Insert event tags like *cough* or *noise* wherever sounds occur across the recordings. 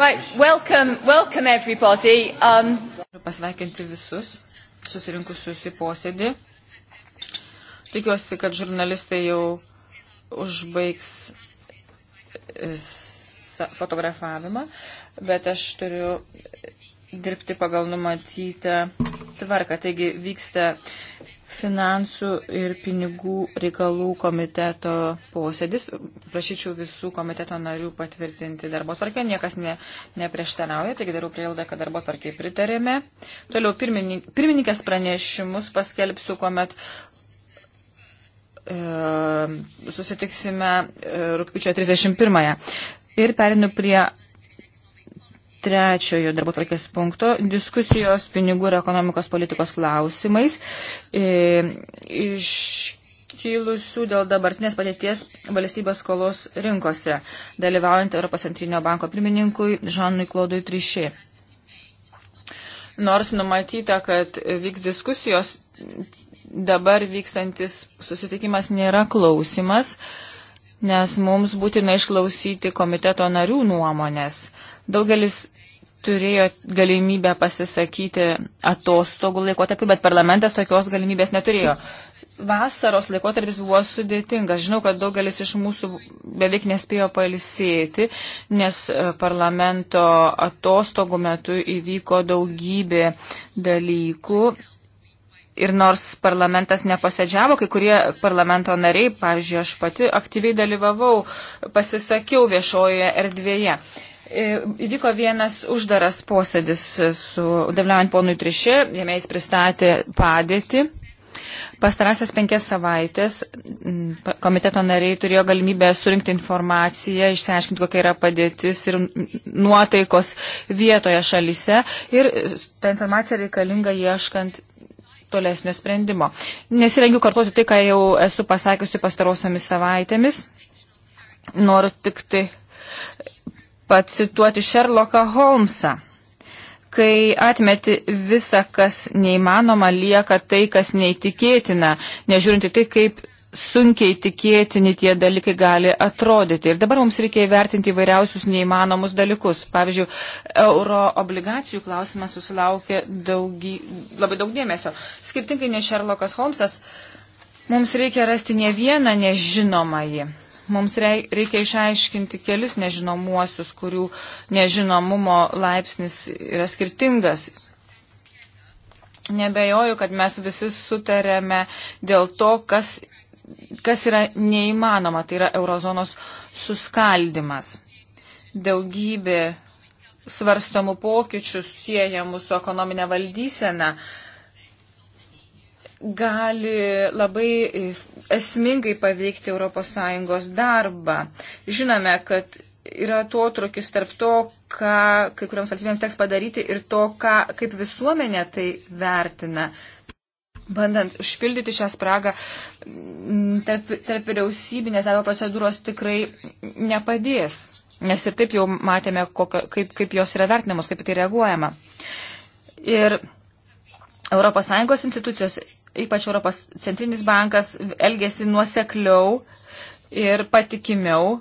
Right, welcome, welcome everybody. Um... Pasveikinti visus susirinkusius į posėdį. Tikiuosi, kad žurnalistai jau užbaigs e, fotografavimą, bet aš turiu dirbti pagal numatytą tvarką. Taigi vyksta finansų ir pinigų reikalų komiteto posėdis. Prašyčiau visų komiteto narių patvirtinti darbo tvarkę. Niekas ne, neprieštarauja, taigi darau prielaidą, kad darbo tvarkiai pritarėme. Toliau pirmininkas, pirmininkės pranešimus paskelbsiu, kuomet e, susitiksime e, rūpiučio 31. -ąją. Ir perinu prie trečiojo darbo tvarkės punkto - diskusijos pinigų ir ekonomikos politikos klausimais. E, iškilusių dėl dabartinės padėties valstybės skolos rinkose, dalyvaujant Europos centrinio banko pirmininkui Žanui Klaudui Trišė. Nors numatyta, kad vyks diskusijos, dabar vykstantis susitikimas nėra klausimas, nes mums būtina išklausyti komiteto narių nuomonės. E, Daugelis turėjo galimybę pasisakyti atostogų laikotarpį, bet parlamentas tokios galimybės neturėjo. Vasaros laikotarpis buvo sudėtingas. Žinau, kad daugelis iš mūsų beveik nespėjo palisėti, nes e, parlamento atostogų metu įvyko daugybė dalykų. Ir nors parlamentas nepasėdžiavo, kai kurie parlamento nariai, pavyzdžiui, aš pati aktyviai dalyvavau, pasisakiau viešoje erdvėje. Uh, E, įvyko vienas uždaras posėdis e, su dalyvaujant ponui Trišė, jame jis pristatė padėtį. Pastarasias penkias savaitės komiteto nariai turėjo galimybę surinkti informaciją, išsiaiškinti, kokia yra padėtis ir nuotaikos vietoje šalyse. Ir e, ta informacija reikalinga ieškant tolesnio sprendimo. Nesirengiu kartuoti tai, ką jau esu pasakiusi pastarosiamis savaitėmis. Noriu tik tai pacituoti Šerloką Holmsą. Kai atmeti visą, kas neįmanoma, lieka tai, kas neįtikėtina, nežiūrint į tai, kaip sunkiai tikėtini tie dalykai gali atrodyti. Ir dabar mums reikia įvertinti įvairiausius neįmanomus dalykus. Pavyzdžiui, euro obligacijų klausimas susilaukė daugy, labai daug dėmesio. Skirtingai nei Šerlokas Holmsas, mums reikia rasti ne vieną nežinomąjį. Mums reikia išaiškinti kelis nežinomuosius, kurių nežinomumo laipsnis yra skirtingas. Nebejoju, kad mes visi sutarėme dėl to, kas, kas yra neįmanoma, tai yra eurozonos suskaldimas. Daugybė svarstamų pokyčių siejamų su ekonominė valdysena gali labai esmingai paveikti ES darbą. Žinome, kad yra atotrukis tarp to, ką kai kuriams valstybėms teks padaryti ir to, ką, kaip visuomenė tai vertina. Bandant užpildyti šią spragą, tarp, tarp vyriausybinės darbo procedūros tikrai nepadės, nes ir taip jau matėme, kokio, kaip, kaip jos yra vertinamos, kaip tai reaguojama. Ir ES institucijos ypač Europos centrinis bankas, elgėsi nuosekliau ir patikimiau.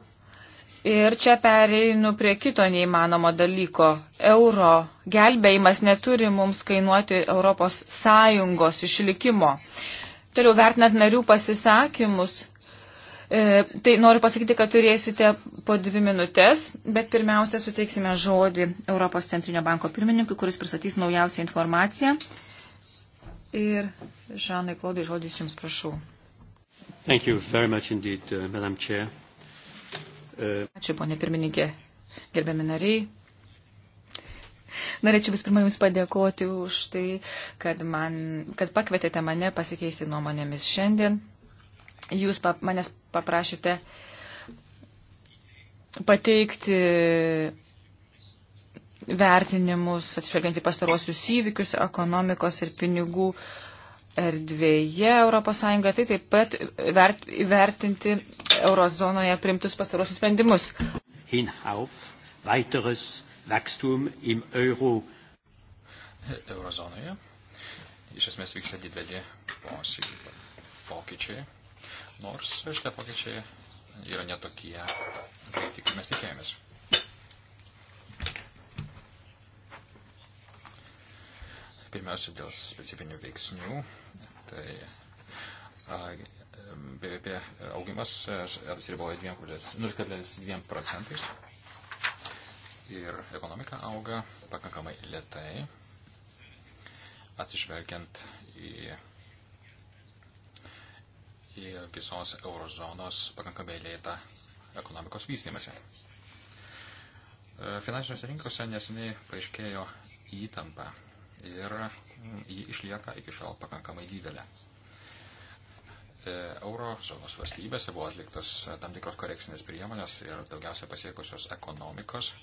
Ir čia pereinu prie kito neįmanomo dalyko. Euro gelbėjimas neturi mums kainuoti Europos Sąjungos išlikimo. Toliau vertinant narių pasisakymus, e, tai noriu pasakyti, kad turėsite po dvi minutės, bet pirmiausia suteiksime žodį Europos Centrinio banko pirmininkui, kuris pristatys naujausią informaciją. Ir Žanai Klodai, žodis Jums prašau. Indeed, uh, uh... Ačiū, ponė pirmininkė, gerbiami nariai. Norėčiau vis pirma Jums padėkoti už tai, kad, man, kad pakvietėte mane pasikeisti nuomonėmis šiandien. Jūs pa, manęs paprašėte pateikti vertinimus, atsižvelgiant į pastarosius įvykius, ekonomikos ir pinigų uh, erdvėje ES, tai taip pat vert, vertinti eurozonoje primtus pastarosius sprendimus. Hinauf, weiteres Wachstum im Euro. Eurozonoje iš esmės vyksta dideli posėdžiai, pokyčiai, nors šitie pokyčiai yra netokie greitai, kaip mes tikėjomės. Pirmiausia, dėl specifinių veiksnių Tai BVP augimas e, apsiriboja 0,2 procentais ir ekonomika auga pakankamai lietai, atsižvelgiant į, į visos eurozonos pakankamai lėtą ekonomikos vystymasi. E, finansinėse rinkose neseniai paaiškėjo įtampa ir ji išlieka iki šiol pakankamai didelė. E, Eurozonos valstybėse buvo atliktas tam tikros korekcinės priemonės ir daugiausia pasiekusios ekonomikos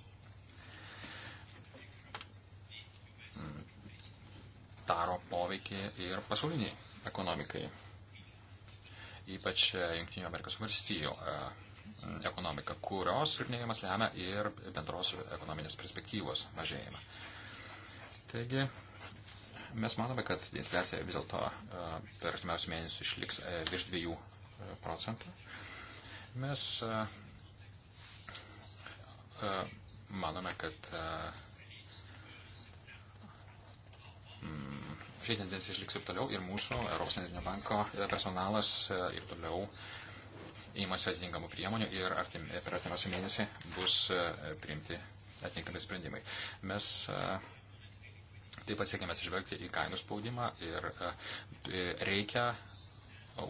daro mm, poveikį ir pasauliniai ekonomikai, ypač e, Junktinių Amerikos valstijų e, ekonomika, kurios silpnėjimas lemia ir bendros ekonominės perspektyvos mažėjimą. Taigi, Mes manome, kad infliacija vis dėlto e, per artimiausius mėnesius išliks e, virš 2 e, procentų. Mes manome, kad mm, ši tendencija išliks ir toliau ir mūsų Europos Centrinio banko personalas ir toliau įmasi atitinkamų priemonių ir artim, per artimiausią mėnesį bus priimti atitinkami sprendimai. Mes uh, Taip pat siekiame atsižvelgti į kainų spaudimą ir e, reikia e,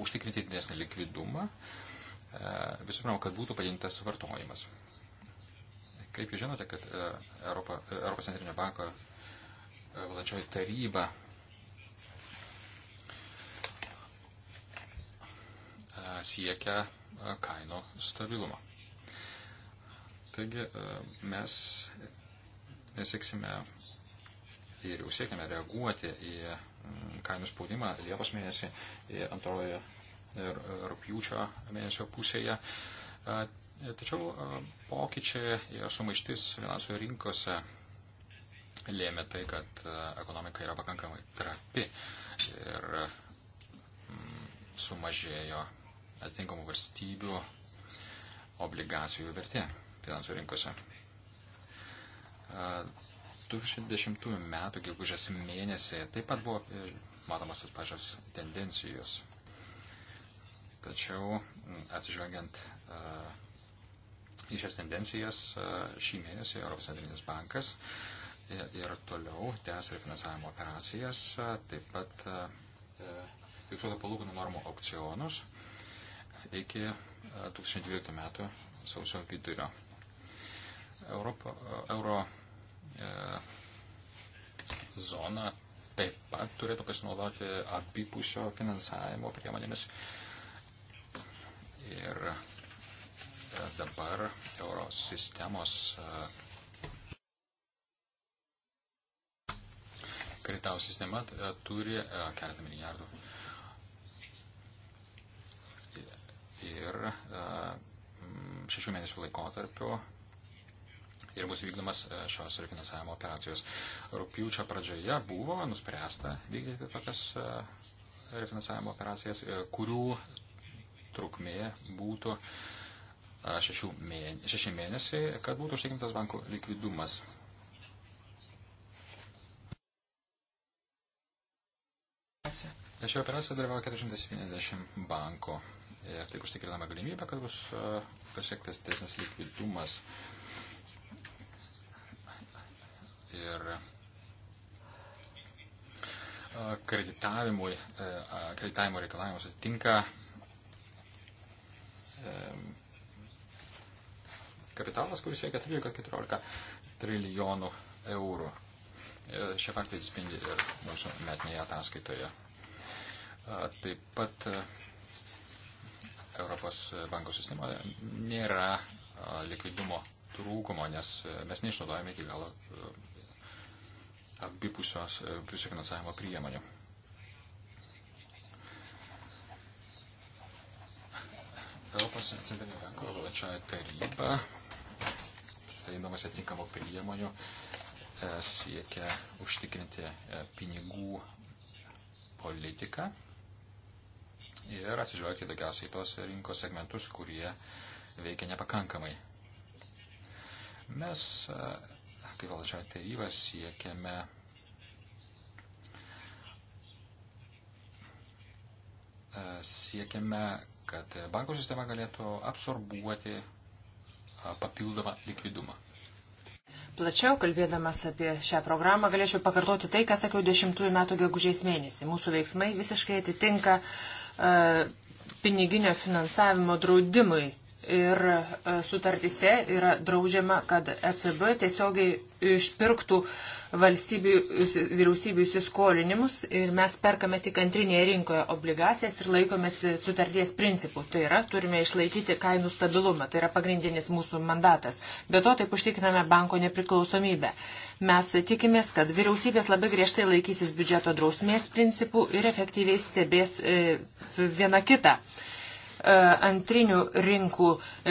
užtikrinti didesnį likvidumą, e, visų pirma, kad būtų padidintas vartojimas. Kaip jūs žinote, kad Europa, Europos centrinio banko valdančioji taryba siekia kaino stabilumą. Taigi mes sieksime ir jau siekime reaguoti į mm, kainų spaudimą Liepos mėnesį ir antroje ir rūpjūčio mėnesio pusėje. Tačiau pokyčiai ir sumaištis finansų rinkose lėmė tai, kad ekonomika yra pakankamai trapi ir mm, sumažėjo atitinkamų valstybių obligacijų vertė finansų rinkose. 2010 metų gegužės mėnesį taip pat buvo e, matomos tos pačios tendencijos. Tačiau atsižvelgiant e, į šias tendencijas, e, šį mėnesį Europos centrinis bankas ir toliau tęs refinansavimo operacijas, taip pat fiksuoto palūkanų normų aukcionus iki 2012 metų sausio vidurio. Europo, euro E, zona taip pat turėtų pasinaudoti abipusio finansavimo priemonėmis. Ir e, dabar euros sistemos e, kreditavo sistema turi keletą milijardų. Ir šešių mėnesių laikotarpiu ir bus vykdomas e, šios refinansavimo operacijos. Rūpiučio pradžioje buvo nuspręsta vykdyti tokias e, refinansavimo operacijas, e, kurių trukmė būtų šeši mėnesiai, mėnesiai, kad būtų užtikrintas bankų likvidumas. Šioje operacijoje dalyvavo 470 bankų. Ir taip užtikrinama galimybė, kad bus pasiektas teisnis likvidumas. Uh, ir e, kreditavimui, e, kreditavimo reikalavimus atitinka e, kapitalas, kuris siekia 13-14 trilijonų eurų. Šie faktai atspindi ir mūsų metinėje ataskaitoje. Taip pat Europos banko sistemoje nėra likvidumo trūkumo, nes mes neišnaudojame iki galo abipusios e, finansavimo priemonių. Europos centrinio banko valdančioji taryba, eindamas atitinkamų priemonių, e, siekia užtikrinti e, pinigų politiką ir atsižvelgti daugiausiai tos rinkos segmentus, kurie veikia nepakankamai. Mes kaip valdančioji taryba siekiame e, siekiame, kad bankų sistema galėtų absorbuoti e, papildomą likvidumą. Plačiau kalbėdamas apie šią programą galėčiau pakartoti tai, ką sakiau 10 metų gegužės mėnesį. Mūsų veiksmai visiškai atitinka uh, piniginio finansavimo draudimui ir e, sutartise yra draudžiama, kad ECB tiesiogiai išpirktų valstybių, vyriausybių įsiskolinimus ir mes perkame tik antrinėje rinkoje obligacijas ir laikomės sutarties principų. Tai yra, turime išlaikyti kainų stabilumą, tai yra pagrindinis mūsų mandatas. Be to, taip užtikriname banko nepriklausomybę. Mes tikimės, kad vyriausybės labai griežtai laikysis biudžeto drausmės principų ir efektyviai stebės e, viena kitą. E, antrinių rinkų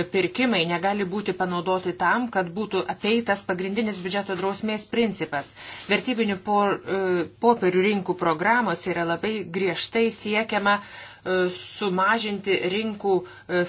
pirkimai negali būti panaudoti tam, kad būtų apeitas pagrindinis biudžeto drausmės principas. Vertybinių e, popierių rinkų programos yra labai griežtai siekiama e, sumažinti rinkų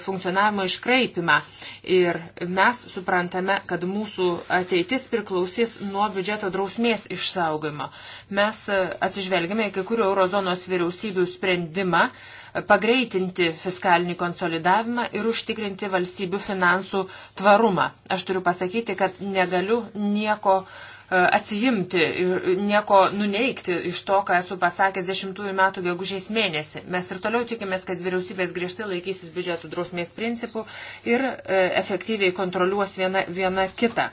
funkcionavimo iškraipimą. Ir mes suprantame, kad mūsų ateitis priklausys nuo biudžeto drausmės išsaugojimo. Mes atsižvelgime į kai kurių eurozonos vyriausybių sprendimą uh, pagreitinti fiskalinį konsolidavimą ir užtikrinti valstybių finansų tvarumą. Aš turiu pasakyti, kad negaliu nieko e, atsijimti ir nieko nuneikti iš to, ką esu pasakęs 10 metų gegužės mėnesį. Mes ir toliau tikimės, kad vyriausybės griežtai laikysis biudžeto drausmės principų ir e, efektyviai kontroliuos viena, viena kitą.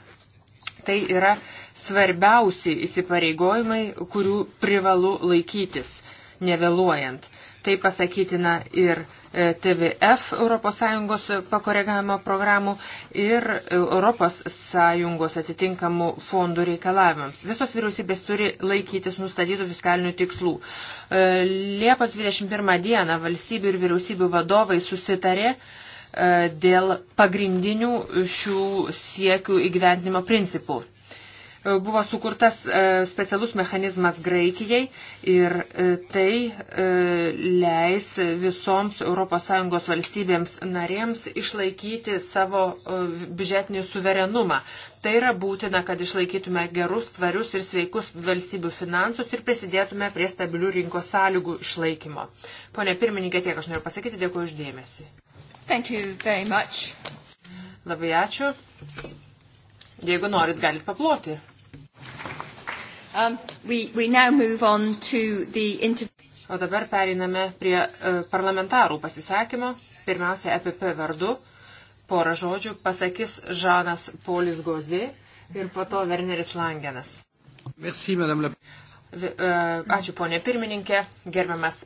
Tai yra svarbiausi įsipareigojimai, kurių privalu laikytis, nevėluojant. Tai pasakytina ir e, TVF ES pakoregavimo programų ir ES atitinkamų fondų reikalavimams. Visos vyriausybės turi laikytis nustatytų fiskalinių tikslų. E, Liepos 21 dieną valstybių ir vyriausybių vadovai susitarė, e, dėl pagrindinių šių siekių įgyventinimo principų. Buvo sukurtas e, specialus mechanizmas Graikijai ir e, tai e, leis visoms ES valstybėms narėms išlaikyti savo biudžetinį suverenumą. Tai yra būtina, kad išlaikytume gerus, tvarius ir sveikus valstybių finansus ir prisidėtume prie stabilių rinkos sąlygų išlaikymo. Pone pirmininkė, tiek aš noriu pasakyti, dėkuoju uždėmesi. Labai ačiū. Jeigu norit, galit paploti. Um, we, we now move on to the interview. O dabar pereiname prie e, parlamentarų pasisakymo. Pirmiausia, EPP vardu. Porą žodžių pasakys Žanas Polis Gozė ir po to Werneris Langenas. Merci, la... E, ačiū, ponė pirmininkė, gerbiamas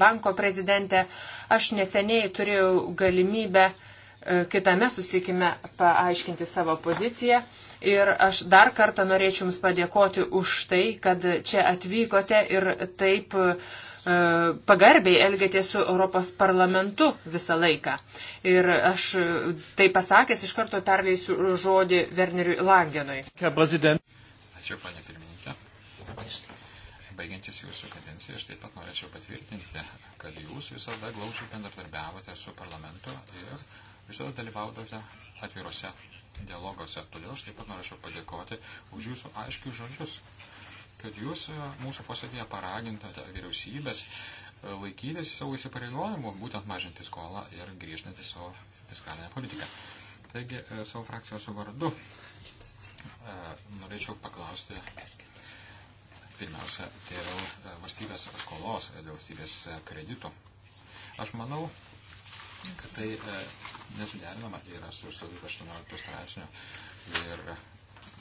banko prezidentė. Aš neseniai turėjau galimybę e, kitame susitikime paaiškinti savo poziciją Ir aš dar kartą norėčiau Jums padėkoti už tai, kad čia atvykote ir taip e, pagarbiai elgėtės su Europos parlamentu visą laiką. Ir aš e, tai pasakęs iš karto perleisiu žodį Werneriui Langenui. Ačiū, panė pirmininkė. Baigiantis jūsų kadenciją, aš taip pat norėčiau patvirtinti, kad jūs visada glaužiai bendradarbiavote su parlamentu ir visada dalyvaudavote atvirose dialoguose. Todėl aš taip pat norėčiau padėkoti už jūsų aiškius žodžius, kad jūs e, mūsų posėdėje paragintate vyriausybės e, laikytis savo įsipareigojimų, būtent mažinti skolą ir griežtinti savo fiskalinę politiką. Taigi, e, savo frakcijos vardu norėčiau paklausti pirmiausia dėl valstybės skolos, dėl valstybės kredito. Aš manau, kad tai e, nesuderinama tai yra su statuto 18 straipsniu. Ir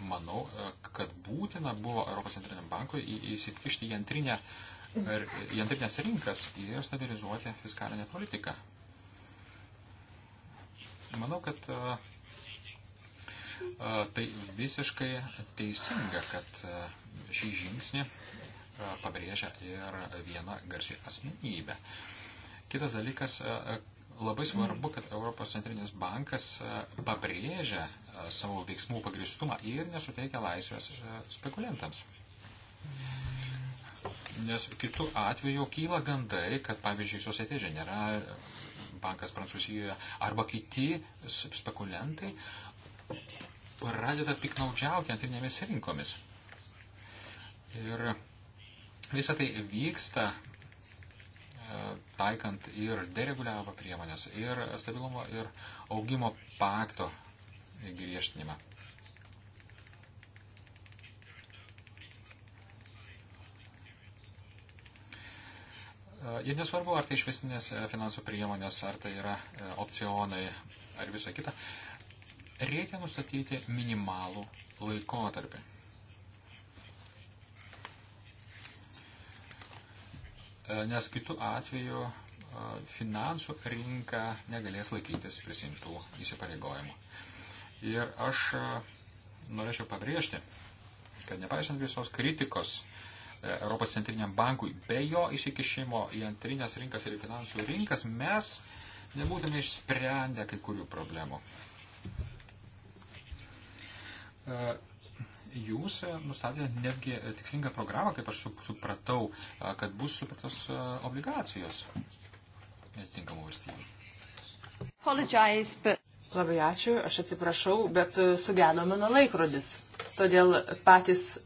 manau, e, kad būtina buvo Europos centriniam bankui įsikišti į antrinę į antrinės rinkas ir stabilizuoti fiskalinę politiką. Manau, kad a, e, a, tai visiškai teisinga, kad a, šį žingsnį pabrėžia ir viena garsi asmenybė. Kitas dalykas, Labai svarbu, kad Europos centrinis bankas e, pabrėžia e, savo veiksmų pagristumą ir nesuteikia laisvės e, spekuliantams. Nes kitų atveju kyla gandai, kad pavyzdžiui, Societe General bankas Prancūzijoje arba kiti spekuliantai pradeda piknaudžiauti antrinėmis rinkomis. Ir visa tai vyksta E, taikant ir dereguliavimo priemonės, ir stabilumo ir augimo pakto griežtinimą. E, ir nesvarbu, ar tai išvestinės finansų priemonės, ar tai yra e, opcionai, ar visa kita, reikia nustatyti minimalų laikotarpį. E, nes kitų atveju e, finansų rinka negalės laikytis prisimtų įsipareigojimų. Ir aš e, norėčiau pabrėžti, kad nepaisant visos kritikos Europos centriniam bankui, be jo įsikišimo į antrinės rinkas ir į finansų rinkas, mes nebūtume išsprendę kai kurių problemų jūs e, nustatėte netgi e, tikslingą programą, kaip aš supratau, e, kad bus supratos obligacijos atitinkamų valstybių. Labai ačiū, aš atsiprašau, bet sugeno mano laikrodis. Todėl patys e,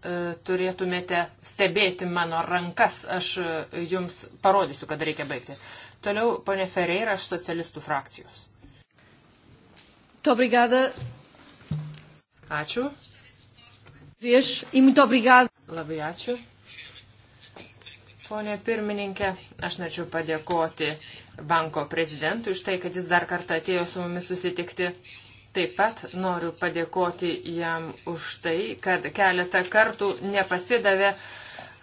turėtumėte stebėti mano rankas. Aš e, jums parodysiu, kad reikia baigti. Toliau, ponė Ferreira, aš socialistų frakcijos. Obrigada. Ačiū. Prieš, imuto brigadą. Labai ačiū. Pone pirmininkė, aš norėčiau padėkoti banko prezidentui už tai, kad jis dar kartą atėjo su mumis susitikti. Taip pat noriu padėkoti jam už tai, kad keletą kartų nepasidavė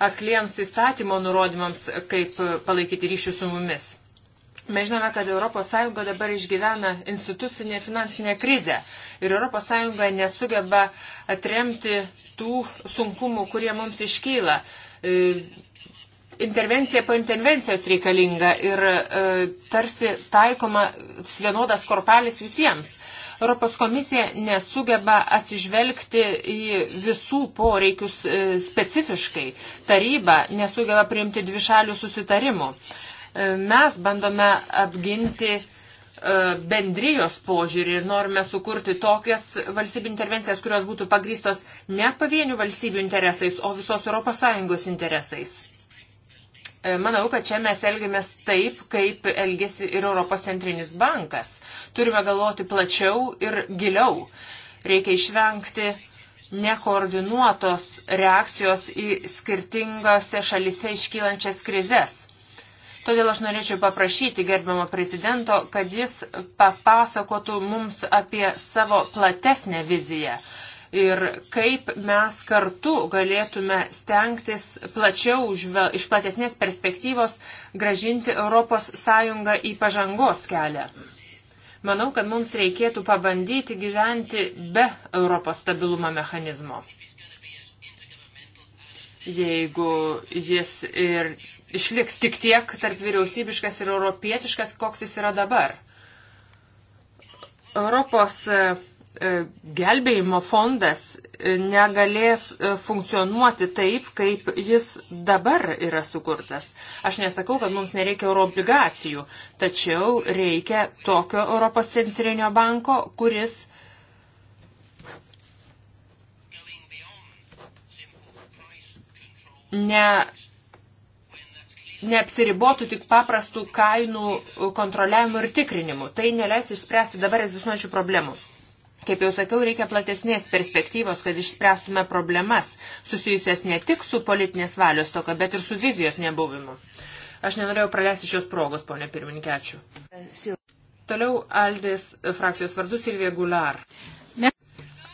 akliems įstatymo nurodymams, kaip palaikyti ryšių su mumis. Mes žinome, kad ES dabar išgyvena institucinę finansinę krizę ir ES nesugeba atremti tų sunkumų, kurie mums iškyla. E, intervencija po intervencijos reikalinga ir e, tarsi taikoma vienodas korpelis visiems. Europos komisija nesugeba atsižvelgti į visų poreikius e, specifiškai. Taryba nesugeba priimti dvišalių susitarimų. Mes bandome apginti e, bendrijos požiūrį ir norime sukurti tokias valstybių intervencijas, kurios būtų pagrystos ne pavienių valstybių interesais, o visos ES interesais. E, manau, kad čia mes elgiamės taip, kaip elgesi ir Europos centrinis bankas. Turime galvoti plačiau ir giliau. Reikia išvengti nekoordinuotos reakcijos į skirtingose šalise iškylančias krizes Todėl aš norėčiau paprašyti gerbiamo prezidento, kad jis papasakotų mums apie savo platesnę viziją ir kaip mes kartu galėtume stengtis plačiau iš platesnės perspektyvos gražinti ES į pažangos kelią. Manau, kad mums reikėtų pabandyti gyventi be Europos stabilumo mechanizmo. Jeigu jis ir išliks tik tiek tarp vyriausybiškas ir europietiškas, koks jis yra dabar. Europos e, e, gelbėjimo fondas e, negalės funkcionuoti taip, kaip jis dabar yra sukurtas. Aš nesakau, kad mums nereikia euro obligacijų, tačiau reikia tokio Europos centrinio banko, kuris ne neapsiribotų tik paprastų kainų kontroliavimu ir tikrinimu. Tai neleis išspręsti dabar egzistuojančių problemų. Kaip jau sakiau, reikia platesnės perspektyvos, kad išspręstume problemas, susijusias ne tik su politinės valios toka, bet ir su vizijos nebuvimu. Aš nenorėjau praleisti šios progos, ponė pirmininkė, ačiū. Toliau Aldės frakcijos vardu Silvija Gular.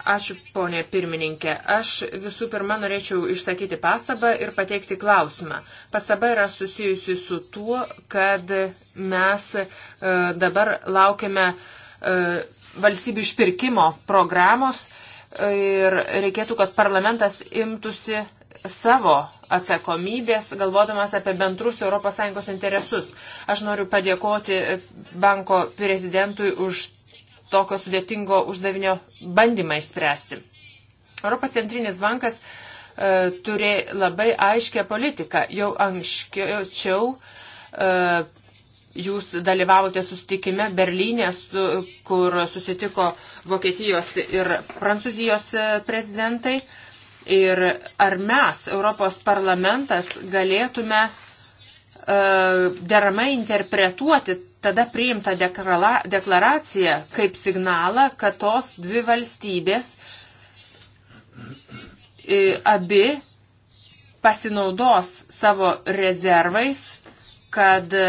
Ačiū, ponė pirmininkė. Aš visų pirma norėčiau išsakyti pastabą ir pateikti klausimą. Pastaba yra susijusi su tuo, kad mes e, dabar laukiame e, valstybių išpirkimo programos ir reikėtų, kad parlamentas imtųsi savo atsakomybės, galvodamas apie bendrus ES interesus. Aš noriu padėkoti banko prezidentui už tokio sudėtingo uždavinio bandymą išspręsti. Europos centrinis bankas e, turi labai aiškę politiką. Jau anksčiau e, jūs dalyvavote susitikime Berlyne, su, kur susitiko Vokietijos ir Prancūzijos e, prezidentai. Ir ar mes, Europos parlamentas, galėtume e, E, deramai interpretuoti tada priimtą deklaraciją kaip signalą, kad tos dvi valstybės abi pasinaudos savo rezervais, kad e,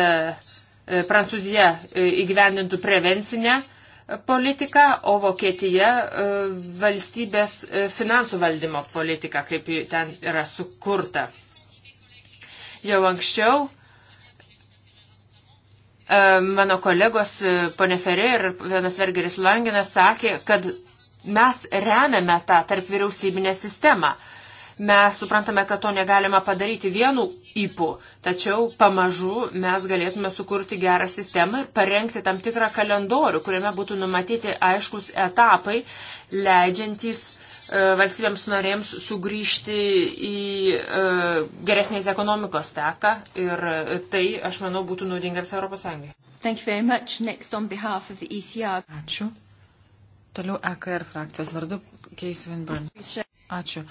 Prancūzija e, įgyvendintų prevencinę politiką, o Vokietija valstybės finansų valdymo politiką, kaip ten yra sukurta jau anksčiau e, mano kolegos e, ponė Ferė ir vienas Vergeris Langinas sakė, kad mes remiame tą tarp vyriausybinę sistemą. Mes suprantame, kad to negalima padaryti vienu įpu, tačiau pamažu mes galėtume sukurti gerą sistemą ir parengti tam tikrą kalendorių, kuriame būtų numatyti aiškus etapai, leidžiantys uh, E, valstybėms norėjams sugrįžti į e, geresnės ekonomikos teką ir tai, aš manau, būtų naudinga visai Europos Sąjungai. E Ačiū. Toliau EKR frakcijos vardu Keis Winburn. Ačiū.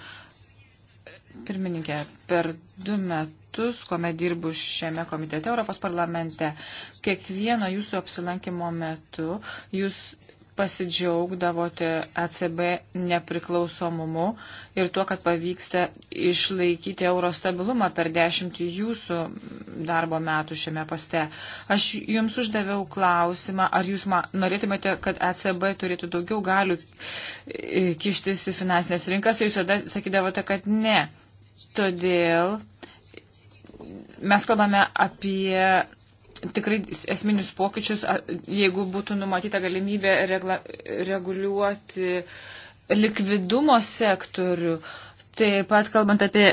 Pirmininkė, per du metus, kuomet dirbu šiame komitete Europos parlamente, kiekvieno jūsų apsilankimo metu jūs pasidžiaugdavote ECB nepriklausomumu ir tuo, kad pavyksta išlaikyti euro stabilumą per dešimtį jūsų darbo metų šiame poste. Aš jums uždaviau klausimą, ar jūs norėtumėte, kad ECB turėtų daugiau galių e, kištis į finansinės rinkas ir jūs tada sakydavote, kad ne. Todėl mes kalbame apie tikrai esminius pokyčius, jeigu būtų numatyta galimybė regla, reguliuoti likvidumo sektorių, taip pat kalbant apie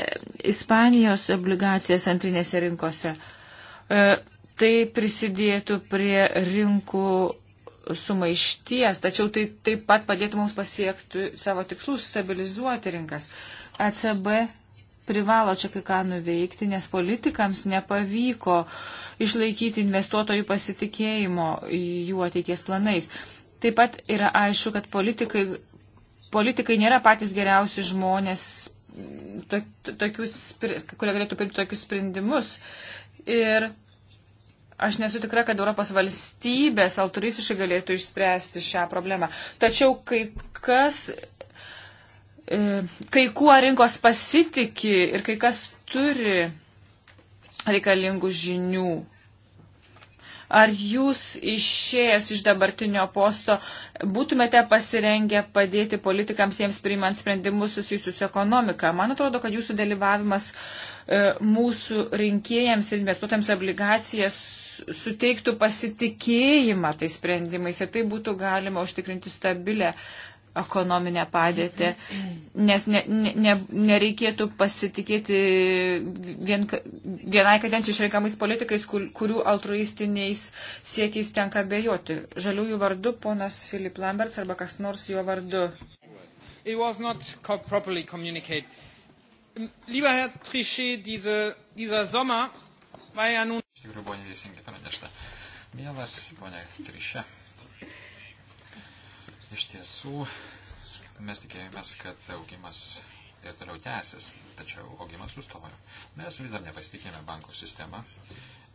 Ispanijos obligacijas antrinėse rinkose. E, tai prisidėtų prie rinkų sumaišties, tačiau tai taip pat padėtų mums pasiekti savo tikslus, stabilizuoti rinkas. ECB privalo čia kai ką nuveikti, nes politikams nepavyko išlaikyti investuotojų pasitikėjimo jų ateities planais. Taip pat yra aišku, kad politikai, politikai nėra patys geriausi žmonės, to, to, tokius, kurie galėtų priimti tokius sprendimus. Ir aš nesu tikra, kad Europos valstybės altruistiškai galėtų išspręsti šią problemą. Tačiau kai kas E, kai kuo rinkos pasitiki ir kai kas turi reikalingų žinių. Ar jūs išėjęs iš dabartinio posto būtumėte pasirengę padėti politikams jiems priimant sprendimus susijusius ekonomiką? Man atrodo, kad jūsų dalyvavimas e, mūsų rinkėjams ir investuotams obligacijas suteiktų pasitikėjimą tais sprendimais ir tai būtų galima užtikrinti stabilę ekonominę padėtį, nes ne, ne, nereikėtų pasitikėti vien, vienai kadencijai išreikamais politikais, kur, kurių altruistiniais siekiais tenka bejoti. Žaliųjų vardu ponas Filip Lamberts arba kas nors jo vardu. Lieber Herr Trichet, diese, dieser Sommer war ja nun. Iš tikrųjų buvo neteisingai pranešta. Mielas, ponia Trišė, Iš tiesų, mes tikėjomės, kad augimas ir toliau tęsis, tačiau augimas sustojo. Mes vis dar nepasitikėjome bankų sistemą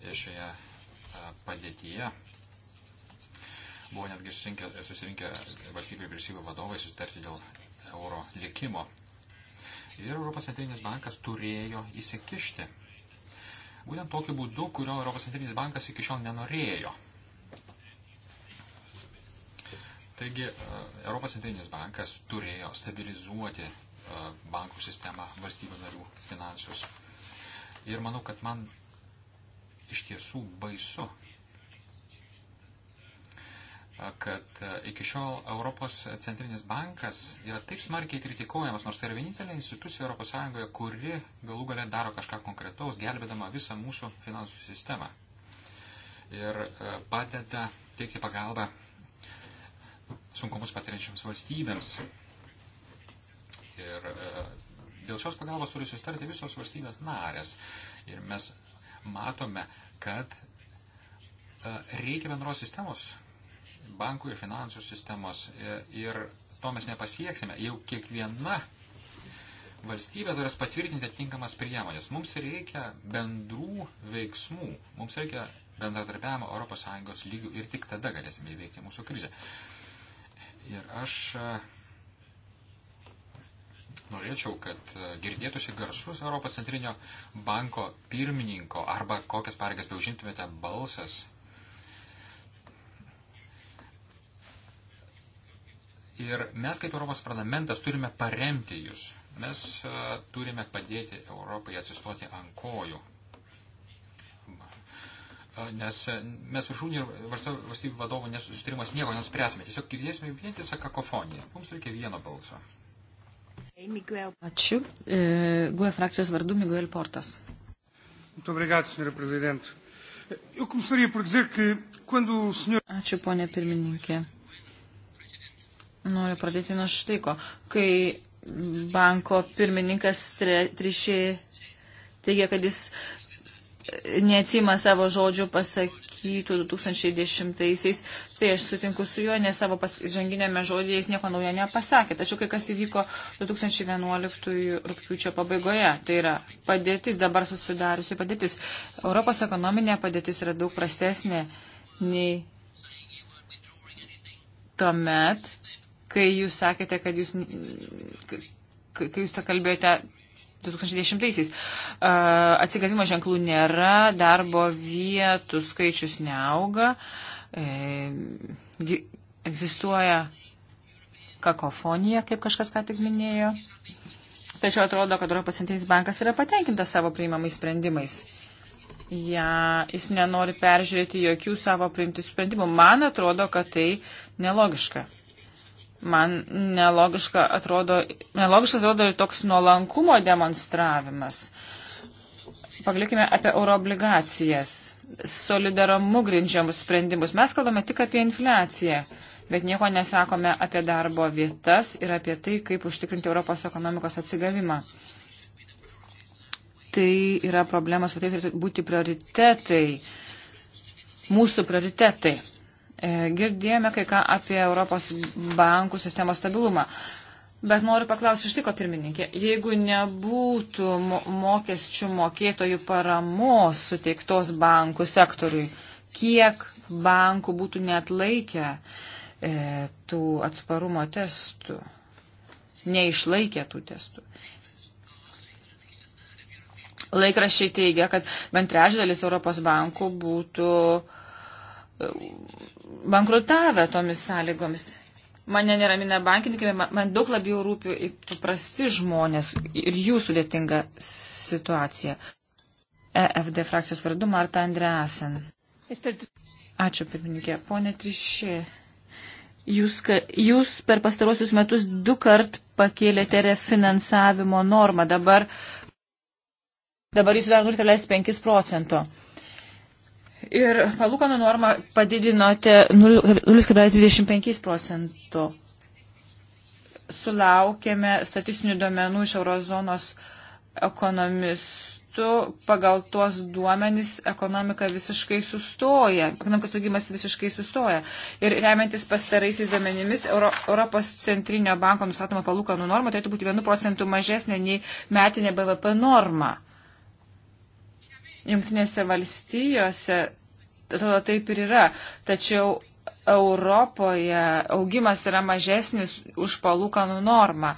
ir šioje padėtyje buvo netgi susirinkę, susirinkę valstybių ir vyriausybių vadovai susitarti dėl euro likimo. Ir Europos centrinis bankas turėjo įsikišti. Būtent tokiu būdu, kurio Europos centrinis bankas iki šiol nenorėjo. Taigi e, Europos centrinis bankas turėjo stabilizuoti e, bankų sistemą valstybių narių finansus. Ir manau, kad man iš tiesų baisu, e, kad iki šiol Europos centrinis bankas yra taip smarkiai kritikuojamas, nors tai yra vienintelė institucija ES, kuri galų galę daro kažką konkretaus, gelbėdama visą mūsų finansų sistemą. Ir padeda teikti pagalbą sunkumus patiriančiams valstybėms. Ir e, dėl šios pagalbos turi sustarti visos valstybės narės. Ir mes matome, kad e, reikia bendros sistemos, bankų ir finansų sistemos. E, ir to mes nepasieksime. Jau kiekviena valstybė turės patvirtinti atitinkamas priemonės. Mums reikia bendrų veiksmų, mums reikia bendradarbiavimo ES lygių ir tik tada galėsime įveikti mūsų krizę. Uh, Ir aš e, norėčiau, kad e, girdėtųsi garsus Europos centrinio banko pirmininko arba kokias pareigas beužimtumėte balsas. Ir mes kaip Europos parlamentas turime paremti jūs. Mes uh, turime padėti Europai atsistoti ant kojų nes e, mes viršūnių ir valstybių vadovų nesusitarimas nieko nespręsime. Tiesiog girdėsime vientisą kakofoniją. Mums reikia vieno balso. Ačiū. E, GUE frakcijos vardu Miguel Portas. Muito obrigado, senhora Presidente. Eu começaria por dizer que quando o senhor... Ačiū, ponė pirmininkė. Noriu pradėti nuo štai ko. Kai banko pirmininkas Trišė teigia, kad jis neatsima savo žodžių pasakytų 2010-aisiais, tai aš sutinku su juo, nes savo žanginėme žodėje jis nieko naujo nepasakė. Tačiau kai kas įvyko 2011 rūpiučio pabaigoje, tai yra padėtis, dabar susidariusi padėtis. Europos ekonominė padėtis yra daug prastesnė nei tuomet, kai jūs sakėte, kad jūs, kai jūs tą kalbėjote 2010-aisiais. Atsigavimo ženklų nėra, darbo vietų skaičius neauga, e, egzistuoja kakofonija, kaip kažkas ką tik minėjo. Tačiau atrodo, kad Europos centrinis bankas yra patenkintas savo priimamais sprendimais. Ja, jis nenori peržiūrėti jokių savo priimtų sprendimų. Man atrodo, kad tai nelogiška. Man nelogiška atrodo, nelogiškas atrodo ir toks nuolankumo demonstravimas. Pagalėkime apie euroobligacijas, solidarumu grindžiamus sprendimus. Mes kalbame tik apie infliaciją, bet nieko nesakome apie darbo vietas ir apie tai, kaip užtikrinti Europos ekonomikos atsigavimą. Tai yra problemas, o tai turėtų būti prioritetai, mūsų prioritetai. E, girdėjome kai ką apie Europos bankų sistemos stabilumą. Bet noriu paklausti iš tiko pirmininkė, jeigu nebūtų mokesčių mokėtojų paramos suteiktos bankų sektoriui, kiek bankų būtų net laikę e, tų atsparumo testų, neišlaikę tų testų? Laikrašiai teigia, kad bent trečdalis Europos bankų būtų e, bankrutavę tomis sąlygomis. Mane neramina bankininkai, man daug labiau rūpi paprasti žmonės ir jų sudėtinga situacija. EFD frakcijos vardu Marta Andreasen. Ačiū, pirmininkė. Pone Trišė, jūs, jūs per pastarosius metus du kart pakėlėte refinansavimo normą. Dabar, dabar jūs dar 0,5 procento. Ir palūkanų normą padidinote 0,25 procentų. Sulaukėme statistinių duomenų iš eurozonos ekonomistų. Pagal tuos duomenys ekonomika visiškai sustoja, ekonomikos augimas visiškai sustoja. Ir remiantis pastaraisiais duomenimis, Euro, Europos centrinio banko nustatoma palūkanų norma turėtų būti 1 procentų mažesnė nei metinė BVP norma. Junktinėse valstijose, atrodo, taip ir yra. Tačiau Europoje augimas yra mažesnis už palūkanų normą.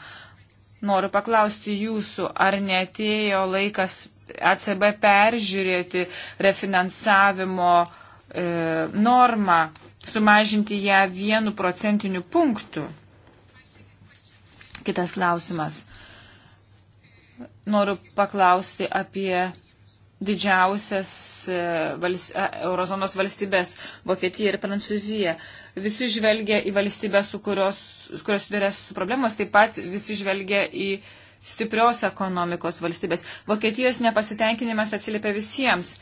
Noriu paklausti jūsų, ar netėjo laikas ECB peržiūrėti refinansavimo e, normą, sumažinti ją vienu procentiniu punktu? Kitas klausimas. Noriu paklausti apie didžiausias e, vals, e, eurozonos valstybės - Vokietija ir Prancūzija. Visi žvelgia į valstybės, su kurios, kurios sudarė su problemas, taip pat visi žvelgia į stiprios ekonomikos valstybės. Vokietijos nepasitenkinimas atsiliepia visiems,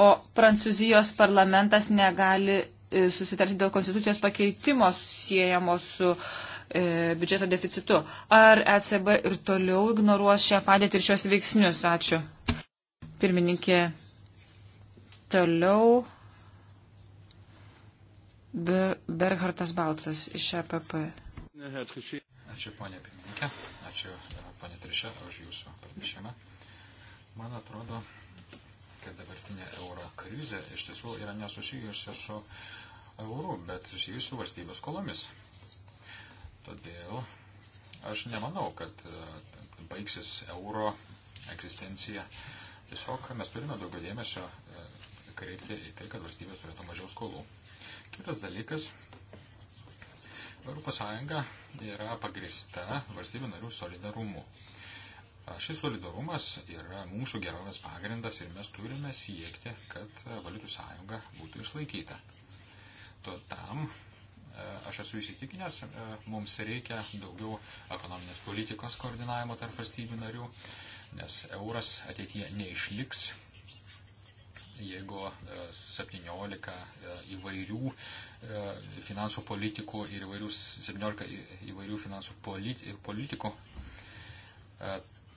o Prancūzijos parlamentas negali e, susitarti dėl konstitucijos pakeitimo siejamo su e, biudžeto deficitu. Ar ECB ir toliau ignoruos šią padėtį ir šios veiksnius? Ačiū. Pirmininkė, toliau Berghardas Baltas iš EPP. Ačiū ponė pirmininkė, ačiū ponė Trišė už jūsų pranešimą. Man atrodo, kad dabartinė euro krizė iš tiesų yra nesusijusi su eurų, bet susijusi su valstybės kolomis. Todėl aš nemanau, kad e, baigsis euro egzistencija uh, Tiesiog mes turime daugiau dėmesio e, kreipti į tai, kad valstybės turėtų mažiau skolų. Kitas dalykas. ES yra pagrista valstybių narių solidarumu. Šis solidarumas yra mūsų gerovės pagrindas ir mes turime siekti, kad valiutų sąjunga būtų išlaikyta. Tuo tam e, aš esu įsitikinęs, e, mums reikia daugiau ekonominės politikos koordinavimo tarp valstybių narių, nes euras ateityje neišliks, jeigu 17 e, e, įvairių e, finansų politikų ir įvairių, 17 įvairių finansų politikų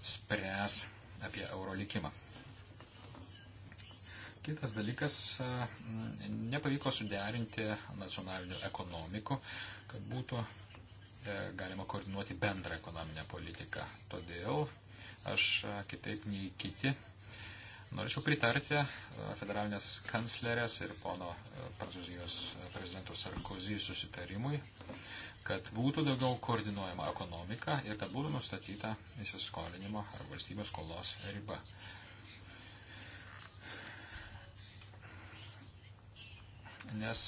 spręs apie euro likimą. Kitas dalykas, nepavyko suderinti nacionalinių ekonomikų, kad būtų galima koordinuoti bendrą ekonominę politiką. Todėl Aš e, kitaip nei kiti. Norėčiau pritarti e, federalinės kanclerės ir pono e, prancūzijos prezidento Sarkozy susitarimui, kad būtų daugiau koordinuojama ekonomika ir kad būtų nustatyta įsiskolinimo ar valstybės skolos riba. Nes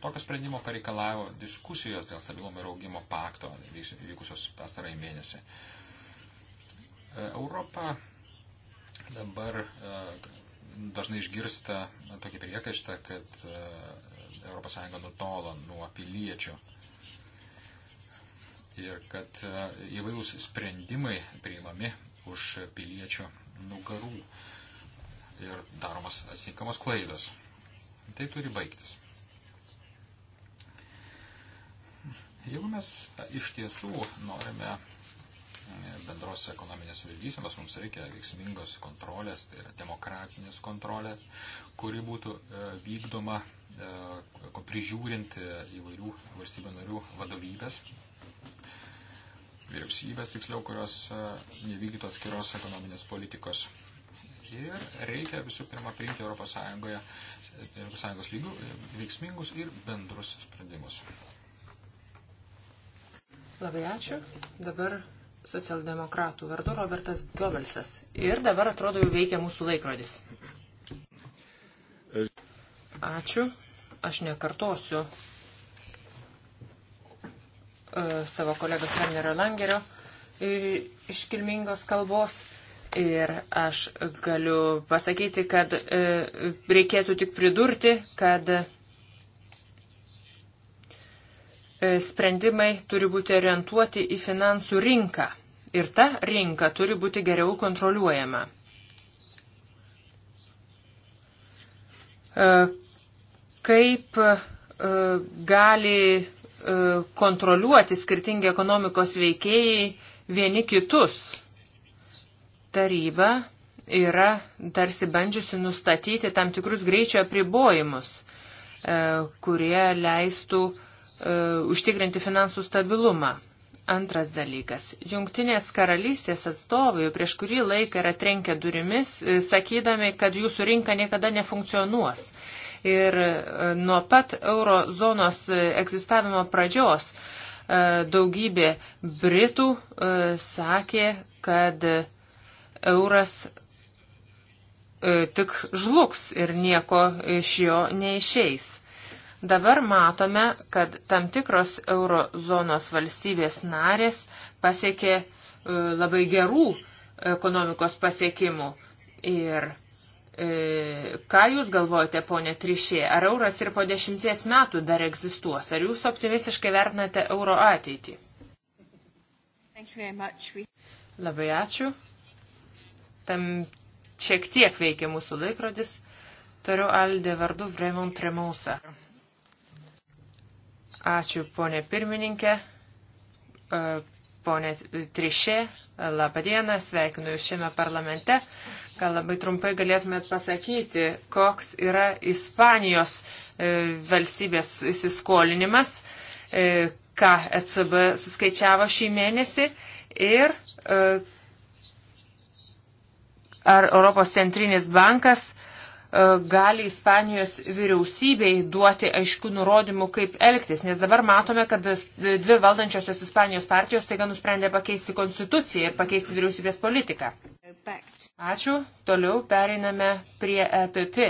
tokio sprendimo pareikalavo diskusijos dėl stabilumo ir augimo pakto vykusios pastarąjį mėnesį. E, Europa dabar e, dažnai išgirsta tokį priekaištą, kad ES nutolo nuo piliečių ir kad e, įvairūs sprendimai priimami už piliečių nugarų ir daromas atitinkamos klaidos. Tai turi baigtis. Jeigu mes iš tiesų norime bendros ekonominės valdysenos, mums reikia veiksmingos kontrolės, tai yra demokratinės kontrolės, kuri būtų e, vykdoma e, prižiūrint e, įvairių valstybių narių vadovybės, vyriausybės tiksliau, kurios nevykdytos skiros ekonominės politikos. Ir reikia visų pirma priimti ES, ES lygių veiksmingus ir bendrus sprendimus. Labai ačiū. Dabar socialdemokratų vardu Robertas Gobelsas. Ir dabar atrodo jau veikia mūsų laikrodis. Ačiū. Aš nekartosiu e, savo kolegos Wernerio Langerio iškilmingos kalbos. Ir aš galiu pasakyti, kad e, reikėtų tik pridurti, kad E, sprendimai turi būti orientuoti į finansų rinką ir ta rinka turi būti geriau kontroliuojama. E, kaip e, gali kontroliuoti skirtingi ekonomikos veikėjai vieni kitus? Taryba yra tarsi bandžiusi nustatyti tam tikrus greičio apribojimus, kurie leistų uh, E, užtikrinti finansų stabilumą. Antras dalykas. Jungtinės karalystės atstovai prieš kurį laiką yra trenkę durimis, e, sakydami, kad jūsų rinka niekada nefunkcionuos. Ir e, nuo pat eurozonos egzistavimo pradžios daugybė Britų sakė, kad euras tik žlugs ir nieko iš jo neišeis. Dabar matome, kad tam tikros eurozonos valstybės narės pasiekė e, labai gerų ekonomikos pasiekimų. Ir e, ką Jūs galvojate, ponė Trišė, ar euras ir po dešimties metų dar egzistuos? Ar Jūs optimistiškai vertinate euro ateitį? Labai ačiū. Tam šiek tiek veikia mūsų laikrodis. Turiu Aldė vardu Vremont Tremausa. Ačiū, ponė pirmininkė, e, ponė Trišė, labą dieną, sveikinu Jūs šiame parlamente. Gal labai trumpai galėtumėt pasakyti, koks yra Ispanijos e, valstybės įsiskolinimas, e, ką ECB suskaičiavo šį mėnesį ir ar Europos centrinis bankas E, gali Ispanijos vyriausybei duoti aiškių nurodymų, kaip elgtis, nes dabar matome, kad dvi valdančiosios Ispanijos partijos taiga nusprendė pakeisti konstituciją ir pakeisti vyriausybės politiką. Ačiū. Toliau periname prie EPP.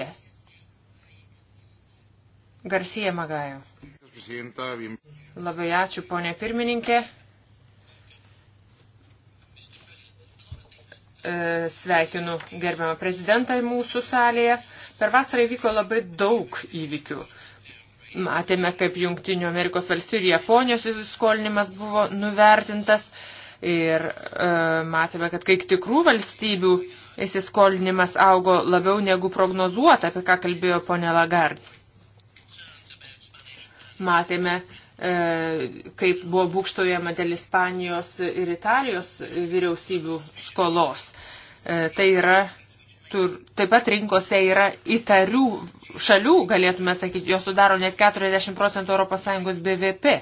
Garcija Magajo. Labai ačiū, ponė pirmininkė. E, sveikinu gerbiamą prezidentą mūsų salėje. Per vasarą įvyko labai daug įvykių. Matėme, kaip Junktinių Amerikos valstybių ir Japonijos įsiskolinimas buvo nuvertintas ir e, matėme, kad kai tikrų valstybių įsiskolinimas augo labiau negu prognozuota, apie ką kalbėjo ponė Lagard. Matėme, E, kaip buvo būkštojama dėl Ispanijos ir Italijos vyriausybių skolos. E, tai yra, tur, taip pat rinkose yra įtarių šalių, galėtume sakyti, jos sudaro net 40 procentų ES BVP.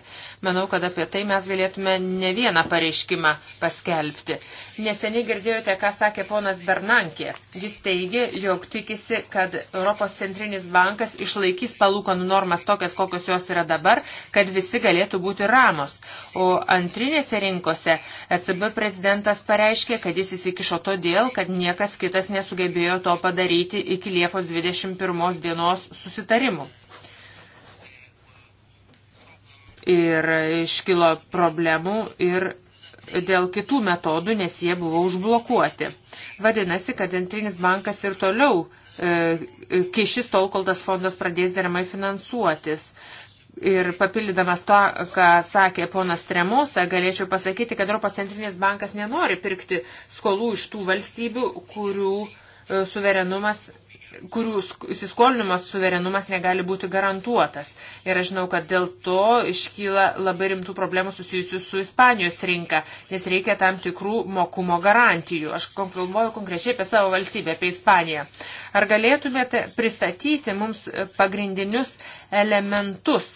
Manau, kad apie tai mes galėtume ne vieną pareiškimą paskelbti. Neseniai girdėjote, ką sakė ponas Bernankė. Jis teigė, jog tikisi, kad Europos centrinis bankas išlaikys palūkanų normas tokias, kokios jos yra dabar, kad visi galėtų būti ramos. O antrinėse rinkose ECB prezidentas pareiškė, kad jis įsikišo todėl, kad niekas kitas nesugebėjo to padaryti iki Liepos 21 dienos dienos susitarimų. Ir iškilo problemų ir dėl kitų metodų, nes jie buvo užblokuoti. Vadinasi, kad centrinis bankas ir toliau e, kišis tol, kol tas fondas pradės deramai finansuotis. Ir papildydamas to, ką sakė ponas Tremosa, galėčiau pasakyti, kad Europos centrinis bankas nenori pirkti skolų iš tų valstybių, kurių e, suverenumas kurių įsiskolinimas suverenumas negali būti garantuotas. Ir aš žinau, kad dėl to iškyla labai rimtų problemų susijusių su Ispanijos rinka, nes reikia tam tikrų mokumo garantijų. Aš kalbuoju konkrečiai apie savo valstybę, apie Ispaniją. Ar galėtumėte pristatyti mums pagrindinius elementus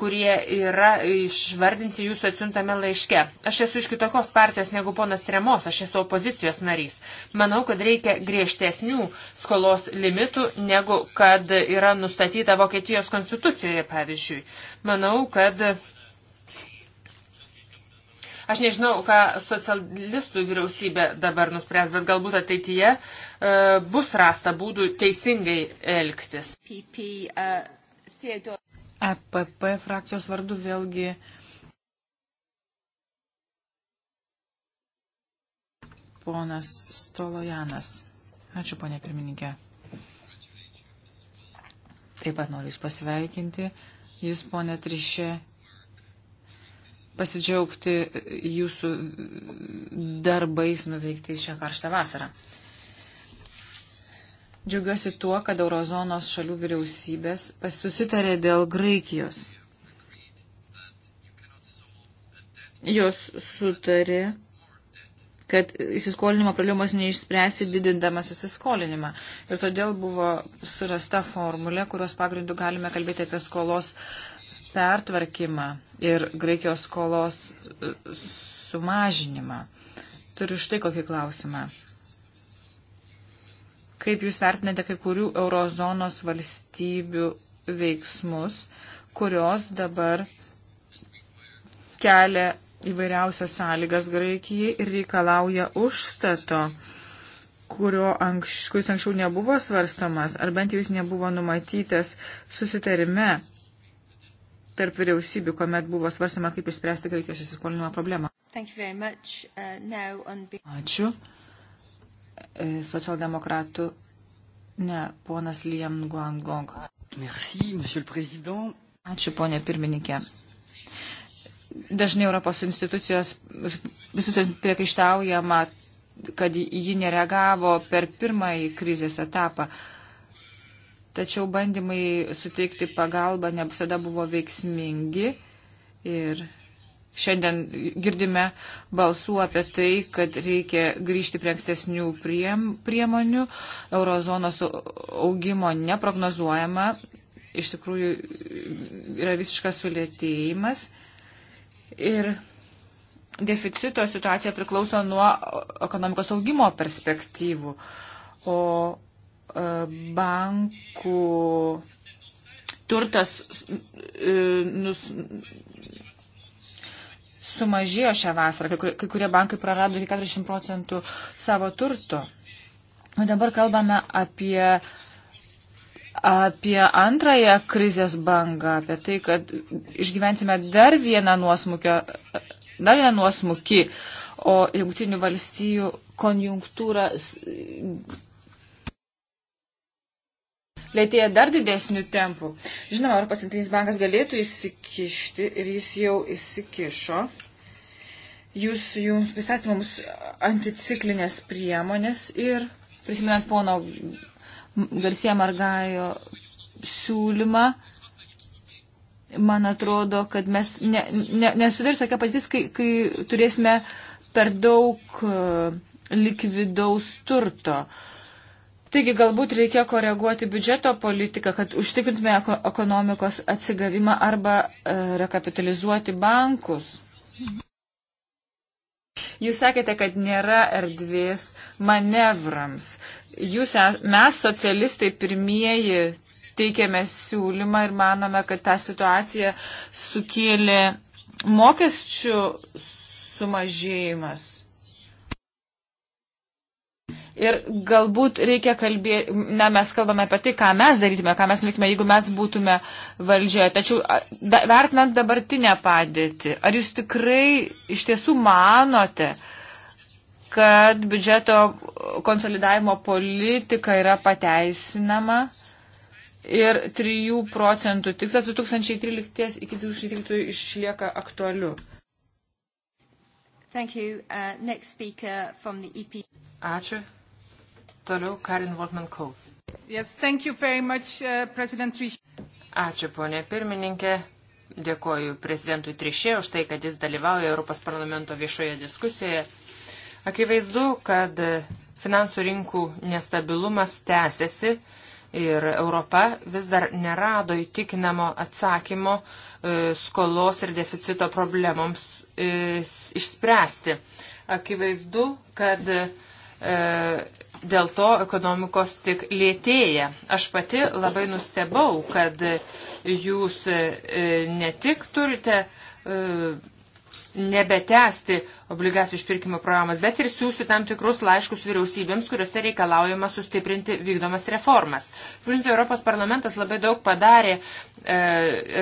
kurie yra išvardinti jūsų atsiuntame laiške. Aš esu iš kitokios partijos negu ponas Remos, aš esu opozicijos narys. Manau, kad reikia griežtesnių skolos limitų, negu kad yra nustatyta Vokietijos konstitucijoje, pavyzdžiui. Manau, kad Aš nežinau, ką socialistų vyriausybė dabar nuspręs, bet galbūt ateityje e, bus rasta būdų teisingai elgtis. PP, uh, EPP frakcijos vardu vėlgi ponas Stolojanas. Ačiū, ponė pirmininkė. Taip pat noriu Jūs pasveikinti. Jūs, ponė Trišė, pasidžiaugti Jūsų darbais nuveiktais šią karštą vasarą. Džiaugiuosi tuo, kad eurozonos šalių vyriausybės susitarė dėl Graikijos. Jos sutarė, kad įsiskolinimo problemos neišspręsi didindamas įsiskolinimą. Ir todėl buvo surasta formulė, kurios pagrindų galime kalbėti apie skolos pertvarkymą ir Graikijos skolos e, sumažinimą. Turiu štai kokį klausimą. Kaip Jūs vertinate kai kurių eurozonos valstybių veiksmus, kurios dabar kelia įvairiausias sąlygas Graikijai ir reikalauja užstato, kurio anks, kuris anksčiau nebuvo svarstomas, ar bent jau jis nebuvo numatytas susitarime tarp vyriausybių, kuomet buvo svarstama, kaip išspręsti Graikijos įsiskolinimo problemą. Much, uh, on... Ačiū. E, socialdemokratų. Ne, ponas Liam Nguangong. Merci, monsieur le président. Ačiū, ponė pirmininkė. Dažnai Europos institucijos visus priekaištaujama, kad ji nereagavo per pirmąjį krizės etapą. Tačiau bandymai suteikti pagalbą ne visada buvo veiksmingi ir Šiandien girdime balsų apie tai, kad reikia grįžti prie ankstesnių priem, priemonių. Eurozonos augimo neprognozuojama. Iš tikrųjų yra visiškas sulėtėjimas. Ir deficito situacija priklauso nuo ekonomikos augimo perspektyvų. O e, bankų turtas e, nus, sumažėjo šią vasarą, kai kurie bankai prarado iki 40 procentų savo turto. O dabar kalbame apie, apie antrąją krizės bangą, apie tai, kad išgyvensime dar vieną nuosmukį, dar vieną nuosmukį o jungtinių valstijų konjunktūra lėtėja dar didesnių tempų. Žinoma, Europos centrinis bankas galėtų įsikišti ir jis jau įsikišo jūs jums pristatė mums anticiklinės priemonės ir prisimenant pono Garcia Margajo siūlymą, man atrodo, kad mes ne, ne, nesudarys tokia patys, kai, kai turėsime per daug e, likvidaus turto. Taigi galbūt reikia koreguoti biudžeto politiką, kad užtikrintume ekonomikos atsigavimą arba e, rekapitalizuoti bankus. Jūs sakėte, kad nėra erdvės manevrams. Jūs, e, mes, socialistai, pirmieji teikėme siūlymą ir manome, kad tą situaciją sukėlė mokesčių sumažėjimas. Ir galbūt reikia kalbėti, na, mes kalbame apie tai, ką mes darytume, ką mes nuveiktume, jeigu mes būtume valdžioje. Tačiau da, vertinant dabartinę padėtį, ar jūs tikrai iš tiesų manote, kad biudžeto konsolidavimo politika yra pateisinama ir 3 procentų tikslas 2013 iki 2013 išlieka aktualiu? Thank you. Uh, next speaker from the EP. Ačiū. Toliau Karin Wortman Kohl. Yes, thank you very much, uh, President Trichet. Ačiū, ponė pirmininkė. Dėkoju prezidentui Trišė už tai, kad jis dalyvauja Europos parlamento viešoje diskusijoje. Akivaizdu, kad finansų rinkų nestabilumas tęsiasi ir Europa vis dar nerado įtikinamo atsakymo e, skolos ir deficito problemoms e, išspręsti. Akivaizdu, kad e, dėl to ekonomikos tik lėtėja. Aš pati labai nustebau, kad jūs e, ne tik turite e, nebetesti obligacijų išpirkimo programas, bet ir siūsti tam tikrus laiškus vyriausybėms, kuriuose reikalaujama sustiprinti vykdomas reformas. Žinote, Europos parlamentas labai daug padarė, e,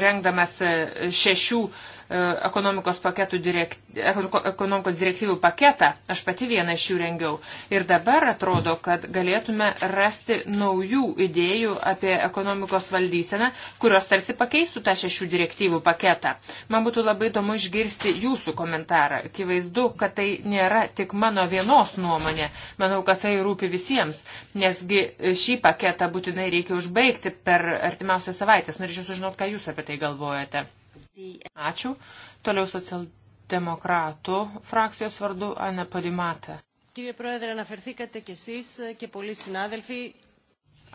rengdamas e, šešių e, E, ekonomikos, direkt, ekonomikos direktyvų paketą, aš pati vieną iš jų rengiau. Ir dabar atrodo, kad galėtume rasti naujų idėjų apie ekonomikos valdyseną, kurios tarsi pakeistų tą šešių direktyvų paketą. Man būtų labai įdomu išgirsti jūsų komentarą. Akivaizdu, kad tai nėra tik mano vienos nuomonė. Manau, kad tai rūpi visiems, nesgi šį paketą būtinai reikia užbaigti per artimiausias savaitės. Norėčiau sužinoti, ką jūs apie tai galvojate. Ačiū. Toliau socialdemokratų frakcijos vardu Ana Parimata.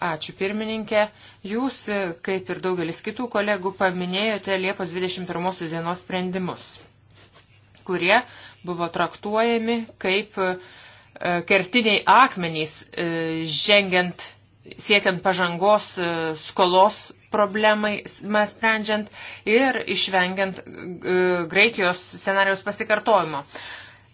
Ačiū pirmininkė. Jūs, kaip ir daugelis kitų kolegų, paminėjote Liepos 21 dienos sprendimus, kurie buvo traktuojami kaip e, kertiniai akmenys e, žengiant, siekiant pažangos e, skolos problemai sprendžiant ir išvengiant e, Graikijos scenarijaus pasikartojimo.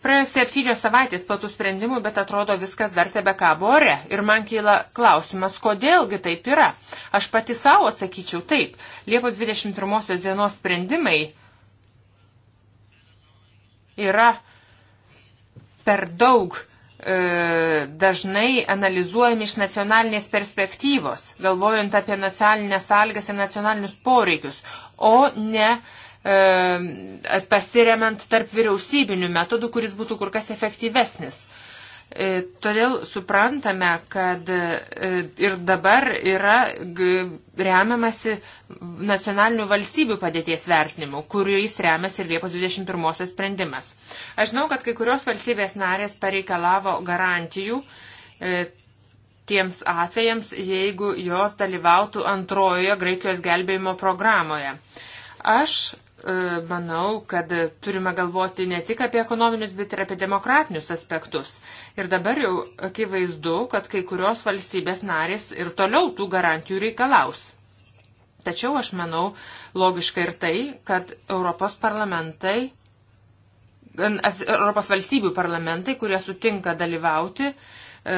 Praėjo septynios savaitės po tų sprendimų, bet atrodo viskas dar tebe kabo ore. Ir man kyla klausimas, kodėlgi taip yra. Aš pati savo atsakyčiau taip. Liepos 21 dienos sprendimai yra per daug E, dažnai analizuojami iš nacionalinės perspektyvos, galvojant apie nacionalinės sąlygas ir nacionalinius poreikius, o ne e, pasiremiant tarp vyriausybinių metodų, kuris būtų kur kas efektyvesnis. E, todėl suprantame, kad e, ir dabar yra remiamasi nacionalinių valstybių padėties vertinimu, kuriais remiasi ir Liepos 21 sprendimas. Aš žinau, kad kai kurios valstybės narės pareikalavo garantijų e, tiems atvejams, jeigu jos dalyvautų antrojoje Graikijos gelbėjimo programoje. Aš E, manau, kad turime galvoti ne tik apie ekonominius, bet ir apie demokratinius aspektus. Ir dabar jau akivaizdu, kad kai kurios valstybės narės ir toliau tų garantijų reikalaus. Tačiau aš manau logiška ir tai, kad Europos parlamentai, Europos valstybių parlamentai, kurie sutinka dalyvauti, e,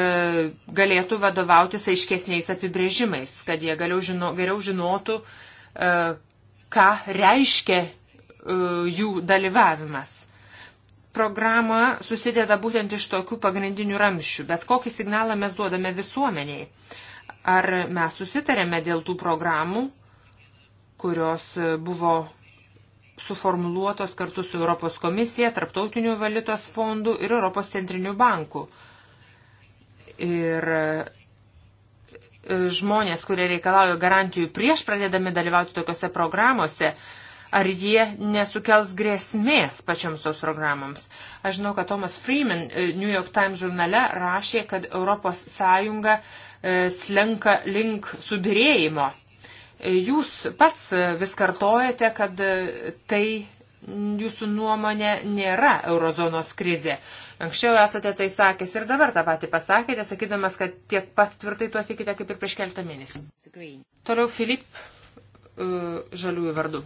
galėtų vadovautis aiškesniais apibrėžimais, kad jie žino, geriau žinotų, e, ką reiškia e, jų dalyvavimas. Programa susideda būtent iš tokių pagrindinių ramščių, bet kokį signalą mes duodame visuomeniai. Ar mes susitarėme dėl tų programų, kurios buvo suformuluotos kartu su Europos komisija, Tarptautiniu valiutos fondu ir Europos centriniu banku. Ir žmonės, kurie reikalauja garantijų prieš pradėdami dalyvauti tokiuose programuose, ar jie nesukels grėsmės pačioms tos programoms. Aš žinau, kad Thomas Freeman e, New York Times žurnale rašė, kad ES e, slenka link subirėjimo. E, jūs pats vis kartojate, kad tai jūsų nuomonė nėra eurozonos krizė. Anksčiau esate tai sakęs ir dabar tą patį pasakėte, sakydamas, kad tiek pat tvirtai tuo tikite kaip ir prieš keltą mėnesį. Toliau Filip e, žaliųjų vardu.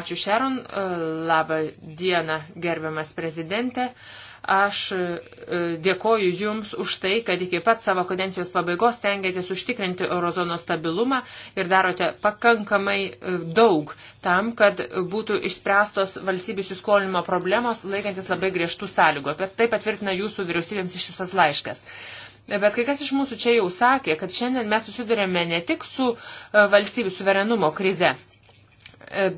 Ačiū Šeron, e, labą dieną gerbiamas prezidentė. Uh, Aš e, dėkoju Jums už tai, kad iki pat savo kadencijos pabaigos tengiatės užtikrinti eurozono stabilumą ir darote pakankamai e, daug tam, kad būtų išspręstos valstybių įsiskolinimo problemos, laikantis labai griežtų sąlygų. Apie tai patvirtina Jūsų vyriausybėms išsiusas laiškas. Bet kai kas iš mūsų čia jau sakė, kad šiandien mes susidurėme ne tik su e, valstybių suverenumo krize,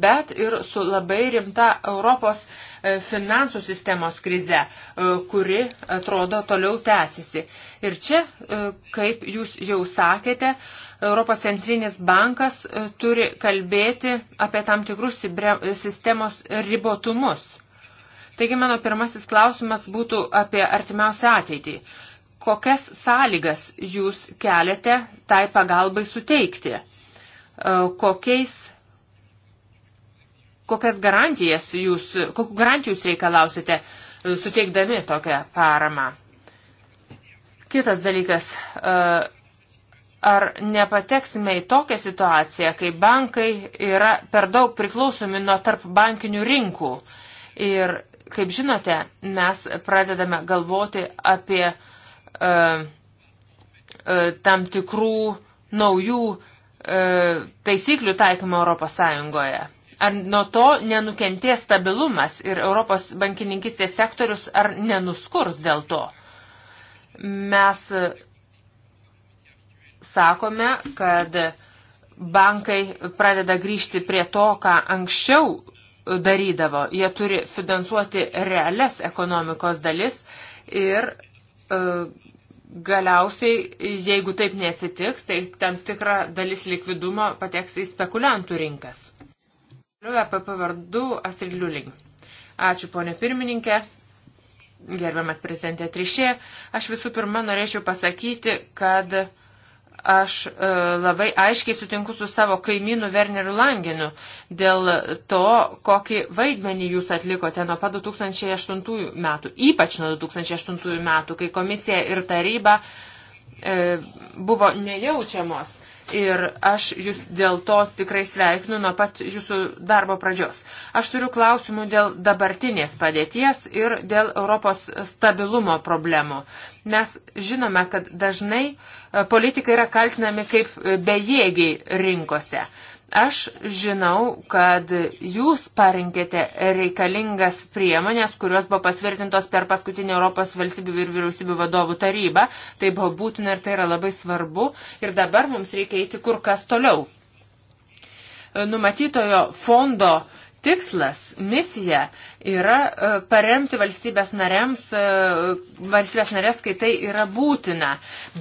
bet ir su labai rimta Europos e, finansų sistemos krize, e, kuri atrodo toliau tęsiasi. Ir čia, e, kaip jūs jau sakėte, Europos centrinis bankas turi kalbėti apie tam tikrus sistemos ribotumus. Taigi mano pirmasis klausimas būtų apie artimiausią ateitį. Kokias sąlygas jūs keliate tai pagalbai suteikti? Kokiais kokias garantijas jūs, kokiu garantijų jūs reikalausite e, suteikdami tokią paramą. Kitas dalykas, e, ar nepateksime į tokią situaciją, kai bankai yra per daug priklausomi nuo tarp bankinių rinkų. Ir, kaip žinote, mes pradedame galvoti apie uh, uh, tam tikrų naujų uh, taisyklių taikymą Europos Sąjungoje. Ar nuo to nenukentės stabilumas ir Europos bankininkistės sektorius, ar nenuskurs dėl to? Mes e, sakome, kad bankai pradeda grįžti prie to, ką anksčiau darydavo. Jie turi finansuoti realias ekonomikos dalis ir e, galiausiai, jeigu taip neatsitiks, tai tam tikra dalis likvidumo pateks į spekuliantų rinkas. Liuja e PP vardu Astrid Liuling. Ačiū, ponė pirmininkė. Gerbiamas prezidentė Trišė, aš visų pirma norėčiau pasakyti, kad aš e, labai aiškiai sutinku su savo kaimynu Werneriu Langeniu dėl to, kokį vaidmenį jūs atlikote nuo pat 2008 metų, ypač nuo 2008 metų, kai komisija ir taryba e, buvo nejaučiamos. Ir aš jūs dėl to tikrai sveikinu nuo pat jūsų darbo pradžios. Aš turiu klausimų dėl dabartinės padėties ir dėl Europos stabilumo problemų. Mes žinome, kad dažnai e, politikai yra kaltinami kaip e, bejėgiai rinkose. Aš žinau, kad jūs parinkėte reikalingas priemonės, kurios buvo patvirtintos per paskutinį Europos valstybių ir vyriausybių vadovų tarybą. Tai buvo būtina ir tai yra labai svarbu. Ir dabar mums reikia eiti kur kas toliau. Numatytojo fondo uh, tikslas, misija yra e, paremti valstybės, narėms, e, valstybės narės, kai tai yra būtina.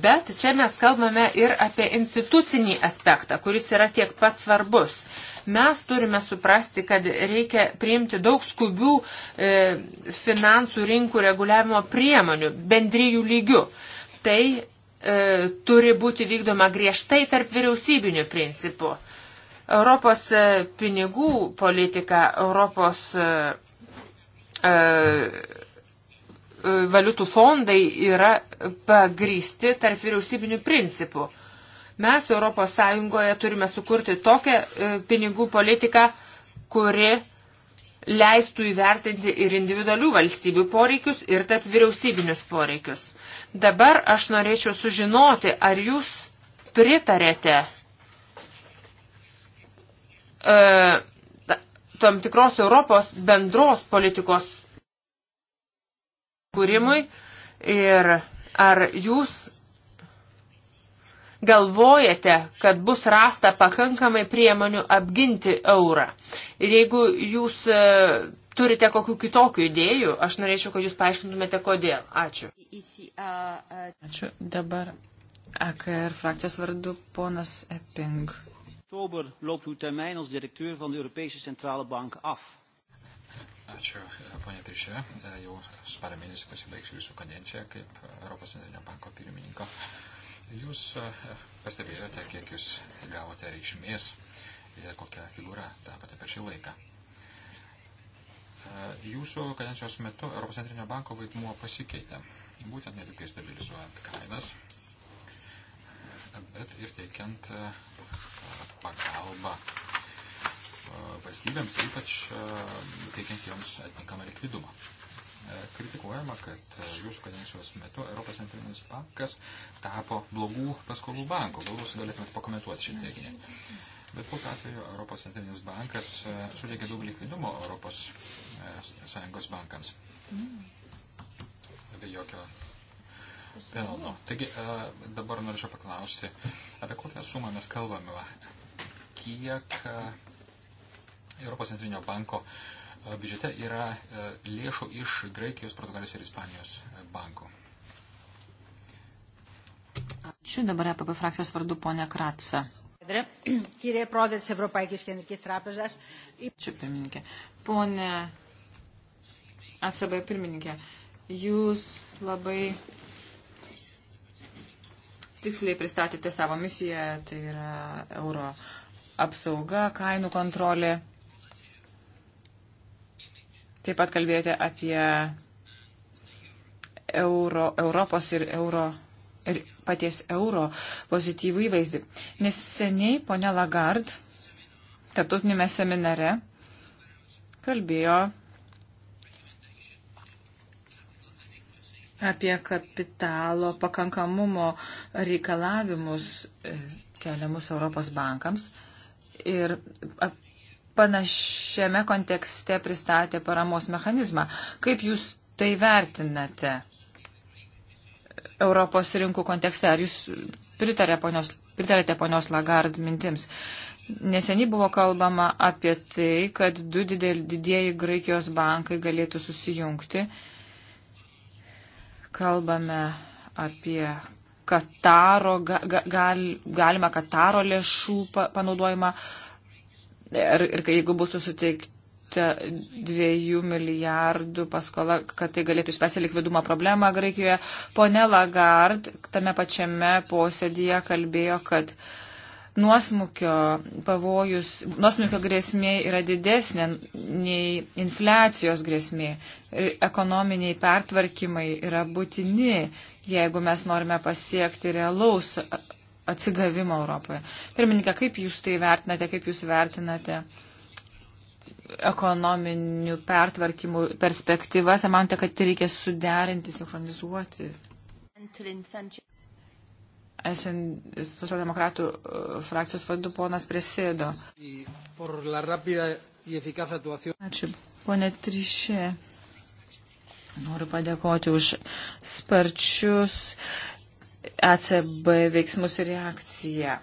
Bet čia mes kalbame ir apie institucinį aspektą, kuris yra tiek pat svarbus. Mes turime suprasti, kad reikia priimti daug skubių e, finansų rinkų reguliavimo priemonių bendryjų lygių. Tai e, turi būti vykdoma griežtai tarp vyriausybinių principų. E, Europos e, pinigų politika, Europos e, e, valiutų fondai yra pagrysti tarp vyriausybinių principų. Mes ES turime sukurti tokią pinigų politiką, kuri leistų įvertinti ir individualių valstybių poreikius, ir tarp vyriausybinius poreikius. Dabar aš norėčiau sužinoti, ar jūs pritarėte e, tam tikros Europos bendros politikos kūrimui ir ar jūs galvojate, kad bus rasta pakankamai priemonių apginti eurą. Ir jeigu jūs e, turite kokių kitokių idėjų, aš norėčiau, kad jūs paaiškintumėte, kodėl. Ačiū. Ačiū. Dabar AKR frakcijos vardu ponas Eping oktober loopt uw termijn als directeur van de Europese Centrale Bank af. Ačiū, eh, ponė Trišė. Eh, jau spalio mėnesį pasibaigs jūsų kadencija kaip eh, Europos Centrinio banko pirmininko. Jūs pastebėjote, kiek jūs gavote reikšmės ir kokią figūrą tapote per šį laiką. Jūsų kadencijos metu Europos Centrinio banko vaidmuo pasikeitė. Būtent ne tik tai stabilizuojant kainas, bet ir teikiant pagalbą e, valstybėms, ypač e, teikiant joms atitinkamą likvidumą. E, kritikuojama, kad jūsų kadencijos metu Europos centrinis bankas tapo blogų paskolų banku. Gal jūs galėtumėte pakomentuoti šį teiginį. Bet kokiu atveju Europos centrinis bankas suteikė daug likvidumo Europos sąjungos bankams. Be jokio pelno. Taigi dabar norėčiau paklausti, apie kokią sumą mes kalbame kiek e, Europos centrinio banko e, biudžete yra e, lėšų iš Graikijos, Portugalijos ir Ispanijos bankų. Ačiū dabar apie frakcijos vardu ponė Kratsa. Ačiū pirmininkė. Pone ACB pirmininkė, jūs labai tiksliai pristatėte savo misiją, tai yra euro apsauga, kainų kontrolė. Taip pat kalbėjote apie euro, Europos ir euro ir paties euro pozityvų įvaizdį. Neseniai ponia Lagard tarptautinėme seminare kalbėjo apie kapitalo pakankamumo reikalavimus e, keliamus Europos bankams ir panašiame kontekste pristatė paramos mechanizmą. Kaip jūs tai vertinate Europos rinkų kontekste? Ar jūs pritarė ponios, pritarėte ponios Lagard mintims? Neseniai buvo kalbama apie tai, kad du didel, didieji Graikijos bankai galėtų susijungti. Kalbame apie Kataro, gal, galima Kataro lėšų panaudojimą ir, ir jeigu bus susitikti dviejų milijardų paskola, kad tai galėtų išspręsti likvidumo problemą Graikijoje. Pone Lagard tame pačiame posėdėje kalbėjo, kad nuosmukio pavojus, nuosmukio grėsmė yra didesnė nei infliacijos grėsmė. Ekonominiai pertvarkymai yra būtini jeigu mes norime pasiekti realaus atsigavimo Europoje. Pirmininkė, kaip jūs tai vertinate, kaip jūs vertinate ekonominių pertvarkymų perspektyvas, ar manote, kad tai reikia suderinti, sinchronizuoti? Esant socialdemokratų uh, frakcijos vadu ponas Presėdo. Ačiū. Pone Trišė, Noriu padėkoti už sparčius ECB veiksmus ir reakciją.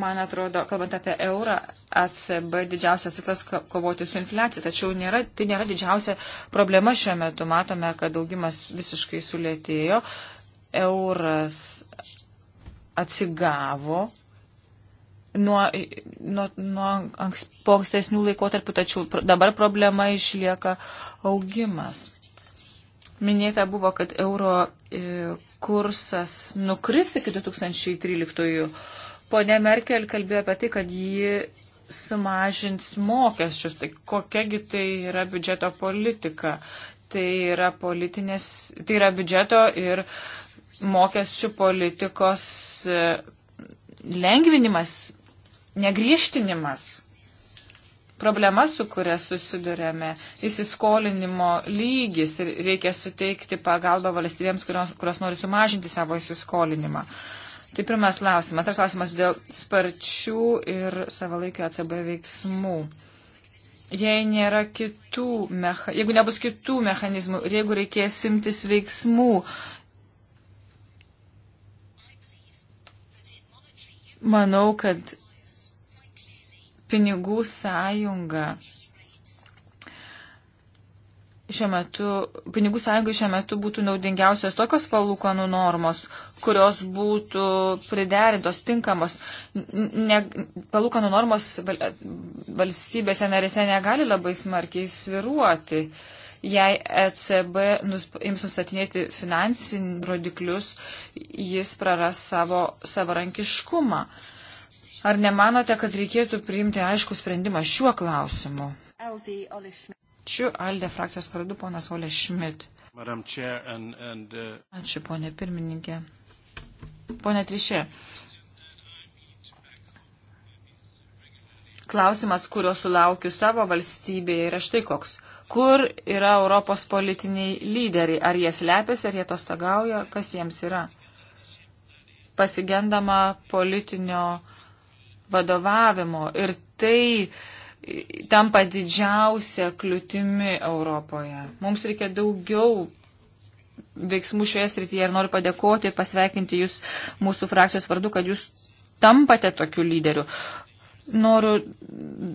Man atrodo, kalbant apie eurą, ECB didžiausias tikslas kovoti su infliacija, tačiau nėra, tai nėra didžiausia problema šiuo metu. Matome, kad augimas visiškai sulėtėjo, euras atsigavo nuo, nuo, nuo anks, po ankstesnių laikotarpių, tačiau dabar problema išlieka augimas. Minėta buvo, kad euro e, kursas nukris iki 2013. Pone Merkel kalbėjo apie tai, kad ji sumažins mokesčius. Tai kokiagi tai yra biudžeto politika? Tai yra, tai yra biudžeto ir mokesčių politikos e, lengvinimas, negriežtinimas problemas, su kuria susidurėme, įsiskolinimo lygis ir reikia suteikti pagalbą valstybėms, kurios, kurios nori sumažinti savo įsiskolinimą. Tai pirmas klausimas. Antras klausimas dėl sparčių ir savalaikio ACB veiksmų. Jei nėra kitų, mecha, jeigu nebus kitų mechanizmų ir jeigu reikės simtis veiksmų, manau, kad pinigų sąjunga. Šiuo metu, pinigų sąjungai šiuo metu būtų naudingiausios tokios palūkanų normos, kurios būtų priderintos, tinkamos. Ne, palūkanų normos val, valstybėse narėse negali labai smarkiai sviruoti. Jei ECB nus, ims nustatinėti finansinius rodiklius, jis praras savo savarankiškumą. Uh, Ar nemanote, kad reikėtų priimti aišku sprendimą šiuo klausimu? Ačiū Alde frakcijos vardu, ponas Olė Šmit. Uh, Ačiū, ponė pirmininkė. Pone Trišė. Klausimas, kurio sulaukiu savo valstybėje, yra štai koks kur yra Europos politiniai lyderiai, ar jie slepiasi, ar jie tostagauja, kas jiems yra. Pasigendama politinio vadovavimo. Ir tai tampa didžiausia kliūtimi Europoje. Mums reikia daugiau veiksmų šioje srityje ir noriu padėkoti ir pasveikinti Jūs mūsų frakcijos vardu, kad Jūs tampate tokiu lyderiu. Noriu,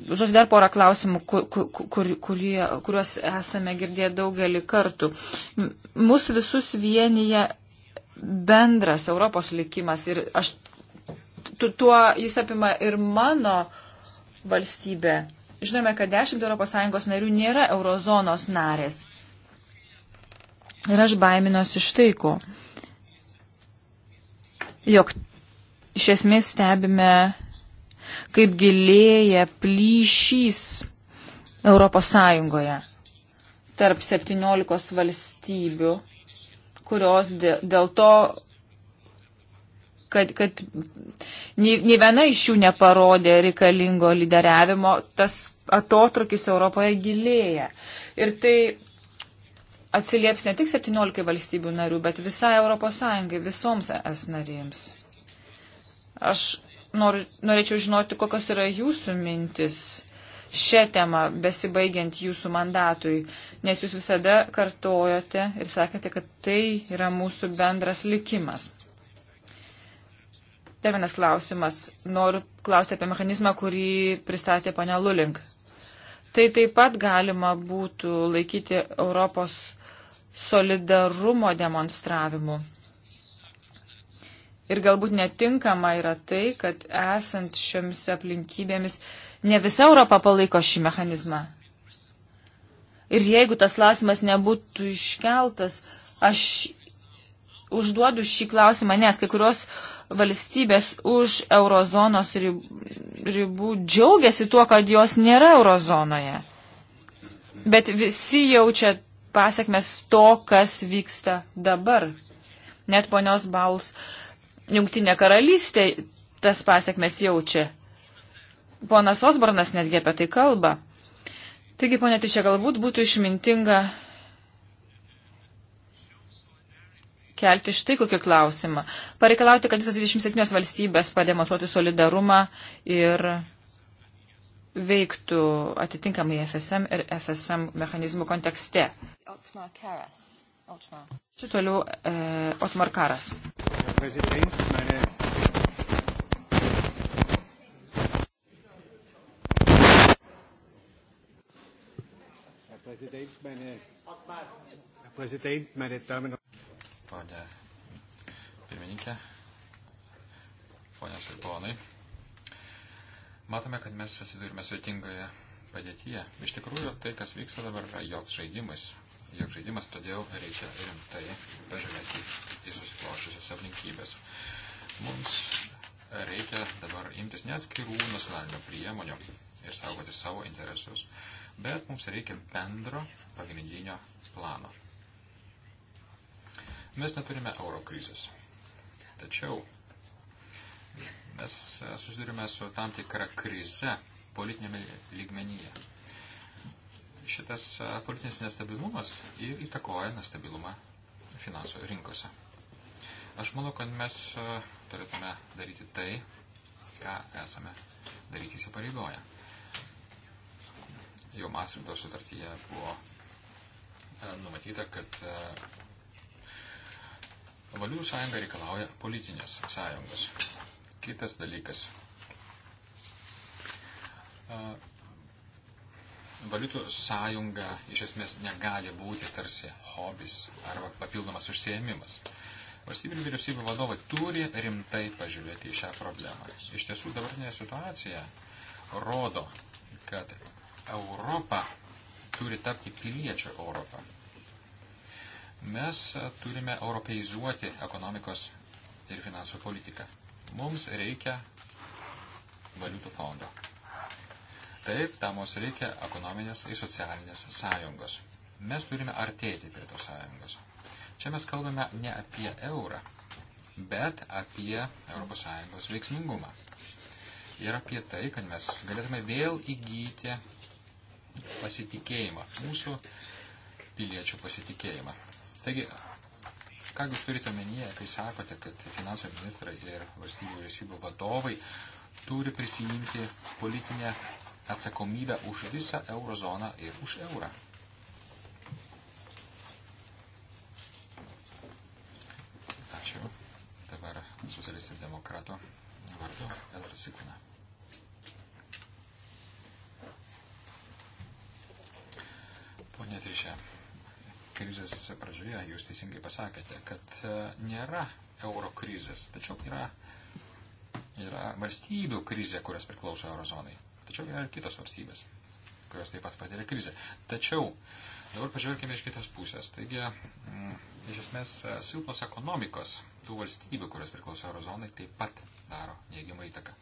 žodžiu, dar porą klausimų, kur, kur, kur, kurie, kuriuos esame girdėję daugelį kartų. Mūsų visus vienyje bendras Europos likimas ir aš tuo jis apima ir mano valstybę. Žinome, kad 10 ES narių nėra eurozonos narės. Ir aš baiminos iš taiko, jog iš esmės stebime, kaip gilėja plyšys Europos Sąjungoje tarp 17 valstybių, kurios dėl to kad, kad nei, nei viena iš jų neparodė reikalingo lyderiavimo, tas atotrukis Europoje gilėja. Ir tai atsilieps ne tik 17 valstybių narių, bet visai ES, visoms es narėms. Aš nor, norėčiau žinoti, kokios yra jūsų mintis šią temą, besibaigiant jūsų mandatui, nes jūs visada kartojote ir sakėte, kad tai yra mūsų bendras likimas. Dar vienas klausimas. Noriu klausti apie mechanizmą, kurį pristatė ponia Lulink. Tai taip pat galima būtų laikyti Europos solidarumo demonstravimu. Ir galbūt netinkama yra tai, kad esant šiomis aplinkybėmis ne visa Europa palaiko šį mechanizmą. Ir jeigu tas klausimas nebūtų iškeltas, aš užduodu šį klausimą, nes kai kurios uh, valstybės už eurozonos ribų džiaugiasi tuo, kad jos nėra eurozonoje. Bet visi jaučia pasiekmes to, kas vyksta dabar. Net ponios Bauls jungtinė karalystė tas pasiekmes jaučia. Ponas Osbornas netgi apie tai kalba. Taigi, ponė Tišė, galbūt būtų išmintinga kelti štai kokį klausimą. Pareikalauti, kad visos 27 valstybės pademonstruotų solidarumą ir veiktų atitinkamai FSM ir FSM mechanizmų kontekste. Čia toliau e, Otmar Karas. Herr Präsident, meine Damen und ponė pirmininkė, ponios ir ponai. Matome, kad mes susidurime sudėtingoje padėtyje. Iš tikrųjų, tai, kas vyksta dabar, yra joks žaidimas. Joks žaidimas, todėl reikia rimtai pažiūrėti į susikloščiusias aplinkybės. Mums reikia dabar imtis neatskirų nacionalinių priemonių ir saugoti savo interesus, bet mums reikia bendro pagrindinio plano. Mes neturime euro krizės. Tačiau mes e, susidurime su tam tikra krize politinėme lygmenyje. Šitas e, politinis nestabilumas įtakoja nestabilumą finansų rinkose. Aš manau, kad mes e, turėtume daryti tai, ką esame daryti įsipareigoję. Jau Masrido sutartyje buvo numatyta, kad Valiutų sąjunga reikalauja politinės sąjungos. Kitas dalykas. Valiutų sąjunga iš esmės negali būti tarsi hobis arba papildomas užsiemimas. Valstybinių vyriausybių vadovai turi rimtai pažiūrėti į šią problemą. Iš tiesų dabartinė situacija rodo, kad Europa turi tapti piliečio Europą. Mes e, turime europeizuoti ekonomikos ir finansų politiką. Mums reikia valiutų fondo. Taip, tam mums reikia ekonominės ir socialinės sąjungos. Mes turime artėti prie tos sąjungos. Čia mes kalbame ne apie eurą, bet apie ES veiksmingumą. Ir apie tai, kad mes galėtume vėl įgyti pasitikėjimą, mūsų piliečių pasitikėjimą. Taigi, ką jūs turite omenyje, kai sakote, kad finansų ministrai ir valstybių vyriausybių vadovai turi prisijimti politinę atsakomybę už visą eurozoną ir už eurą? Ačiū. Dabar socialistų demokratų vardu Elra Sikuna. Pone Trišė krizės pradžioje jūs teisingai pasakėte, kad e, nėra euro krizės, tačiau yra, yra valstybių krizė, kurios priklauso eurozonai. Tačiau yra ir kitos valstybės, kurios taip pat patiria krizę. Tačiau dabar pažvelkime iš kitos pusės. Taigi, m, mm, iš esmės, e, silpnos ekonomikos tų valstybių, kurios priklauso eurozonai, taip pat daro neigiamą įtaką.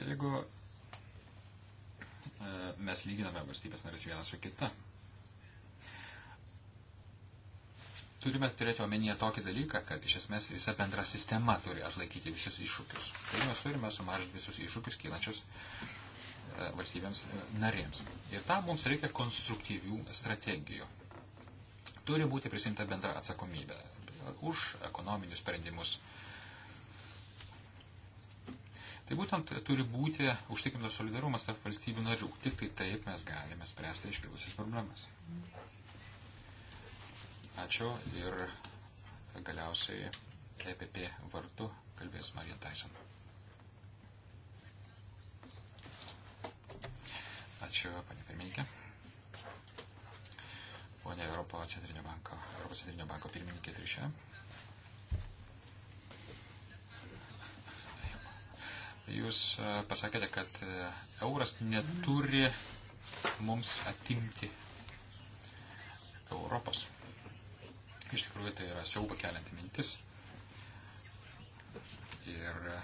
Ir jeigu e, mes lyginame valstybės narės vieną su kita, turime turėti omenyje tokį dalyką, kad iš esmės visa bendra sistema turi atlaikyti visus iššūkius. Tai mes turime sumažinti visus iššūkius kylančius e, valstybėms e, narėms. Ir tam mums reikia konstruktyvių strategijų. Turi būti prisimta bendra atsakomybė už ekonominius sprendimus. Tai būtent turi būti užtikrintas solidarumas tarp valstybių narių. Tik tai taip mes galime spręsti iškilusias problemas. Mm. Ačiū ir galiausiai EPP vardu kalbės Marija Tyson. Ačiū, panė pirmininkė. Pone Europos centrinio banko, Europos centrinio banko pirmininkė Trišė. Jūs e, pasakėte, kad e, euras neturi mums atimti Europos. Iš tikrųjų, tai yra siaubą kelianti mintis. Ir e,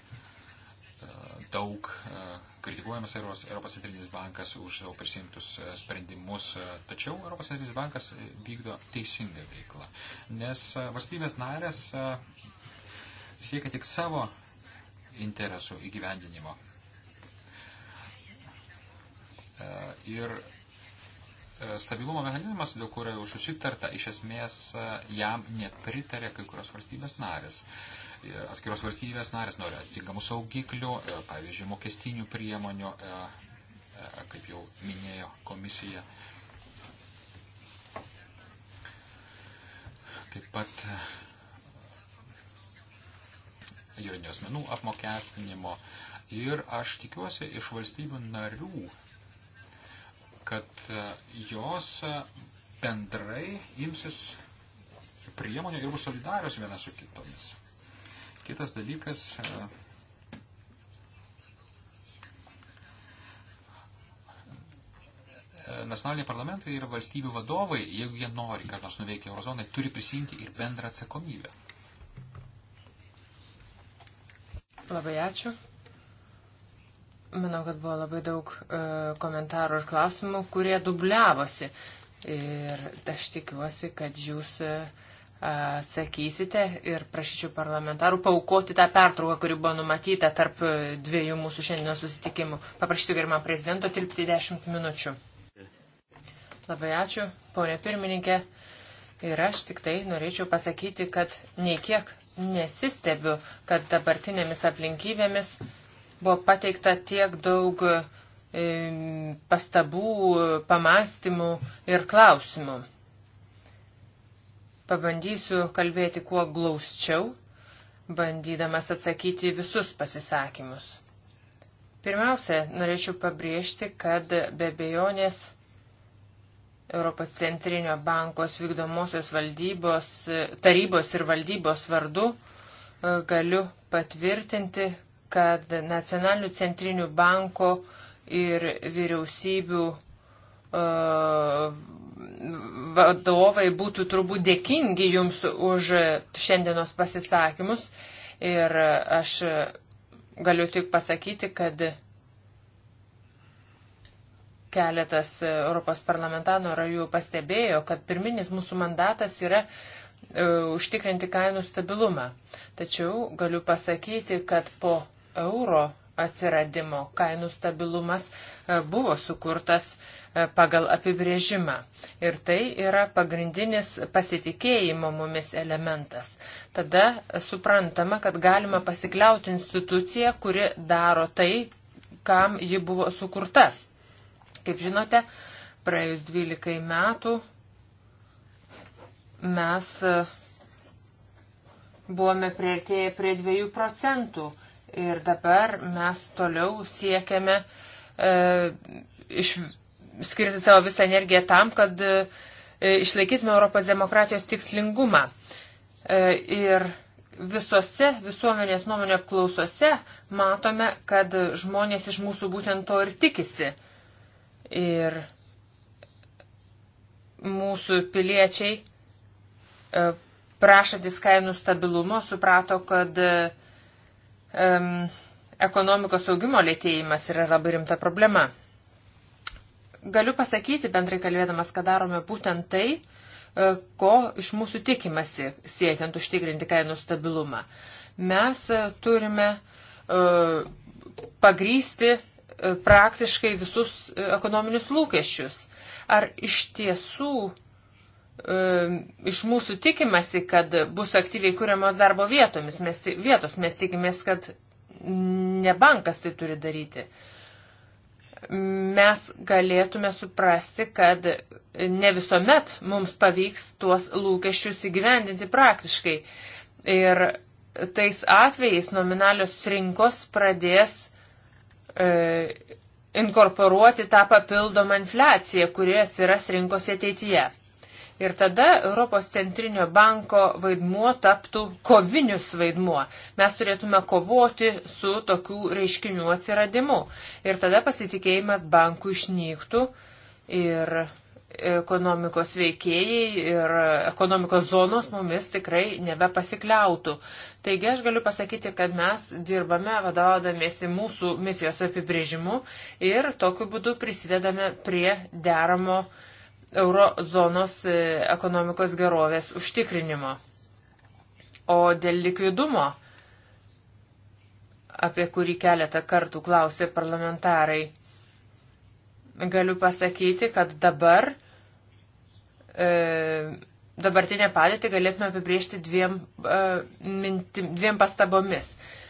e, daug e, kritikuojamas Europos centrinis bankas už savo prisimtus sprendimus, tačiau Europos centrinis bankas vykdo teisingą veiklą, nes valstybės narės siekia tik savo interesų įgyvendinimo. Ir E, stabilumo mechanizmas, dėl kurio jau susitarta, iš esmės e, jam nepritarė kai kurios valstybės narės. Atskiros valstybės narės nori atitinkamų saugiklių, e, pavyzdžiui, mokestinių priemonių, kaip jau minėjo komisija. Taip pat juridinių asmenų apmokestinimo. Ir aš tikiuosi iš valstybių narių kad e, jos e, bendrai imsis priemonių ir bus solidarios viena su kitomis. Kitas dalykas. E, nacionaliniai parlamentai ir valstybių vadovai, jeigu jie nori, kad nors nuveikia eurozonai, turi prisimti ir bendrą atsakomybę. Labai ačiū. Manau, kad buvo labai daug e, komentarų ir klausimų, kurie dubliavosi. Ir aš tikiuosi, kad jūs e, atsakysite ir prašyčiau parlamentarų paukoti tą pertrauką, kuri buvo numatyta tarp e, dviejų mūsų šiandienos susitikimų. Paprašysiu gerimą prezidento tilpti 10 minučių. Labai ačiū, ponė pirmininkė. Ir aš tik tai norėčiau pasakyti, kad nei kiek nesistebiu, kad dabartinėmis aplinkybėmis Buvo pateikta tiek daug pastabų, pamastymų ir klausimų. Pabandysiu kalbėti kuo glausčiau, bandydamas atsakyti visus pasisakymus. Pirmiausia, norėčiau pabrėžti, kad be bejonės Europos centrinio bankos vykdomosios valdybos, tarybos ir valdybos vardu e, galiu patvirtinti, kad nacionalinių centrinių bankų ir vyriausybių e, vadovai būtų turbūt dėkingi jums už šiandienos pasisakymus. Ir aš galiu tik pasakyti, kad keletas Europos parlamentarų jau pastebėjo, kad pirminis mūsų mandatas yra e, užtikrinti kainų stabilumą. Tačiau galiu pasakyti, kad po euro atsiradimo kainų stabilumas e, buvo sukurtas e, pagal apibrėžimą. Ir tai yra pagrindinis pasitikėjimo mumis elementas. Tada suprantama, kad galima pasikliauti instituciją, kuri daro tai, kam ji buvo sukurta. Kaip žinote, praėjus 12 metų mes e, buvome prieartėję prie 2 procentų Ir dabar mes toliau siekiame e, iš, skirti savo visą energiją tam, kad e, išlaikytume Europos demokratijos tikslingumą. E, ir visose visuomenės nuomonė apklausose matome, kad žmonės iš mūsų būtent to ir tikisi. Ir mūsų piliečiai, e, prašantis kainų stabilumo, suprato, kad e, um, ekonomikos augimo lėtėjimas yra labai rimta problema. Galiu pasakyti, bendrai kalbėdamas, kad darome būtent tai, e, ko iš mūsų tikimasi, siekiant užtikrinti kainų stabilumą. Mes e, turime uh, pagrysti uh, praktiškai visus ekonominius lūkesčius. Ar iš tiesų uh, iš mūsų tikimasi, kad bus aktyviai kuriamos darbo vietomis, mes, vietos, mes tikimės, kad ne bankas tai turi daryti. Mes galėtume suprasti, kad ne visuomet mums pavyks tuos lūkesčius įgyvendinti praktiškai. Ir tais atvejais nominalios rinkos pradės e, inkorporuoti tą papildomą infliaciją, kuri atsiras rinkose ateityje. Ir tada Europos centrinio banko vaidmuo taptų kovinius vaidmuo. Mes turėtume kovoti su tokių reiškinių atsiradimu. Ir tada pasitikėjimas bankų išnyktų ir ekonomikos veikėjai ir ekonomikos zonos mumis tikrai nebepasikliautų. Taigi aš galiu pasakyti, kad mes dirbame vadovodamėsi mūsų misijos apibrėžimu ir tokiu būdu prisidedame prie deramo uh, eurozonos e, ekonomikos gerovės užtikrinimo. O dėl likvidumo, apie kurį keletą kartų klausė parlamentarai, galiu pasakyti, kad dabar e, dabartinę padėtį galėtume apibriežti dviem, e, mintim, dviem pastabomis. E,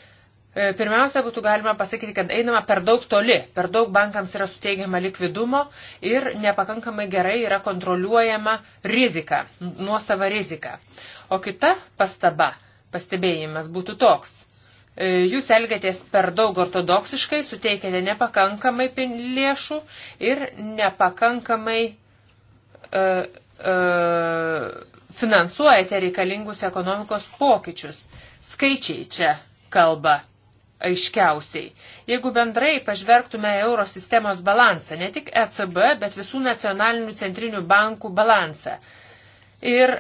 E, pirmiausia, būtų galima pasakyti, kad einama per daug toli, per daug bankams yra suteigiama likvidumo ir nepakankamai gerai yra kontroliuojama rizika, nuosava rizika. O kita pastaba, pastebėjimas būtų toks. E, jūs elgiatės per daug ortodoksiškai, suteikėte nepakankamai lėšų ir nepakankamai uh, uh, finansuojate reikalingus ekonomikos pokyčius. Skaičiai čia kalba aiškiausiai. Jeigu bendrai pažvelgtume eurosistemos balansą, ne tik ECB, bet visų nacionalinių centrinių bankų balansą, ir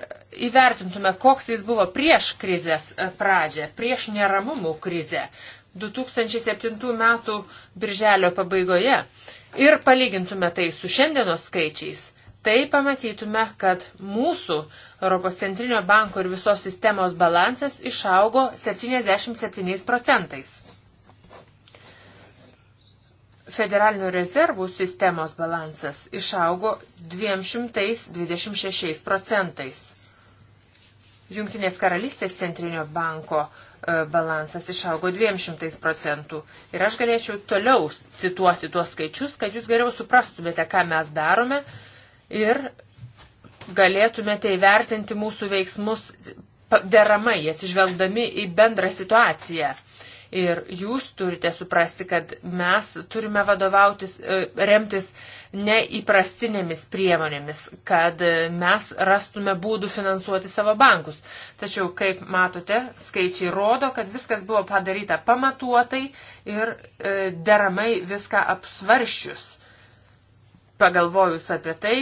įvertintume, koks jis buvo prieš krizės e, pradžią, prieš neramumų krizę 2007 metų birželio pabaigoje ir palygintume tai su šiandienos skaičiais, tai pamatytume, kad mūsų Europos centrinio banko ir visos sistemos balansas išaugo 77 procentais federalinių rezervų sistemos balansas išaugo 226 procentais. Junktinės karalystės centrinio banko e, balansas išaugo 200 procentų. Ir aš galėčiau toliau cituoti tuos skaičius, kad jūs geriau suprastumėte, ką mes darome ir galėtumėte įvertinti mūsų veiksmus deramai, atsižvelgdami į bendrą situaciją. Ir jūs turite suprasti, kad mes turime vadovautis, e, remtis neįprastinėmis priemonėmis, kad mes rastume būdų finansuoti savo bankus. Tačiau, kaip matote, skaičiai rodo, kad viskas buvo padaryta pamatuotai ir e, deramai viską apsvarščius pagalvojus apie tai,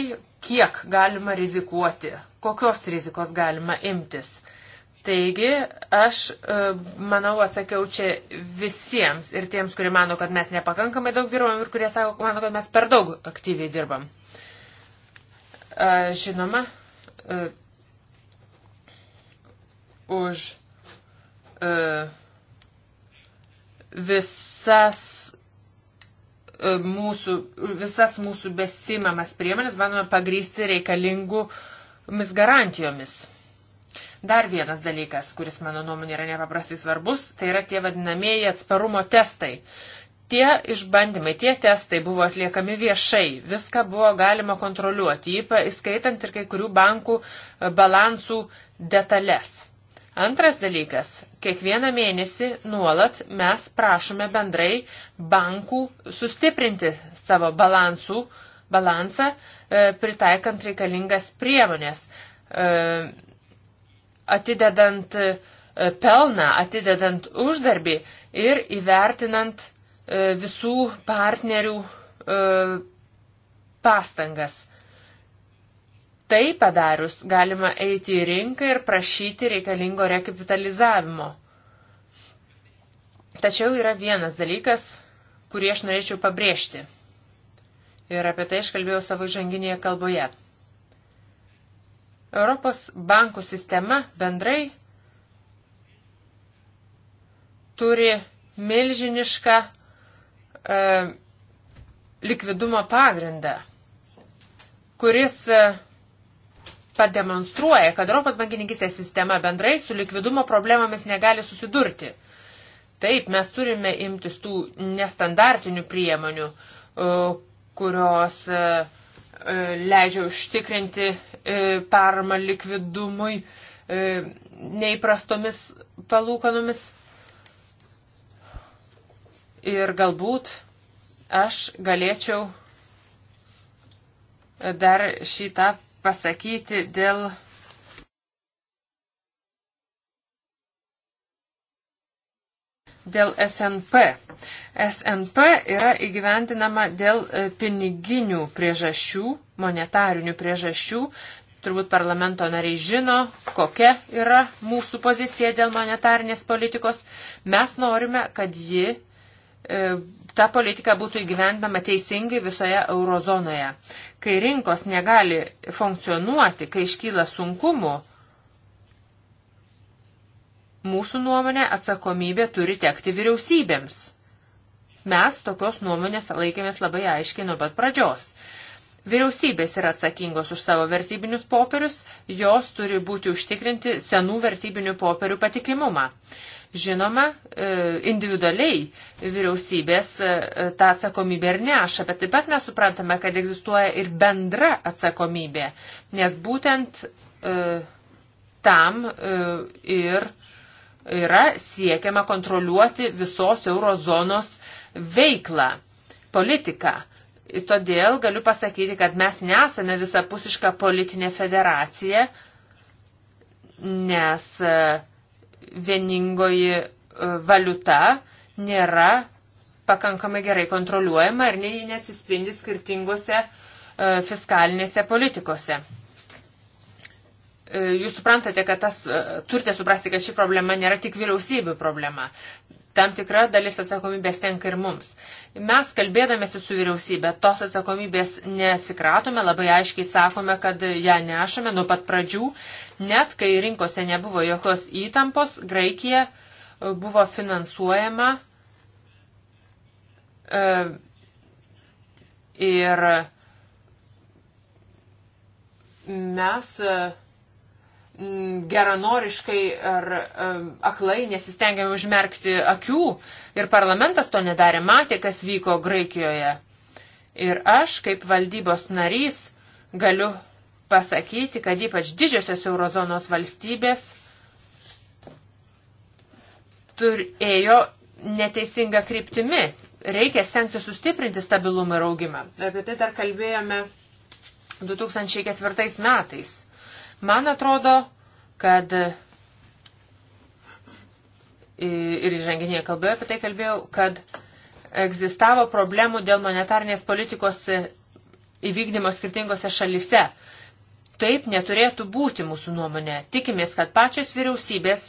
kiek galima rizikuoti, kokios rizikos galima imtis. Taigi, aš e, manau atsakiau čia visiems ir tiems, kurie mano, kad mes nepakankamai daug dirbam ir kurie sako, mano, kad mes per daug aktyviai dirbam. E, žinoma, e, už visas mūsų, visas mūsų besimamas priemonės bandome pagrysti reikalingomis garantijomis Dar vienas dalykas, kuris mano nuomonė yra nepaprastai svarbus, tai yra tie vadinamieji atsparumo testai. Tie išbandymai, tie testai buvo atliekami viešai, viską buvo galima kontroliuoti, įskaitant ir kai kurių bankų e, balansų detalės. Antras dalykas, kiekvieną mėnesį nuolat mes prašome bendrai bankų sustiprinti savo balansų, balansą, e, pritaikant reikalingas priemonės. E, atidedant e, pelną, atidedant uždarbį ir įvertinant e, visų partnerių e, pastangas. Tai padarius galima eiti į rinką ir prašyti reikalingo rekapitalizavimo. Tačiau yra vienas dalykas, kurį aš norėčiau pabrėžti. Ir apie tai aš kalbėjau savo žanginėje kalboje. Europos bankų sistema bendrai turi milžinišką e, likvidumo pagrindą, kuris e, pademonstruoja, kad Europos bankininkysės sistema bendrai su likvidumo problemomis negali susidurti. Taip, mes turime imtis tų nestandartinių priemonių, e, kurios e, E, leidžia užtikrinti e, paramą likvidumui e, neįprastomis palūkanomis. Ir galbūt aš galėčiau dar šitą pasakyti dėl dėl SNP. SNP yra įgyvendinama dėl e, piniginių priežasčių, monetarinių priežasčių. Turbūt parlamento nariai žino, kokia yra mūsų pozicija dėl monetarinės politikos. Mes norime, kad ji, e, ta politika būtų įgyvendama teisingai visoje eurozonoje. Kai rinkos negali funkcionuoti, kai iškyla sunkumų, Mūsų nuomonė atsakomybė turi tekti vyriausybėms. Mes tokios nuomonės laikėmės labai aiškiai nuo pat pradžios. Vyriausybės yra atsakingos už savo vertybinius popierius, jos turi būti užtikrinti senų vertybinių popierių patikimumą. Žinoma, e, individualiai vyriausybės e, tą atsakomybę ir neša, bet taip pat mes suprantame, kad egzistuoja ir bendra atsakomybė, nes būtent e, tam ir yra siekiama kontroliuoti visos eurozonos veiklą, politiką. Ir todėl galiu pasakyti, kad mes nesame visapusiška politinė federacija, nes e, vieningoji e, valiuta nėra pakankamai gerai kontroliuojama ir nei neatsispindi skirtingose e, fiskalinėse politikose. E, jūs suprantate, kad tas, e, turite suprasti, kad ši problema nėra tik vyriausybių problema. Tam tikra dalis atsakomybės tenka ir mums. Mes kalbėdamėsi su vyriausybė, tos atsakomybės nesikratome, labai aiškiai sakome, kad ją nešame nuo pat pradžių. Net kai rinkose nebuvo jokios įtampos, Graikija e, buvo finansuojama ir mes Mm, geranoriškai ar aklai nesistengėme užmerkti akių ir parlamentas to nedarė, matė, kas vyko Graikijoje. Ir aš, kaip valdybos narys, galiu pasakyti, kad ypač didžiosios eurozonos valstybės turėjo neteisingą kryptimi. Reikia stengti sustiprinti stabilumą ir augimą. Apie tai dar kalbėjome 2004 metais. Man atrodo, kad ir įžanginėje kalboje apie tai kalbėjau, kad egzistavo problemų dėl monetarnės politikos įvykdymo skirtingose šalise. Taip neturėtų būti mūsų nuomonė. Tikimės, kad pačios vyriausybės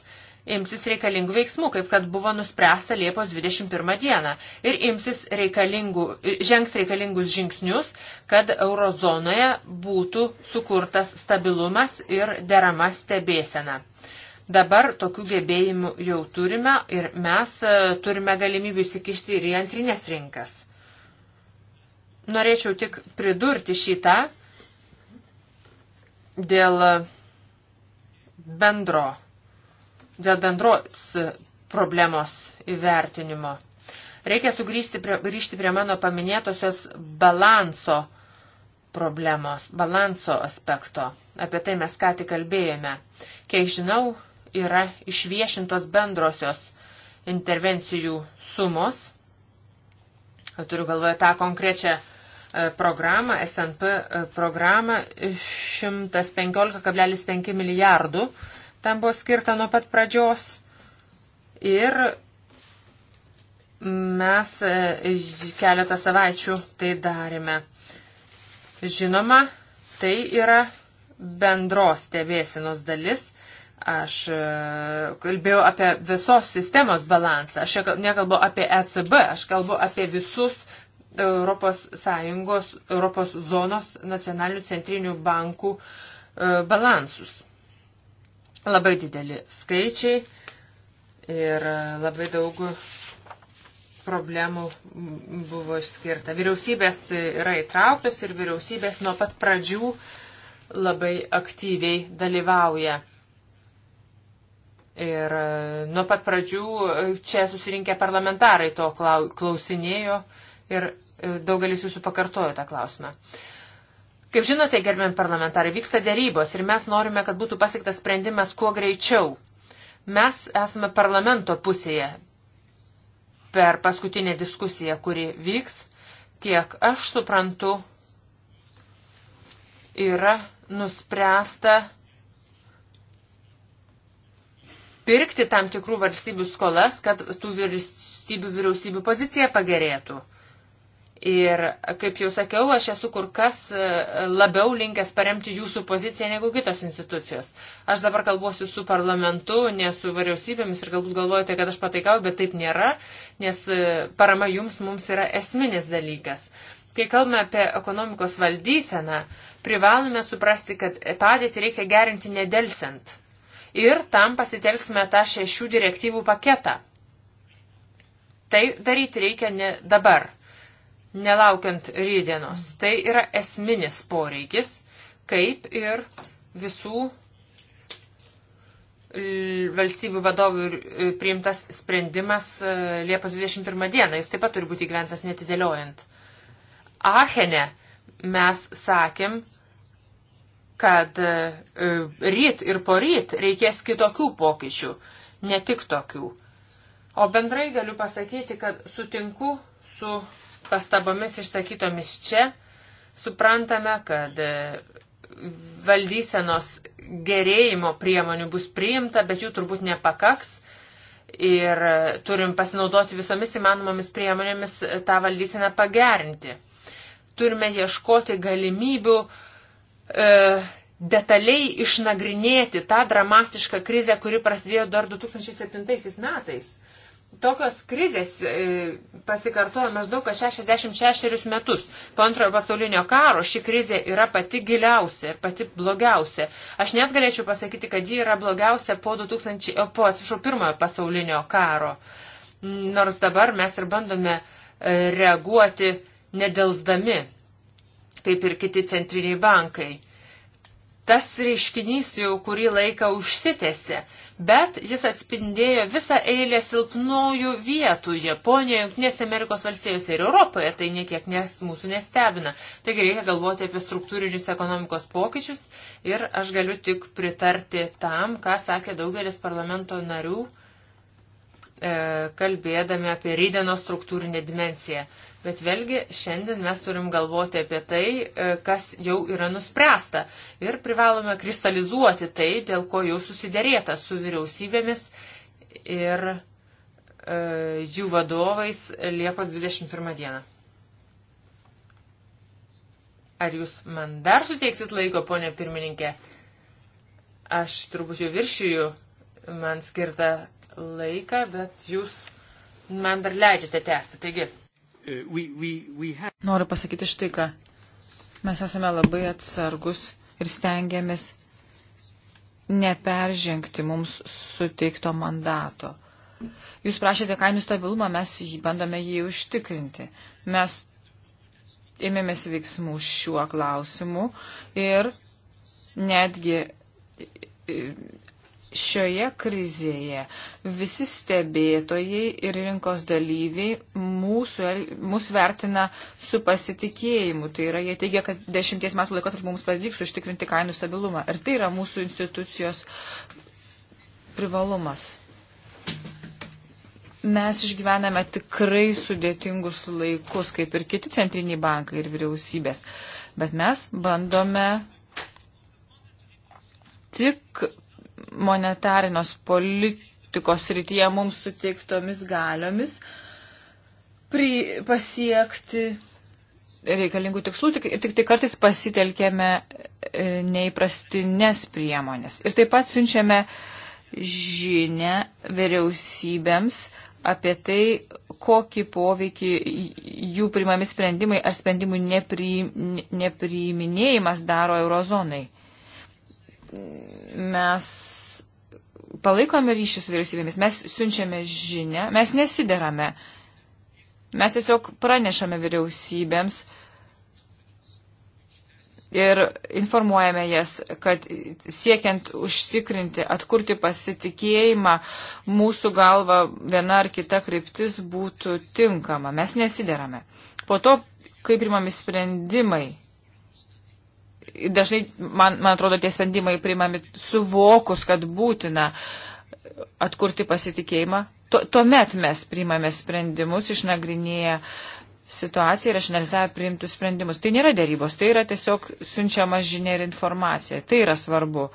imsis reikalingų veiksmų, kaip kad buvo nuspręsta Liepos 21 dieną, ir imsis reikalingų, žengs reikalingus žingsnius, kad eurozonoje būtų sukurtas stabilumas ir derama stebėsena. Dabar tokių gebėjimų jau turime ir mes e, turime galimybių įsikišti ir į antrinės rinkas. Norėčiau tik pridurti šitą dėl bendro dėl bendros problemos įvertinimo. Reikia sugrįžti prie, grįžti prie mano paminėtosios balanso problemos, balanso aspekto. Apie tai mes ką tik kalbėjome. Kiek žinau, yra išviešintos bendrosios intervencijų sumos. Turiu galvoje tą konkrečią e, programą, SNP e, programą 115,5 milijardų tam buvo skirta nuo pat pradžios. Ir mes e, keletą savaičių tai darėme. Žinoma, tai yra bendros stebėsinos dalis. Aš e, kalbėjau apie visos sistemos balansą. Aš nekalbu apie ECB, aš kalbu apie visus Europos Sąjungos, Europos zonos nacionalinių centrinių bankų e, balansus. Labai dideli skaičiai ir labai daug problemų buvo išskirta. Vyriausybės yra įtrauktos ir vyriausybės nuo pat pradžių labai aktyviai dalyvauja. Ir e, nuo pat pradžių e, čia susirinkę parlamentarai to klausinėjo ir e, daugelis jūsų pakartojo tą klausimą. Kaip žinote, gerbiam parlamentarai, vyksta dėrybos ir mes norime, kad būtų pasiektas sprendimas kuo greičiau. Mes esame parlamento pusėje per paskutinę diskusiją, kuri vyks, kiek aš suprantu, yra nuspręsta pirkti tam tikrų valstybių skolas, kad tų valstybių vyriausybių pozicija pagerėtų. Ir, kaip jau sakiau, aš esu kur kas e, labiau linkęs paremti jūsų poziciją negu kitos institucijos. Aš dabar kalbuosiu su parlamentu, ne su vyriausybėmis ir galbūt galvojate, kad aš pataikau, bet taip nėra, nes e, parama jums mums yra esminis dalykas. Kai kalbame apie ekonomikos valdyseną, privalome suprasti, kad padėtį reikia gerinti nedelsiant. Ir tam pasitelksime tą šešių direktyvų paketą. Tai daryti reikia ne dabar nelaukiant rydienos. Tai yra esminis poreikis, kaip ir visų valstybių vadovų e, priimtas sprendimas e, Liepos 21 dieną. Jis taip pat turi būti gyventas netidėliojant. Achene mes sakėm, kad e, ryt ir poryt reikės kitokių pokyčių, ne tik tokių. O bendrai galiu pasakyti, kad sutinku su pastabomis išsakytomis čia suprantame, kad e, valdysenos gerėjimo priemonių bus priimta, bet jų turbūt nepakaks. Ir e, turim pasinaudoti visomis įmanomomis priemonėmis e, tą valdyseną pagerinti. Turime ieškoti galimybių e, detaliai išnagrinėti tą dramatišką krizę, kuri prasidėjo dar 2007 metais Tokios krizės e, pasikartojo maždaug 66 metus. Po antrojo pasaulinio karo ši krizė yra pati giliausia ir pati blogiausia. Aš net galėčiau pasakyti, kad ji yra blogiausia po, 2000, e, po atsiprašau, pirmojo pasaulinio karo. Nors dabar mes ir bandome e, reaguoti nedelsdami, kaip ir kiti centriniai bankai tas reiškinys jau kurį laiką užsitėsi, bet jis atspindėjo visą eilę silpnojų vietų Japonijoje, Junktinėse Amerikos valstijose ir Europoje, tai niekiek nes, mūsų nestebina. Taigi reikia galvoti apie struktūrinius ekonomikos pokyčius ir aš galiu tik pritarti tam, ką sakė daugelis parlamento narių, e, kalbėdami apie rydeno struktūrinę dimenciją. Bet vėlgi, šiandien mes turim galvoti apie tai, e, kas jau yra nuspręsta. Ir privalome kristalizuoti tai, dėl ko jau susiderėta su vyriausybėmis ir e, jų vadovais Liepos 21 dieną. Ar jūs man dar suteiksit laiko, ponė pirmininkė? Aš turbūt jau viršiju man skirtą laiką, bet jūs man dar leidžiate tęsti. Taigi we, we, we have... Noriu pasakyti štai ką. Mes esame labai atsargus ir stengiamės neperžengti mums suteikto mandato. Jūs prašėte kainų stabilumą, mes jį bandome jį užtikrinti. Mes ėmėmės veiksmų šiuo klausimu ir netgi šioje krizėje visi stebėtojai ir rinkos dalyviai mūsų, mūsų vertina su pasitikėjimu. Tai yra, jie teigia, kad dešimties metų laikotarpį mums pavyks užtikrinti kainų stabilumą. Ir tai yra mūsų institucijos privalumas. Mes išgyvename tikrai sudėtingus laikus, kaip ir kiti centriniai bankai ir vyriausybės. Bet mes bandome tik monetarinos politikos rytyje mums suteiktomis galiomis pri, pasiekti reikalingų tikslų, tik, tik tai kartais pasitelkėme e, neįprastinės priemonės. Ir taip pat siunčiame žinę vyriausybėms apie tai, kokį poveikį jų primami sprendimai ar sprendimų nepri, nepriiminėjimas daro eurozonai mes palaikome ryšį su vyriausybėmis, mes siunčiame žinę, mes nesiderame. Mes tiesiog pranešame vyriausybėms ir informuojame jas, kad siekiant užtikrinti, atkurti pasitikėjimą, mūsų galva viena ar kita kryptis būtų tinkama. Mes nesiderame. Po to, kai primami sprendimai dažnai, man, man atrodo, tie sprendimai priimami suvokus, kad būtina atkurti pasitikėjimą. Tuomet mes priimame sprendimus, išnagrinėję situaciją ir išnagrinėję priimtus sprendimus. Tai nėra dėrybos, tai yra tiesiog siunčiama žinia ir informacija. Tai yra svarbu.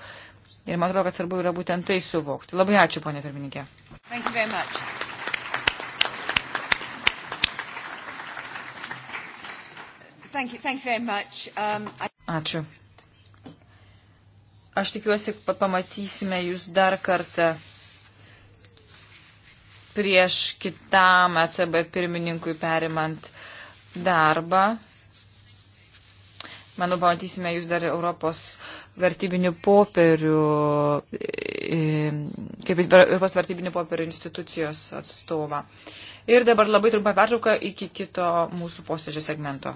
Ir man atrodo, kad svarbu yra būtent tai suvokti. Labai ačiū, ponė pirmininkė. Thank you very much. Thank you, thank you very much. Um, I... Ačiū. Aš tikiuosi, pamatysime jūs dar kartą prieš kitam ECB pirmininkui perimant darbą. Manau, pamatysime jūs dar Europos vertybinių popierių, e, kaip Europos vertybinių popierių institucijos atstovą. Ir dabar labai trumpa pertrauka iki kito mūsų posėdžio segmento.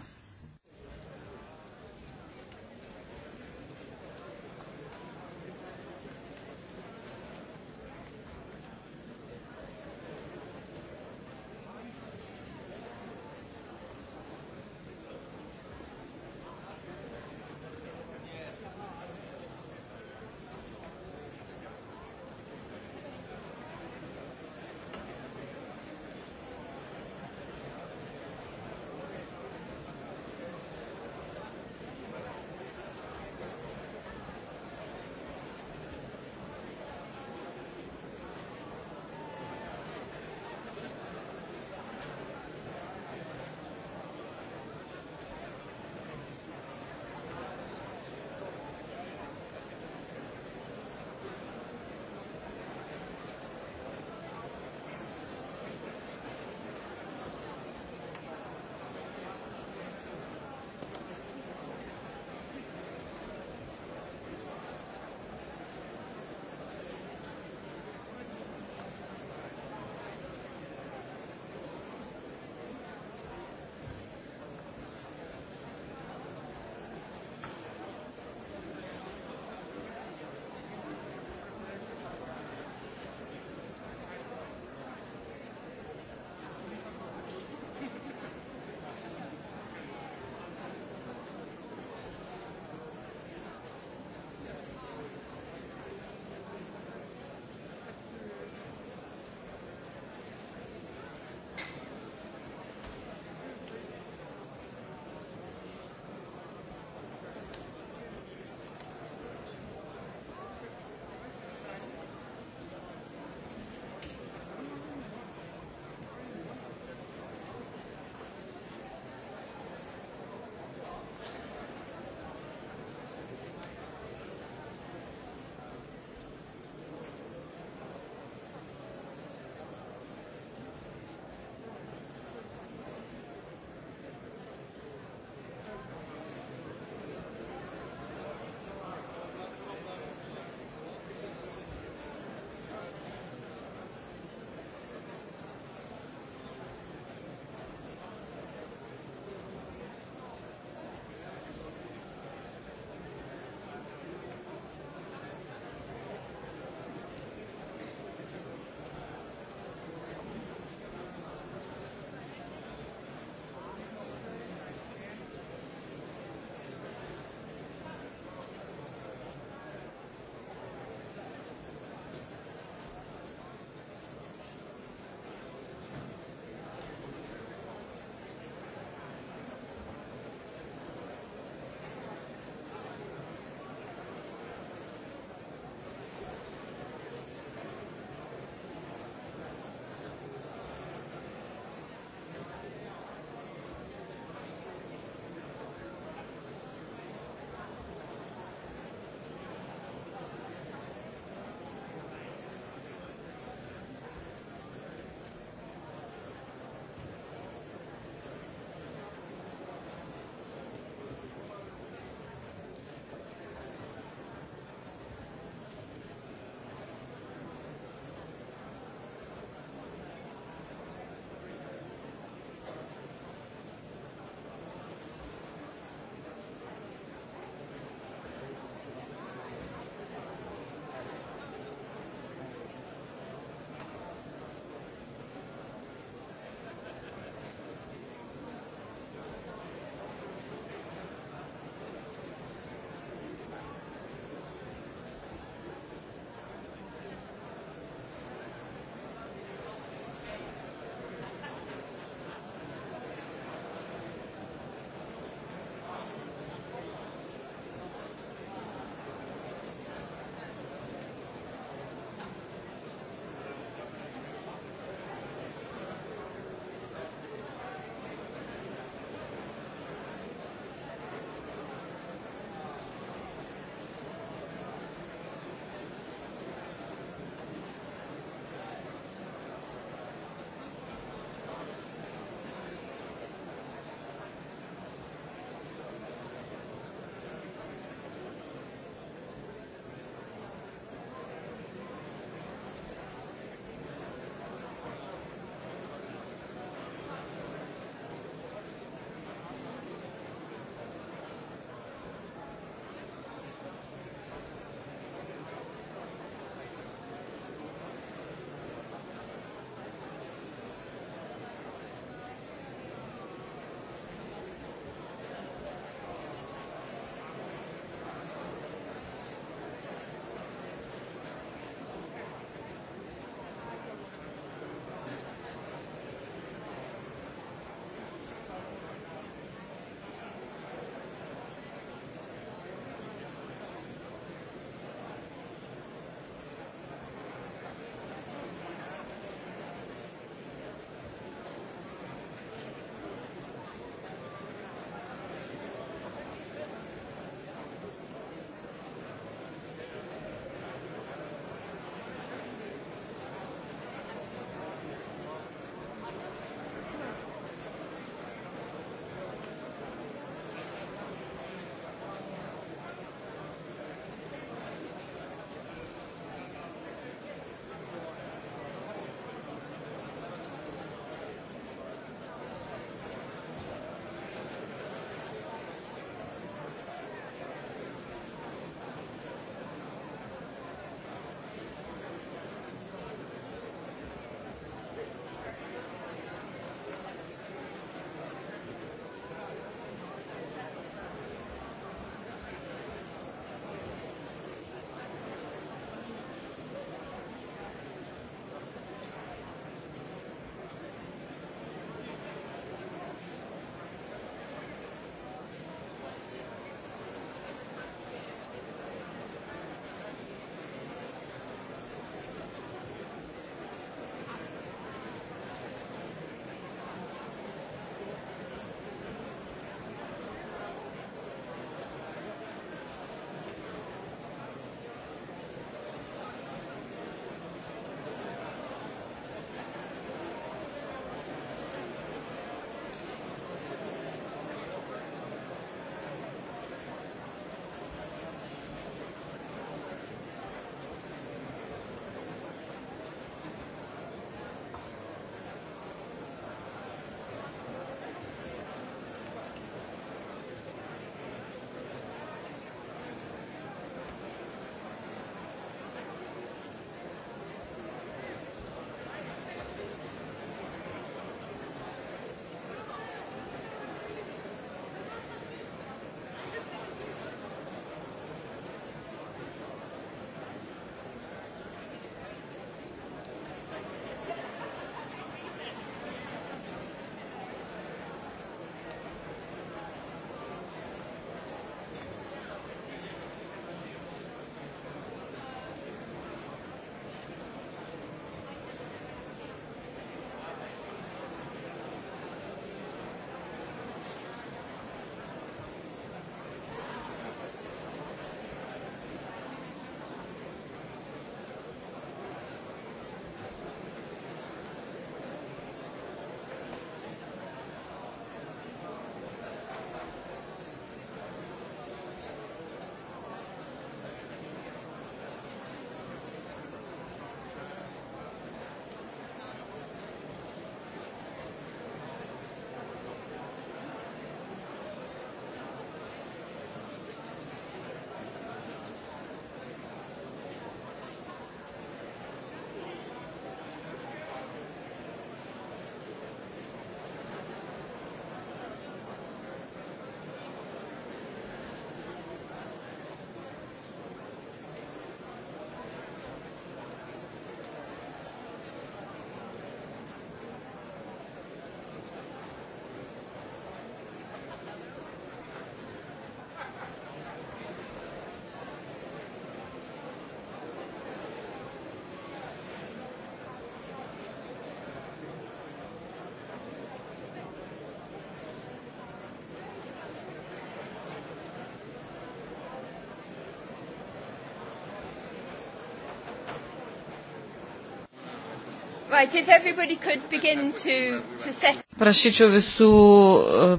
Right, if everybody could begin to, to set... Prašyčiau visų uh,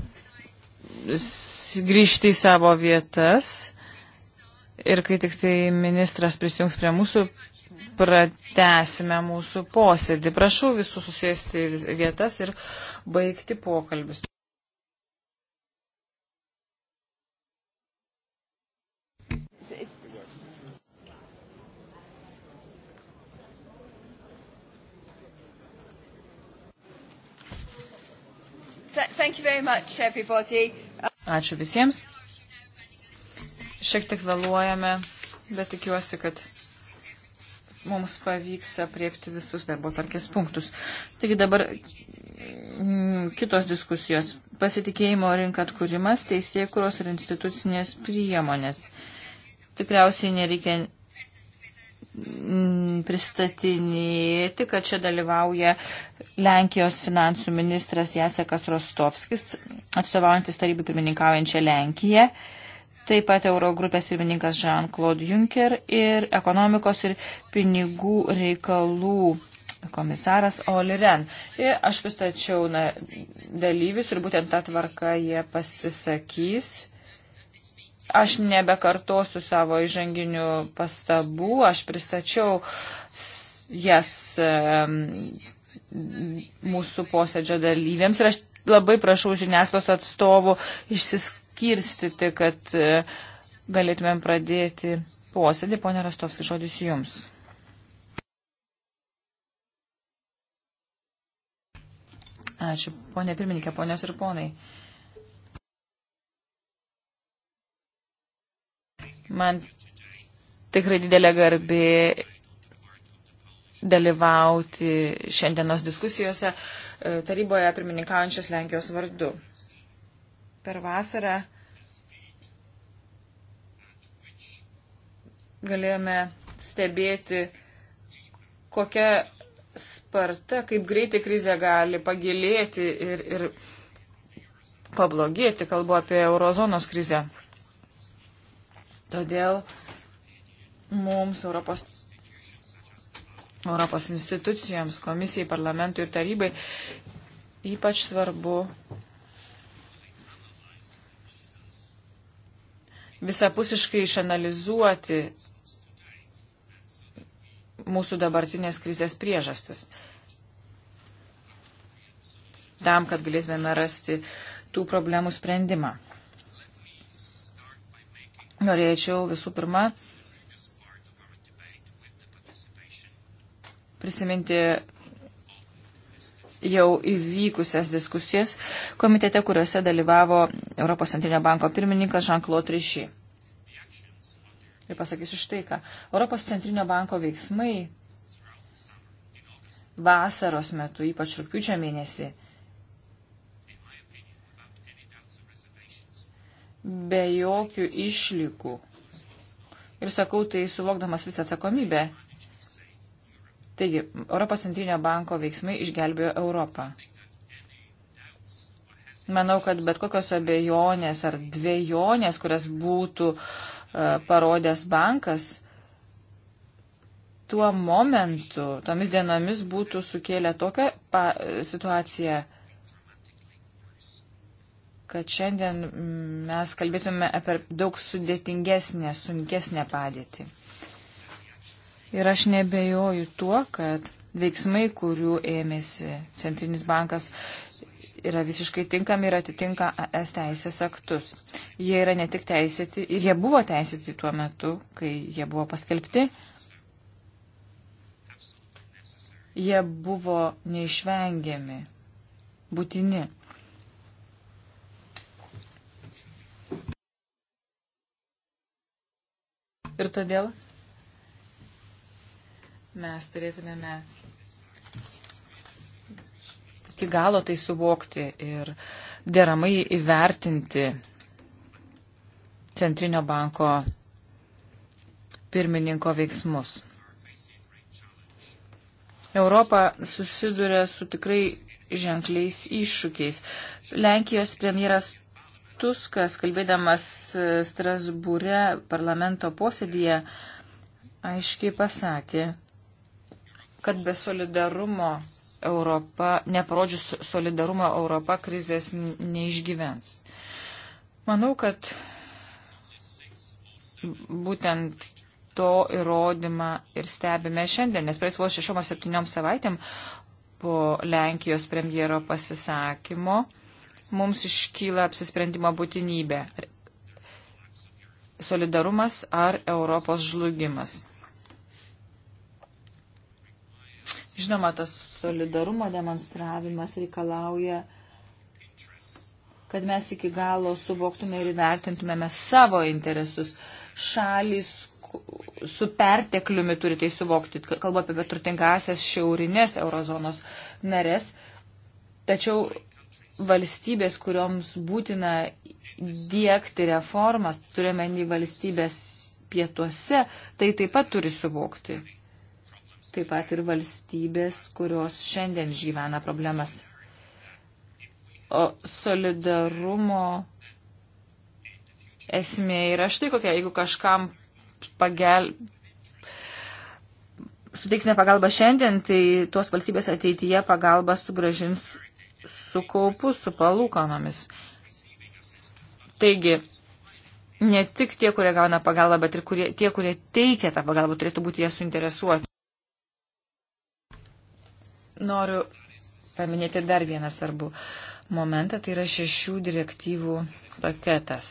grįžti į savo vietas ir kai tik tai ministras prisijungs prie mūsų, pratesime mūsų posėdį. Prašau visų susėsti vietas ir baigti pokalbius. much, everybody. Ačiū visiems. Šiek tiek vėluojame, bet tikiuosi, kad mums pavyks apriepti visus darbo tarkės punktus. Taigi dabar mm, kitos diskusijos. Pasitikėjimo rinka atkūrimas, teisėkuros ir institucinės priemonės. Tikriausiai nereikia mm, pristatinėti, kad čia dalyvauja Lenkijos finansų ministras Jasekas Rostovskis, atstovaujantis tarybai pirmininkaujančią Lenkiją, taip pat Eurogrupės pirmininkas Jean-Claude Juncker ir ekonomikos ir pinigų reikalų komisaras Oliren. Ir aš pristačiau na, dalyvius ir būtent tą tvarką jie pasisakys. Aš nebekartosiu savo įžanginių pastabų, aš pristačiau jas mūsų posėdžio dalyviams. Ir aš labai prašau žiniasklaidos atstovų išsiskirstyti, kad e, galėtumėm pradėti posėdį. Pone Rastovski, žodis jums. Ačiū, ponė pirmininkė, ponios ir ponai. Man tikrai didelė garbė dalyvauti šiandienos diskusijose e, taryboje pirmininkaujančios Lenkijos vardu. Per vasarą galėjome stebėti, kokia sparta, kaip greitai krizė gali pagilėti ir, ir pablogėti, kalbu apie eurozonos krizę. Todėl mums Europos Europos institucijoms, komisijai, parlamentui ir tarybai ypač svarbu visapusiškai išanalizuoti mūsų dabartinės krizės priežastis. Tam, kad galėtume rasti tų problemų sprendimą. Norėčiau visų pirma prisiminti jau įvykusias diskusijas komitete, kuriuose dalyvavo Europos centrinio banko pirmininkas Jean-Claude Riši. Ir pasakysiu štai ką. Europos centrinio banko veiksmai vasaros metu, ypač rūpiučio mėnesį, be jokių išlygų. Ir sakau tai suvokdamas visą atsakomybę, Taigi, Europos centrinio banko veiksmai išgelbėjo Europą. Manau, kad bet kokios abejonės ar dviejonės, kurias būtų uh, parodęs bankas, tuo momentu, tomis dienomis būtų sukėlę tokią pa, situaciją, kad šiandien mm, mes kalbėtume apie daug sudėtingesnę, sunkesnę padėtį. Ir aš nebejoju tuo, kad veiksmai, kurių ėmėsi Centrinis bankas, yra visiškai tinkami ir atitinka ES teisės aktus. Jie yra ne tik teisėti, ir jie buvo teisėti tuo metu, kai jie buvo paskelbti. Jie buvo neišvengiami, būtini. Ir todėl mes turėtumėme iki galo tai suvokti ir deramai įvertinti Centrinio banko pirmininko veiksmus. Europa susiduria su tikrai ženkliais iššūkiais. Lenkijos premjeras Tuskas, kalbėdamas Strasbūre parlamento posėdėje, aiškiai pasakė, kad be solidarumo Europa, neparodžius solidarumo Europa krizės neišgyvens. Manau, kad būtent to įrodymą ir stebime šiandien, nes praeis vos šešiom ar septyniom savaitėm po Lenkijos premjero pasisakymo mums iškyla apsisprendimo būtinybė. Solidarumas ar Europos žlugimas. Žinoma, tas solidarumo demonstravimas reikalauja, kad mes iki galo suvoktume ir įvertintumėme savo interesus. Šalis su pertekliumi turi tai suvokti. Kalbu apie turtingasias šiaurinės eurozonos narės. Tačiau valstybės, kurioms būtina dėkti reformas, turime į valstybės pietuose, tai taip pat turi suvokti taip pat ir valstybės, kurios šiandien išgyvena problemas. O solidarumo esmė yra štai kokia, jeigu kažkam pagel... suteiksime pagalbą šiandien, tai tuos valstybės ateityje pagalbą sugražins su kaupu, su palūkanomis. Taigi, ne tik tie, kurie gauna pagalbą, bet ir kurie, tie, kurie teikia tą pagalbą, turėtų būti jie suinteresuoti. Noriu paminėti dar vieną svarbų momentą, tai yra šešių direktyvų paketas.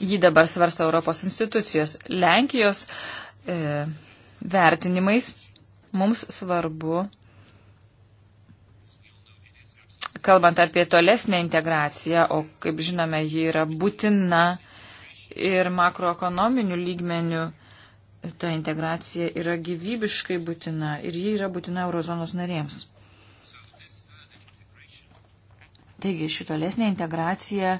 Jį dabar svarsto Europos institucijos. Lenkijos e, vertinimais mums svarbu, kalbant apie tolesnę integraciją, o kaip žinome, ji yra būtina ir makroekonominių lygmenių ta integracija yra gyvybiškai būtina ir ji yra būtina eurozonos narėms. Taigi šitolesnė integracija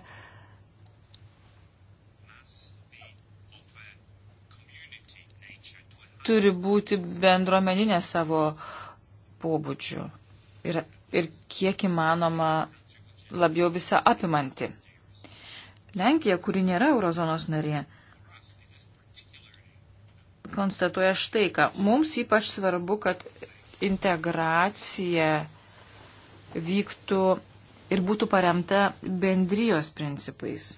turi būti bendruomeninė savo pobūdžių ir, ir kiek įmanoma labiau visą apimanti. Lenkija, kuri nėra eurozonos narė, konstatuoja štai ką. Mums ypač svarbu, kad integracija vyktų ir būtų paremta bendrijos principais.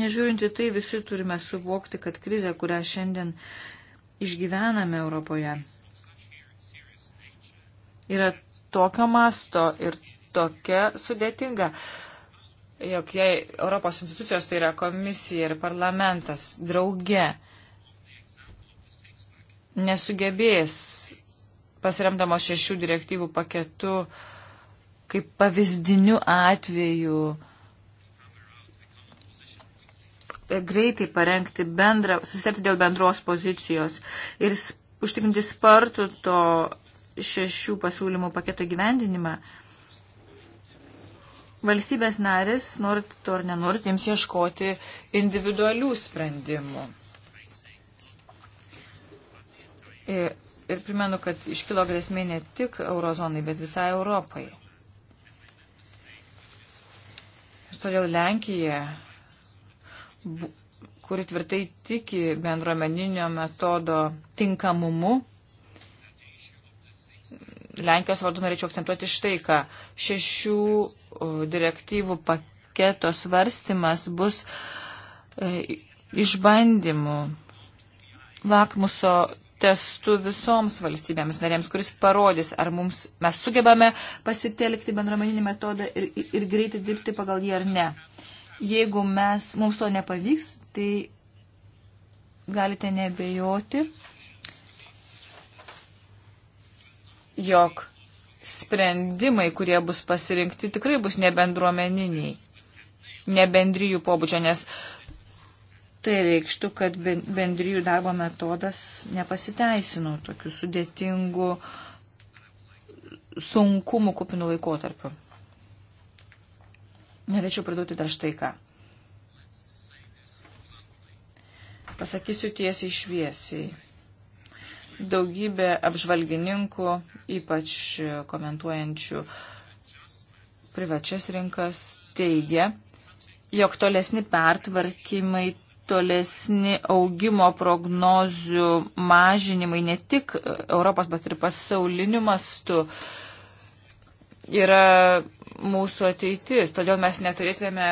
Nežiūrinti tai, visi turime suvokti, kad krizė, kurią šiandien išgyvename Europoje, yra tokio masto ir tokia sudėtinga, jog jei Europos institucijos, tai yra komisija ir parlamentas, drauge nesugebės pasiremdamo šešių direktyvų paketu kaip pavyzdiniu atveju greitai parengti bendrą, susitarti dėl bendros pozicijos ir užtikrinti spartų to šešių pasiūlymų paketo gyvendinimą, valstybės narės, norit to ar nenorit, jiems ieškoti individualių sprendimų. Ir, e, ir primenu, kad iškilo grėsmė ne tik eurozonai, bet visai Europai. Ir todėl Lenkija, kuri tvirtai tiki bendruomeninio metodo tinkamumu, Lenkijos vardu norėčiau akcentuoti štai ką. Šešių direktyvų paketo svarstymas bus e, išbandymų lakmuso testu visoms valstybėms narėms, kuris parodys, ar mums, mes sugebame pasitelkti bendruomeninį metodą ir, ir greitai dirbti pagal jį ar ne. Jeigu mes, mums to nepavyks, tai galite nebejoti, jog sprendimai, kurie bus pasirinkti, tikrai bus nebendruomeniniai, nebendrijų pobūdžio, nes tai reikštų, kad bendrijų darbo metodas nepasiteisino tokių sudėtingų sunkumų kupinų laikotarpių. Norėčiau pridurti dar štai ką. Pasakysiu tiesiai šviesiai Daugybė apžvalgininkų, ypač komentuojančių privačias rinkas, teigia, jog tolesni pertvarkymai tolesni augimo prognozių mažinimai ne tik Europos, bet ir pasauliniu mastu yra mūsų ateitis. Todėl mes neturėtume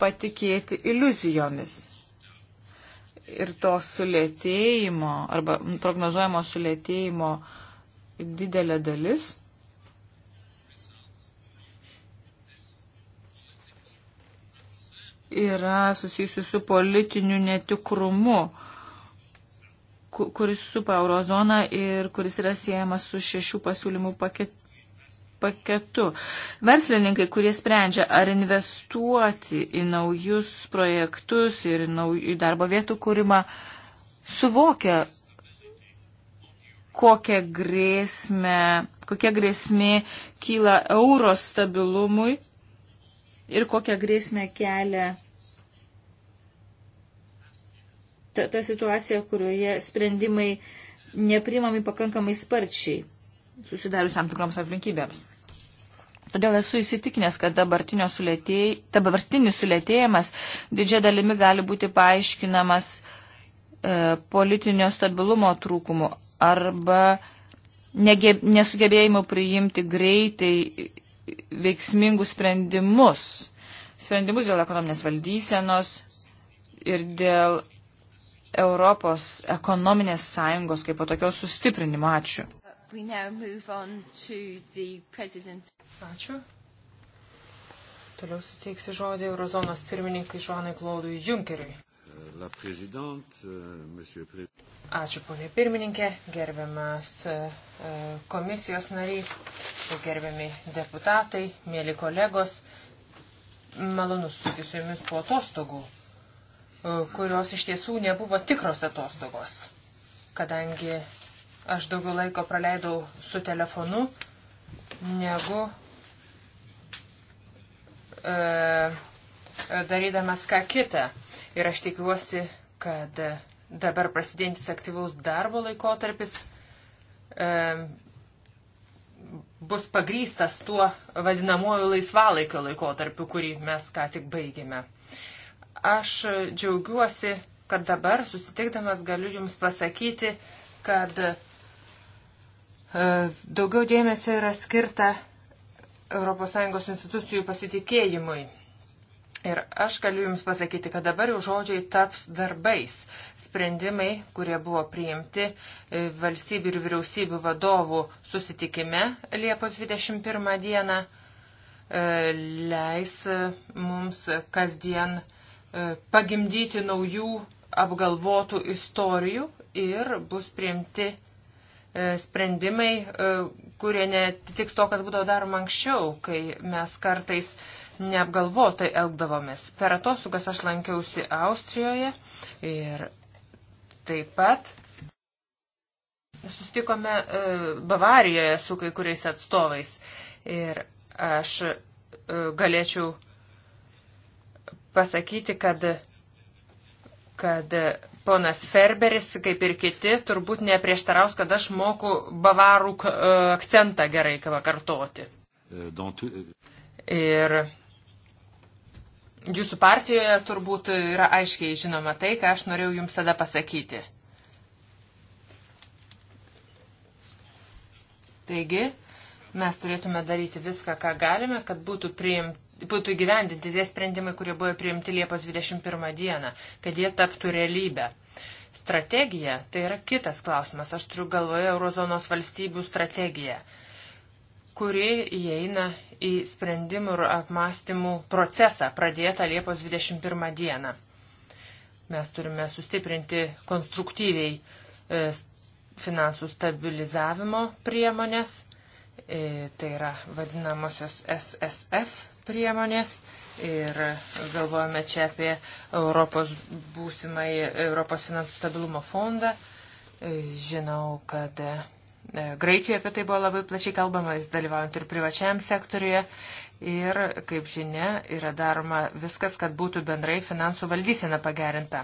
patikėti iliuzijomis ir to sulėtėjimo arba prognozuojamo sulėtėjimo didelė dalis. yra susijusi su politiniu netikrumu, kuris supa eurozoną ir kuris yra siejamas su šešių pasiūlymų paketu paketu. Verslininkai, kurie sprendžia, ar investuoti į naujus projektus ir į darbo vietų kūrimą, suvokia, kokią grėsmę, kokia grėsmė kyla euro stabilumui ir kokią grėsmę kelia ta, ta situacija, kurioje sprendimai neprimami pakankamai sparčiai, susidarius tam tikroms aplinkybėms. Todėl esu įsitikinęs, kad sulėtėj... dabartinis sulėtėjimas didžia dalimi gali būti paaiškinamas e, politinio stabilumo trūkumu arba nege... nesugebėjimu priimti greitai veiksmingus sprendimus. Sprendimus dėl ekonominės valdysenos ir dėl Europos ekonominės sąjungos kaip po tokios sustiprinimo. Ačiū. We now move on to the president. Ačiū. Toliau suteiksiu žodį Eurozonos pirmininkai Žanui Klaudui Junkeriui. Euh, Ačiū, ponė pirmininkė, gerbiamas e, e, komisijos nariai, gerbiami deputatai, mėly kolegos. Malonu susitikti su jumis po atostogų, e, kurios iš tiesų nebuvo tikros atostogos, kadangi aš daugiau laiko praleidau su telefonu negu e, darydamas ką kitą. Ir aš tikiuosi, kad dabar prasidėjantis aktyvaus darbo laikotarpis e, bus pagrystas tuo vadinamuoju laisvalaikio laikotarpiu, kurį mes ką tik baigėme. Aš džiaugiuosi, kad dabar susitikdamas galiu Jums pasakyti, kad E, daugiau dėmesio yra skirta ES institucijų pasitikėjimui. Ir aš galiu Jums pasakyti, kad dabar jau žodžiai taps darbais. Sprendimai, kurie buvo priimti e, valstybių ir vyriausybių vadovų susitikime Liepos 21 dieną, e, leis mums kasdien pagimdyti naujų apgalvotų istorijų ir bus priimti E, sprendimai, e, kurie netitiks to, kas būdavo daroma anksčiau, kai mes kartais neapgalvotai elgdavomės. Per atostogas aš lankiausi Austrijoje ir taip pat sustikome e, Bavarijoje su kai kuriais atstovais. Ir aš galėčiau pasakyti, kad, kad ponas Ferberis, kaip ir kiti, turbūt neprieštaraus, kad aš moku bavarų e, akcentą gerai kartoti. E, ir jūsų partijoje turbūt yra aiškiai žinoma tai, ką aš norėjau jums tada pasakyti. Taigi, mes turėtume daryti viską, ką galime, kad būtų priimti būtų įgyvendinti tie sprendimai, kurie buvo priimti Liepos 21 dieną, kad jie taptų realybę. Strategija tai yra kitas klausimas. Aš turiu galvoje Eurozonos valstybių strategiją, kuri įeina į sprendimų ir apmąstymų procesą pradėtą Liepos 21 dieną. Mes turime sustiprinti konstruktyviai e, finansų stabilizavimo priemonės, e, tai yra vadinamosios SSF priemonės ir galvojame čia apie Europos būsimai Europos finansų stabilumo fondą. Žinau, kad e, Graikijoje apie tai buvo labai plačiai kalbama, dalyvaujant ir privačiam sektoriuje. Ir, kaip žinia, yra daroma viskas, kad būtų bendrai finansų valdysena pagerinta.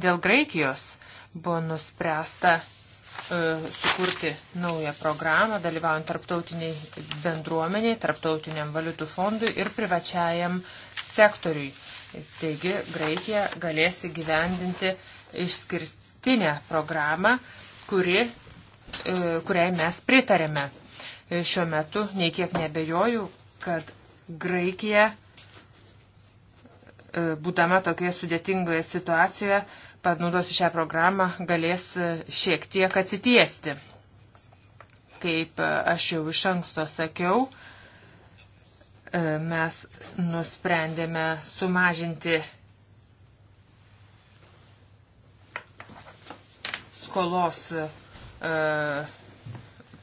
Dėl Graikijos buvo nuspręsta E, sukurti naują programą, dalyvaujant tarptautiniai bendruomeniai, tarptautiniam valiutų fondui ir privačiajam sektoriui. Taigi Graikija galės įgyvendinti išskirtinę programą, kuri, e, kuriai mes pritarėme. E, šiuo metu nei kiek nebejoju, kad Graikija, būdama tokioje sudėtingoje situacijoje, panaudosi šią programą, galės e, šiek tiek atsitiesti. Kaip e, aš jau iš anksto sakiau, e, mes nusprendėme sumažinti skolos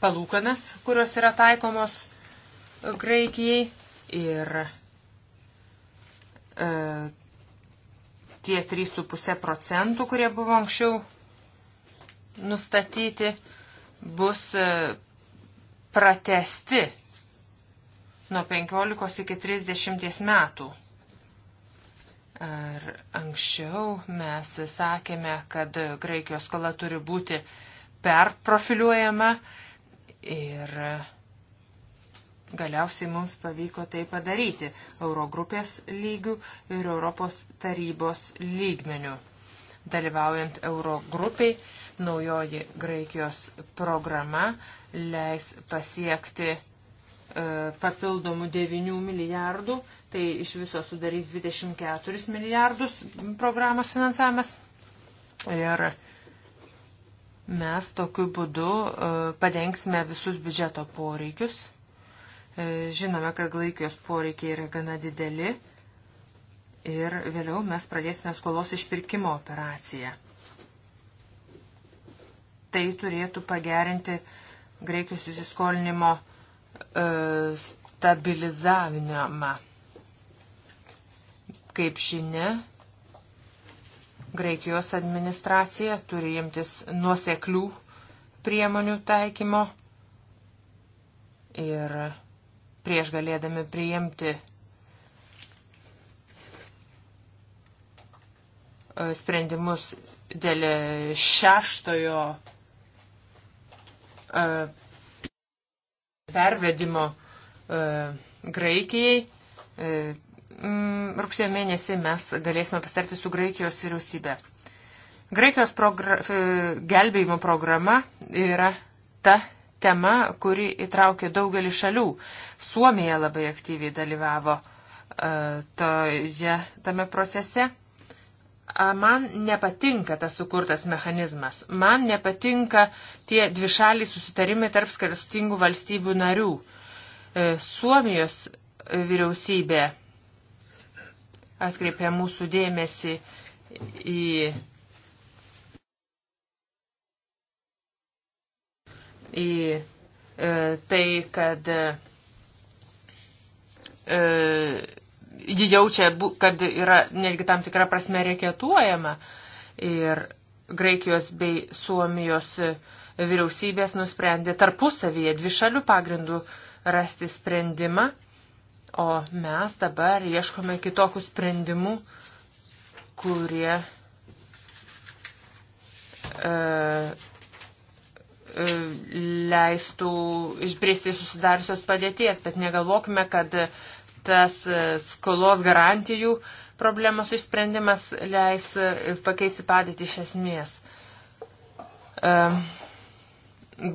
palūkanas, kurios yra taikomos Graikijai ir tie 3,5 procentų, kurie buvo anksčiau nustatyti, bus e, pratesti nuo 15 iki 30 metų. Ar anksčiau mes sakėme, kad Graikijos skola turi būti perprofiliuojama ir Galiausiai mums pavyko tai padaryti Eurogrupės lygių ir Europos tarybos lygmenių. Dalyvaujant Eurogrupiai, naujoji Graikijos programa leis pasiekti e, papildomų 9 milijardų, tai iš viso sudarys 24 milijardus programos finansavimas. Ir mes tokiu būdu e, padengsime visus biudžeto poreikius E, žinome, kad Graikijos poreikiai yra gana dideli ir vėliau mes pradėsime skolos išpirkimo operaciją. Tai turėtų pagerinti Graikijos įsiskolinimo e, stabilizavimą. Kaip žinia, Graikijos administracija turi imtis nuoseklių priemonių taikymo ir prieš galėdami priimti e, sprendimus dėl šeštojo e, pervedimo e, Graikijai. Mm, rugsėjo mėnesį mes galėsime pastarti su Graikijos vyriausybė. Graikijos progra gelbėjimo programa yra ta tema, kuri įtraukė daugelį šalių. Suomija labai aktyviai dalyvavo e, toje, tame procese. Man nepatinka tas sukurtas mechanizmas. Man nepatinka tie dvišaliai susitarimai tarp skirtingų valstybių narių. E, Suomijos vyriausybė atkreipė mūsų dėmesį į į e, tai, kad e, e, ji jaučia, kad yra netgi tam tikrą prasme reketuojama. Ir Graikijos bei Suomijos vyriausybės nusprendė tarpusavyje dvišalių pagrindų rasti sprendimą, o mes dabar ieškome kitokių sprendimų, kurie uh, E, leistų išbristi susidariusios padėties, bet negalvokime, kad tas e, skolos garantijų problemos išsprendimas leis e, pakeisti padėtį iš esmės.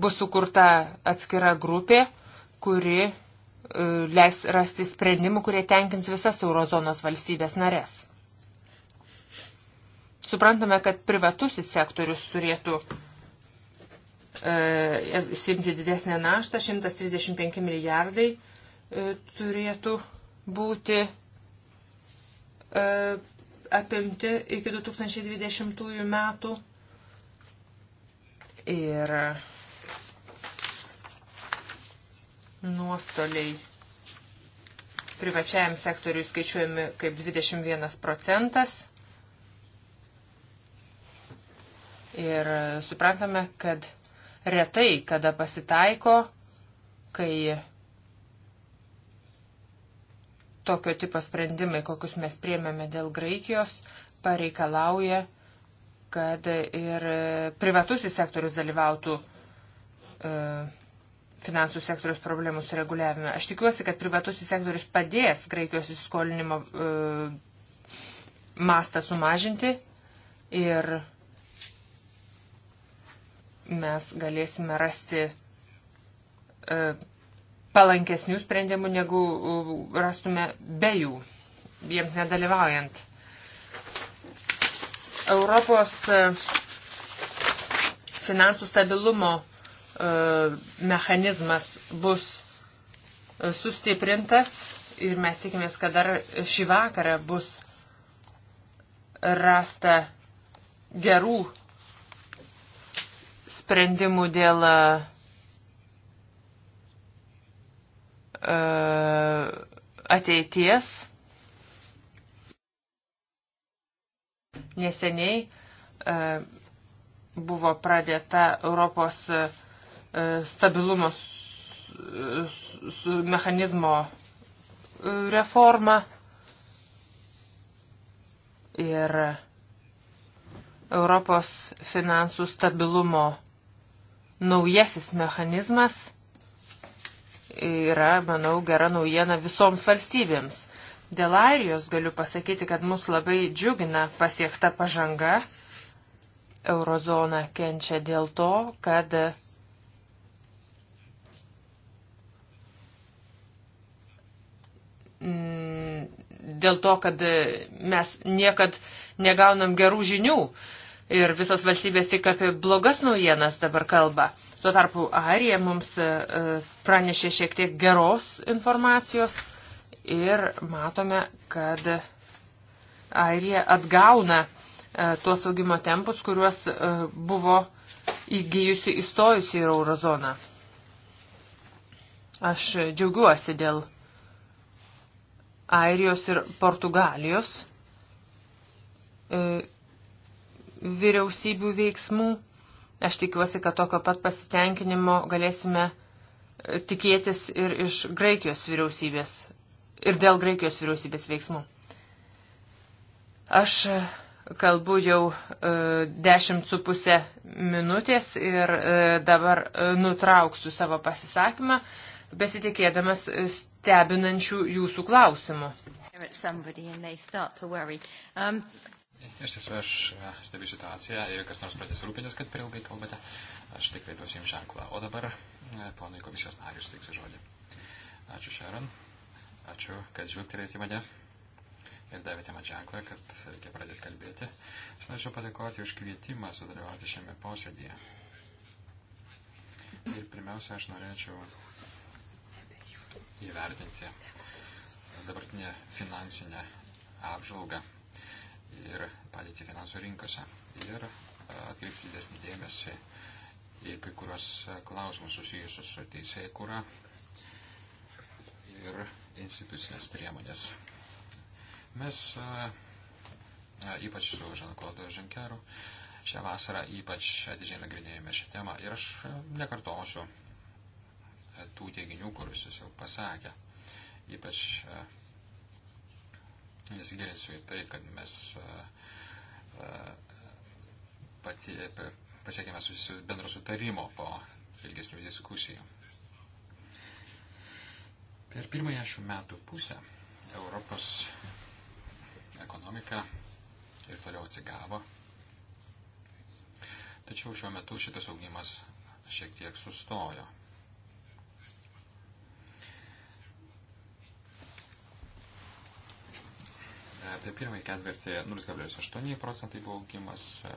Bus sukurta atskira grupė, kuri leis rasti sprendimų, kurie tenkins visas eurozonos valstybės narės. Suprantame, kad privatusis sektorius turėtų uh, E, simti didesnę naštą, 135 milijardai e, turėtų būti e, apimti iki 2020 metų. Ir nuostoliai privačiajam sektoriui skaičiuojami kaip 21 procentas. Ir suprantame, kad retai kada pasitaiko, kai tokio tipo sprendimai, kokius mes priemėme dėl Graikijos, pareikalauja, kad ir privatusis sektorius dalyvautų e, finansų sektoriaus problemų sureguliavime. Aš tikiuosi, kad privatusis sektorius padės Graikijos įskolinimo e, mastą sumažinti ir mes galėsime rasti e, palankesnių sprendimų, negu rastume be jų, jiems nedalyvaujant. Europos e, finansų stabilumo e, mechanizmas bus sustiprintas ir mes tikimės, kad dar šį vakarą bus rasta gerų sprendimų dėl e, e, ateities. Neseniai e, buvo pradėta Europos stabilumo mechanizmo reforma ir Europos finansų stabilumo naujasis mechanizmas yra, manau, gera naujiena visoms valstybėms. Dėl Airijos galiu pasakyti, kad mus labai džiugina pasiekta pažanga. Eurozona kenčia dėl to, kad dėl to, kad mes niekad negaunam gerų žinių ir visos valstybės tik apie blogas naujienas dabar kalba. Tuo tarpu Airija mums e, e, pranešė šiek tiek geros informacijos ir matome, kad Airija atgauna e, tuos augimo tempus, kuriuos buvo įgyjusi įstojusi į eurozoną. Aš džiaugiuosi dėl Airijos ir Portugalijos vyriausybių veiksmų. Aš tikiuosi, kad tokio pat pasitenkinimo galėsime e, tikėtis ir iš Graikijos vyriausybės, ir dėl Graikijos vyriausybės veiksmų. Aš e, kalbu jau e, dešimt su pusę minutės ir dabar nutrauksiu savo pasisakymą, besitikėdamas stebinančių jūsų klausimų. Iš tiesų, aš e, stebiu situaciją ir kas nors pradės rūpintis, kad per ilgai kalbate, aš tikrai duosiu jums ženklą. O dabar e, ponui komisijos nariui suteiksiu žodį. Ačiū Šaron, ačiū, kad žvilgtelėjote mane ir davėte man ženklą, kad reikia pradėti kalbėti. Aš norėčiau padėkoti už kvietimą sudalyvauti šiame posėdėje. Ir pirmiausia, aš norėčiau įvertinti dabartinę finansinę apžvalgą ir padėtį finansų rinkose. Ir e, atkreipsiu didesnį dėmesį į kai kurios e, klausimus susijusius su teisėjai kūra ir institucinės priemonės. Mes a, e, ypač su Žankodu Žankeru šią vasarą ypač atidžiai nagrinėjome šią temą ir aš nekartosiu tų teiginių, kuriuos jis jau pasakė. Ypač a, nesigilinsiu į tai, kad mes e, e, pati, pasiekėme bendro sutarimo po ilgesnių diskusijų. Per pirmąją šių metų pusę Europos ekonomika ir toliau atsigavo. Tačiau šiuo metu šitas augimas šiek tiek sustojo. Per tai pirmąjį ketvirtį 0,8 procentai buvo augimas, e,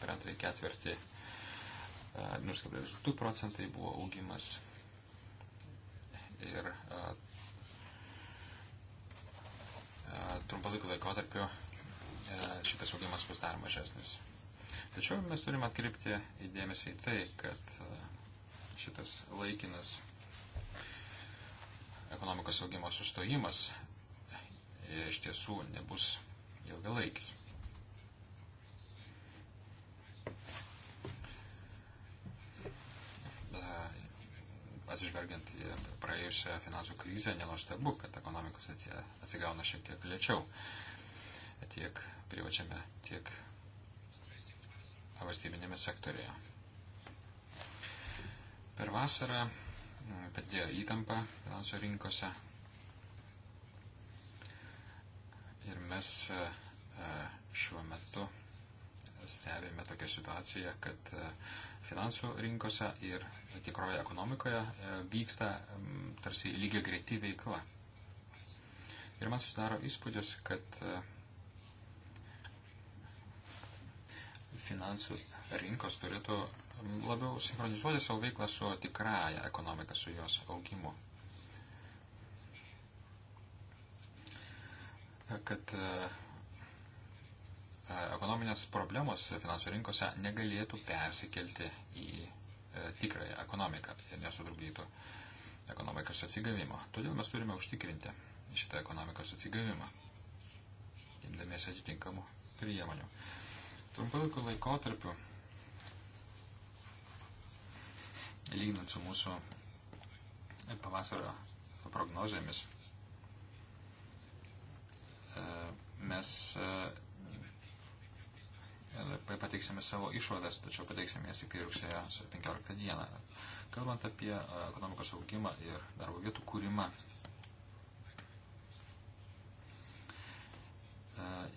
per antrąjį ketvirtį 0,2 e, procentai buvo augimas. Ir e, trumpalaikiu laikotarpiu šitas augimas bus dar mažesnis. Tačiau mes turime atkreipti įdėmesį į tai, kad šitas laikinas ekonomikos augimo sustojimas iš tiesų nebus ilgalaikis. Atsižvelgiant į praėjusią finansų krizę, nenuostabu, kad ekonomikos atsigauna šiek tiek lėčiau tiek privačiame, tiek valstybinėme sektorėje. Per vasarą padėjo įtampa finansų rinkose, Ir mes e, e, šiuo metu stebime tokią situaciją, kad e, finansų rinkose ir tikroje ekonomikoje vyksta tarsi lygiai greiti veikla. Ir man susidaro įspūdis, kad finansų rinkos turėtų labiau sinchronizuoti savo veiklą su tikrąją ekonomiką, su jos augimu. kad e, e, ekonominės problemos finansų rinkose negalėtų persikelti į e, tikrąją ekonomiką ir nesutrukdytų ekonomikos atsigavimo. Todėl mes turime užtikrinti šitą ekonomikos atsigavimą, imdamiesi atitinkamų priemonių. Trumpalaikiu laikotarpiu, lyginant su mūsų pavasario prognozėmis, E, mes e, pateiksime savo išvadas, tačiau pateiksime jas iki tai rugsėjo 15 dieną. Kalbant apie e, ekonomikos augimą ir darbo vietų kūrimą,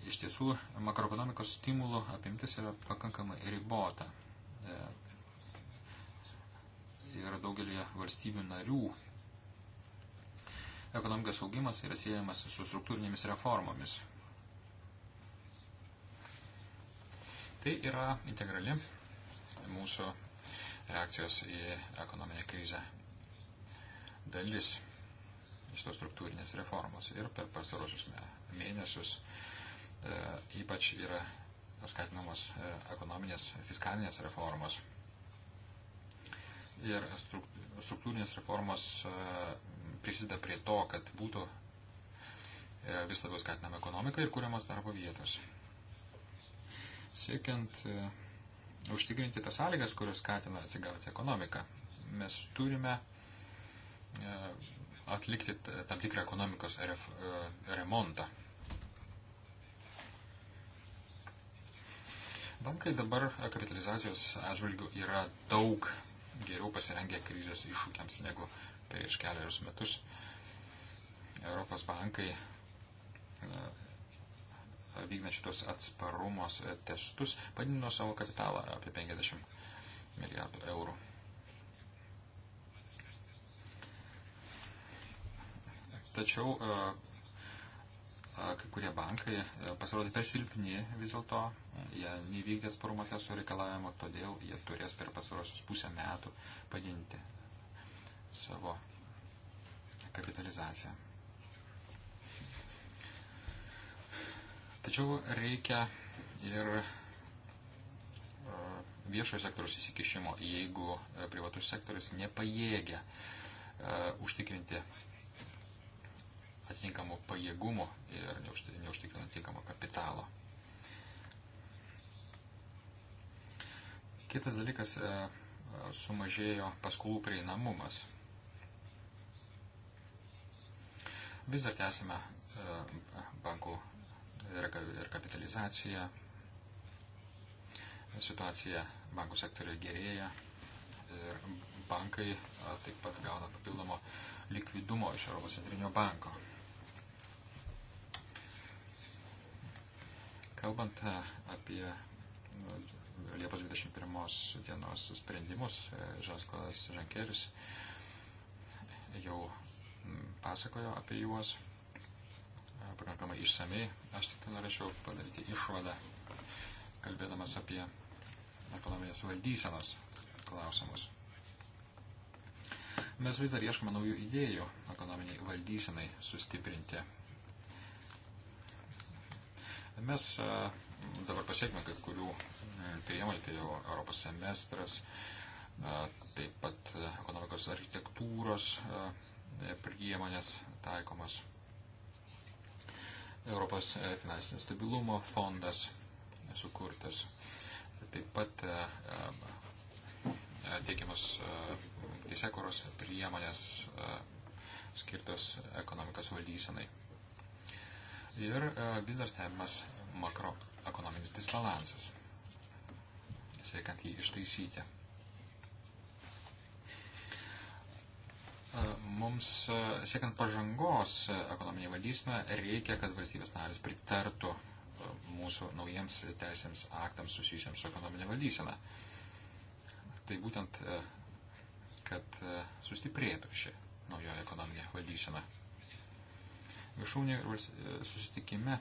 iš tiesų makroekonomikos stimulų apimtis yra pakankamai ribota. Ir daugelį valstybių narių ekonomikos augimas yra siejamas su struktūrinėmis reformomis. Tai yra integrali mūsų reakcijos į ekonominę krizę dalis šitos struktūrinės reformos. Ir per pastarosius mėnesius e, ypač yra skatinamos e, ekonominės fiskalinės reformos. Ir struktūrinės reformos e, prisideda prie to, kad būtų e, vis labiau skatinama ekonomika ir kuriamas darbo vietos. Siekiant e, užtikrinti tas sąlygas, kurios skatina atsigauti ekonomiką, mes turime e, atlikti tam tikrą ekonomikos ref, remontą. Bankai dabar kapitalizacijos atžvilgių yra daug geriau pasirengę krizės iššūkiams negu prieš keliarius metus Europos bankai e, vykdant šitos atsparumos testus padidino savo kapitalą apie 50 milijardų eurų. Tačiau e, e, kai kurie bankai pasirodė per silpni vis dėlto, jie nevykdė atsparumo testų reikalavimo, todėl jie turės per pasarosius pusę metų padinti savo kapitalizaciją. Tačiau reikia ir viešojo sektoriaus įsikišimo, jeigu e, privatus sektorius nepajėgia e, užtikrinti atitinkamų pajėgumų ir neužtikrina atitinkamo kapitalo. Kitas dalykas e, sumažėjo paskolų prieinamumas Vis dar tęsime e, bankų rekapitalizaciją. Situacija bankų sektoriuje gerėja ir bankai e, taip pat gauna papildomo likvidumo iš Europos centrinio banko. Kalbant e, apie Liepos 21 dienos sprendimus, Žasklas Žankeris jau pasakojo apie juos e, pakankamai išsamei. Aš tik tai norėčiau padaryti išvadą, kalbėdamas apie ekonominės valdysenos klausimus. Mes vis dar ieškome naujų idėjų ekonominiai valdysenai sustiprinti. Mes e, dabar pasiekime kai kurių e, priemonių, tai jau Europos semestras, taip pat ekonomikos architektūros priemonės taikomas. Europos e, finansinio stabilumo fondas sukurtas. Taip pat e, e, teikiamas teisėkuros priemonės skirtos ekonomikos valdysenai. Ir vis dar stebimas makroekonominis disbalansas, siekiant jį ištaisyti. Mums siekiant pažangos ekonominė valdysena reikia, kad valstybės narės pritartų mūsų naujiems teisėms aktams susijusiems su ekonominė valdysena. Tai būtent, kad sustiprėtų ši naujoji ekonominė valdysena. Viršūnė e, susitikime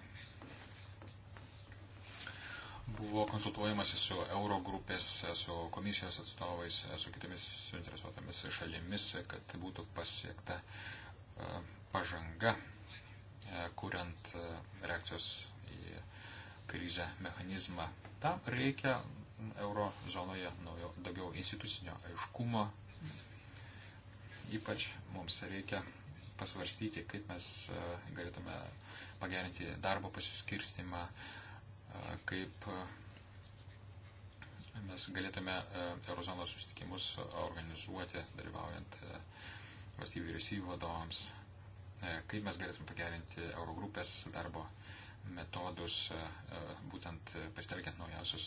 Buvo konsultuojamasi su Eurogrupės, su komisijos atstovais, su kitomis suinteresuotomis šalimis, kad būtų pasiekta e, pažanga, e, kuriant e, reakcijos į krizę mechanizmą. Tam reikia eurozonoje naujo, daugiau institucinio aiškumo. Ypač mums reikia pasvarstyti, kaip mes galėtume pagerinti darbo pasiskirstimą, kaip e, mes galėtume e, Eurozonos susitikimus organizuoti, dalyvaujant e, valstybių vyriausybių vadovams, kaip mes galėtume pagerinti Eurogrupės darbo metodus, būtent pasitelkiant naujausius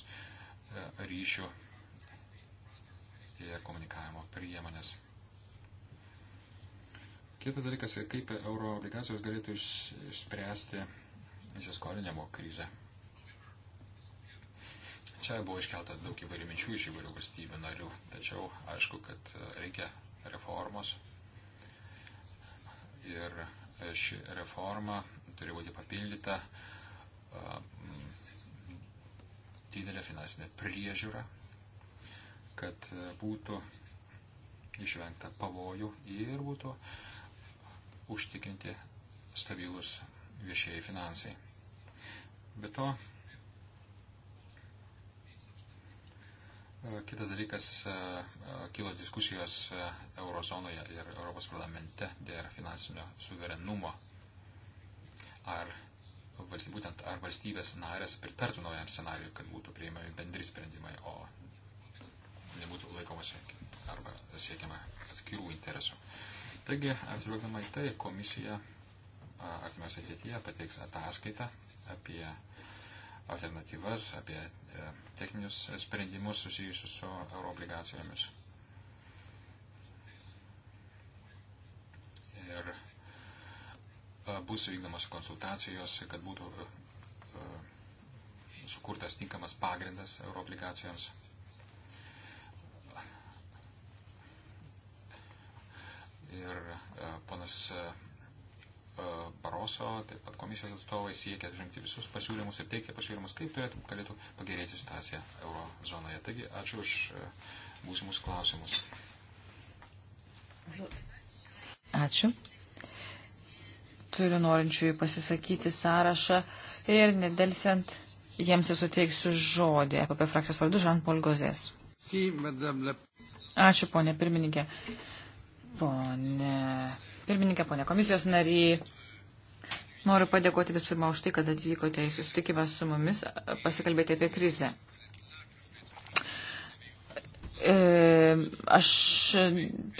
ryšių ir komunikavimo priemonės. Kitas dalykas, kaip euro obligacijos galėtų išspręsti įsiskolinimo krizę. Čia buvo iškelta daug įvairių minčių iš įvairių valstybių narių, tačiau aišku, kad e, reikia reformos. Ir e, ši reforma turi būti papildyta e, didelė finansinė priežiūra, kad būtų išvengta pavojų ir būtų užtikrinti stabilus viešieji finansai. Be to, Kitas dalykas, e, e, kilo diskusijos e, Eurozonoje ir Europos parlamente dėl finansinio suverenumo. Ar būtent ar valstybės narės pritartų naujam scenariui, kad būtų prieimami bendri sprendimai, o nebūtų laikomasi arba siekiama atskirų interesų. Taigi, atsižvelgdama į tai, komisija artimiausia ateityje pateiks ataskaitą apie alternatyvas, apie e, techninius sprendimus susijusius su euroobligacijomis. Ir e, bus vykdomos konsultacijos, kad būtų e, sukurtas tinkamas pagrindas euroobligacijoms. Ir ponas E, Baroso, taip pat komisijos atstovai siekia žengti visus pasiūlymus ir teikia pasiūlymus, kaip turėtų, galėtų pagerėti situaciją eurozonoje. Taigi, ačiū už e, būsimus klausimus. Ačiū. Turiu norinčiųjų pasisakyti sąrašą ir nedelsiant jiems ir suteiksiu žodį. EPP frakcijos vardu Žan-Paul Gozės. Ačiū, ponė pirmininkė. Ponė Pirmininkė, ponė komisijos nariai, noriu padėkoti vis pirma už tai, kad atvykote į susitikimą su mumis pasikalbėti apie krizę. E, aš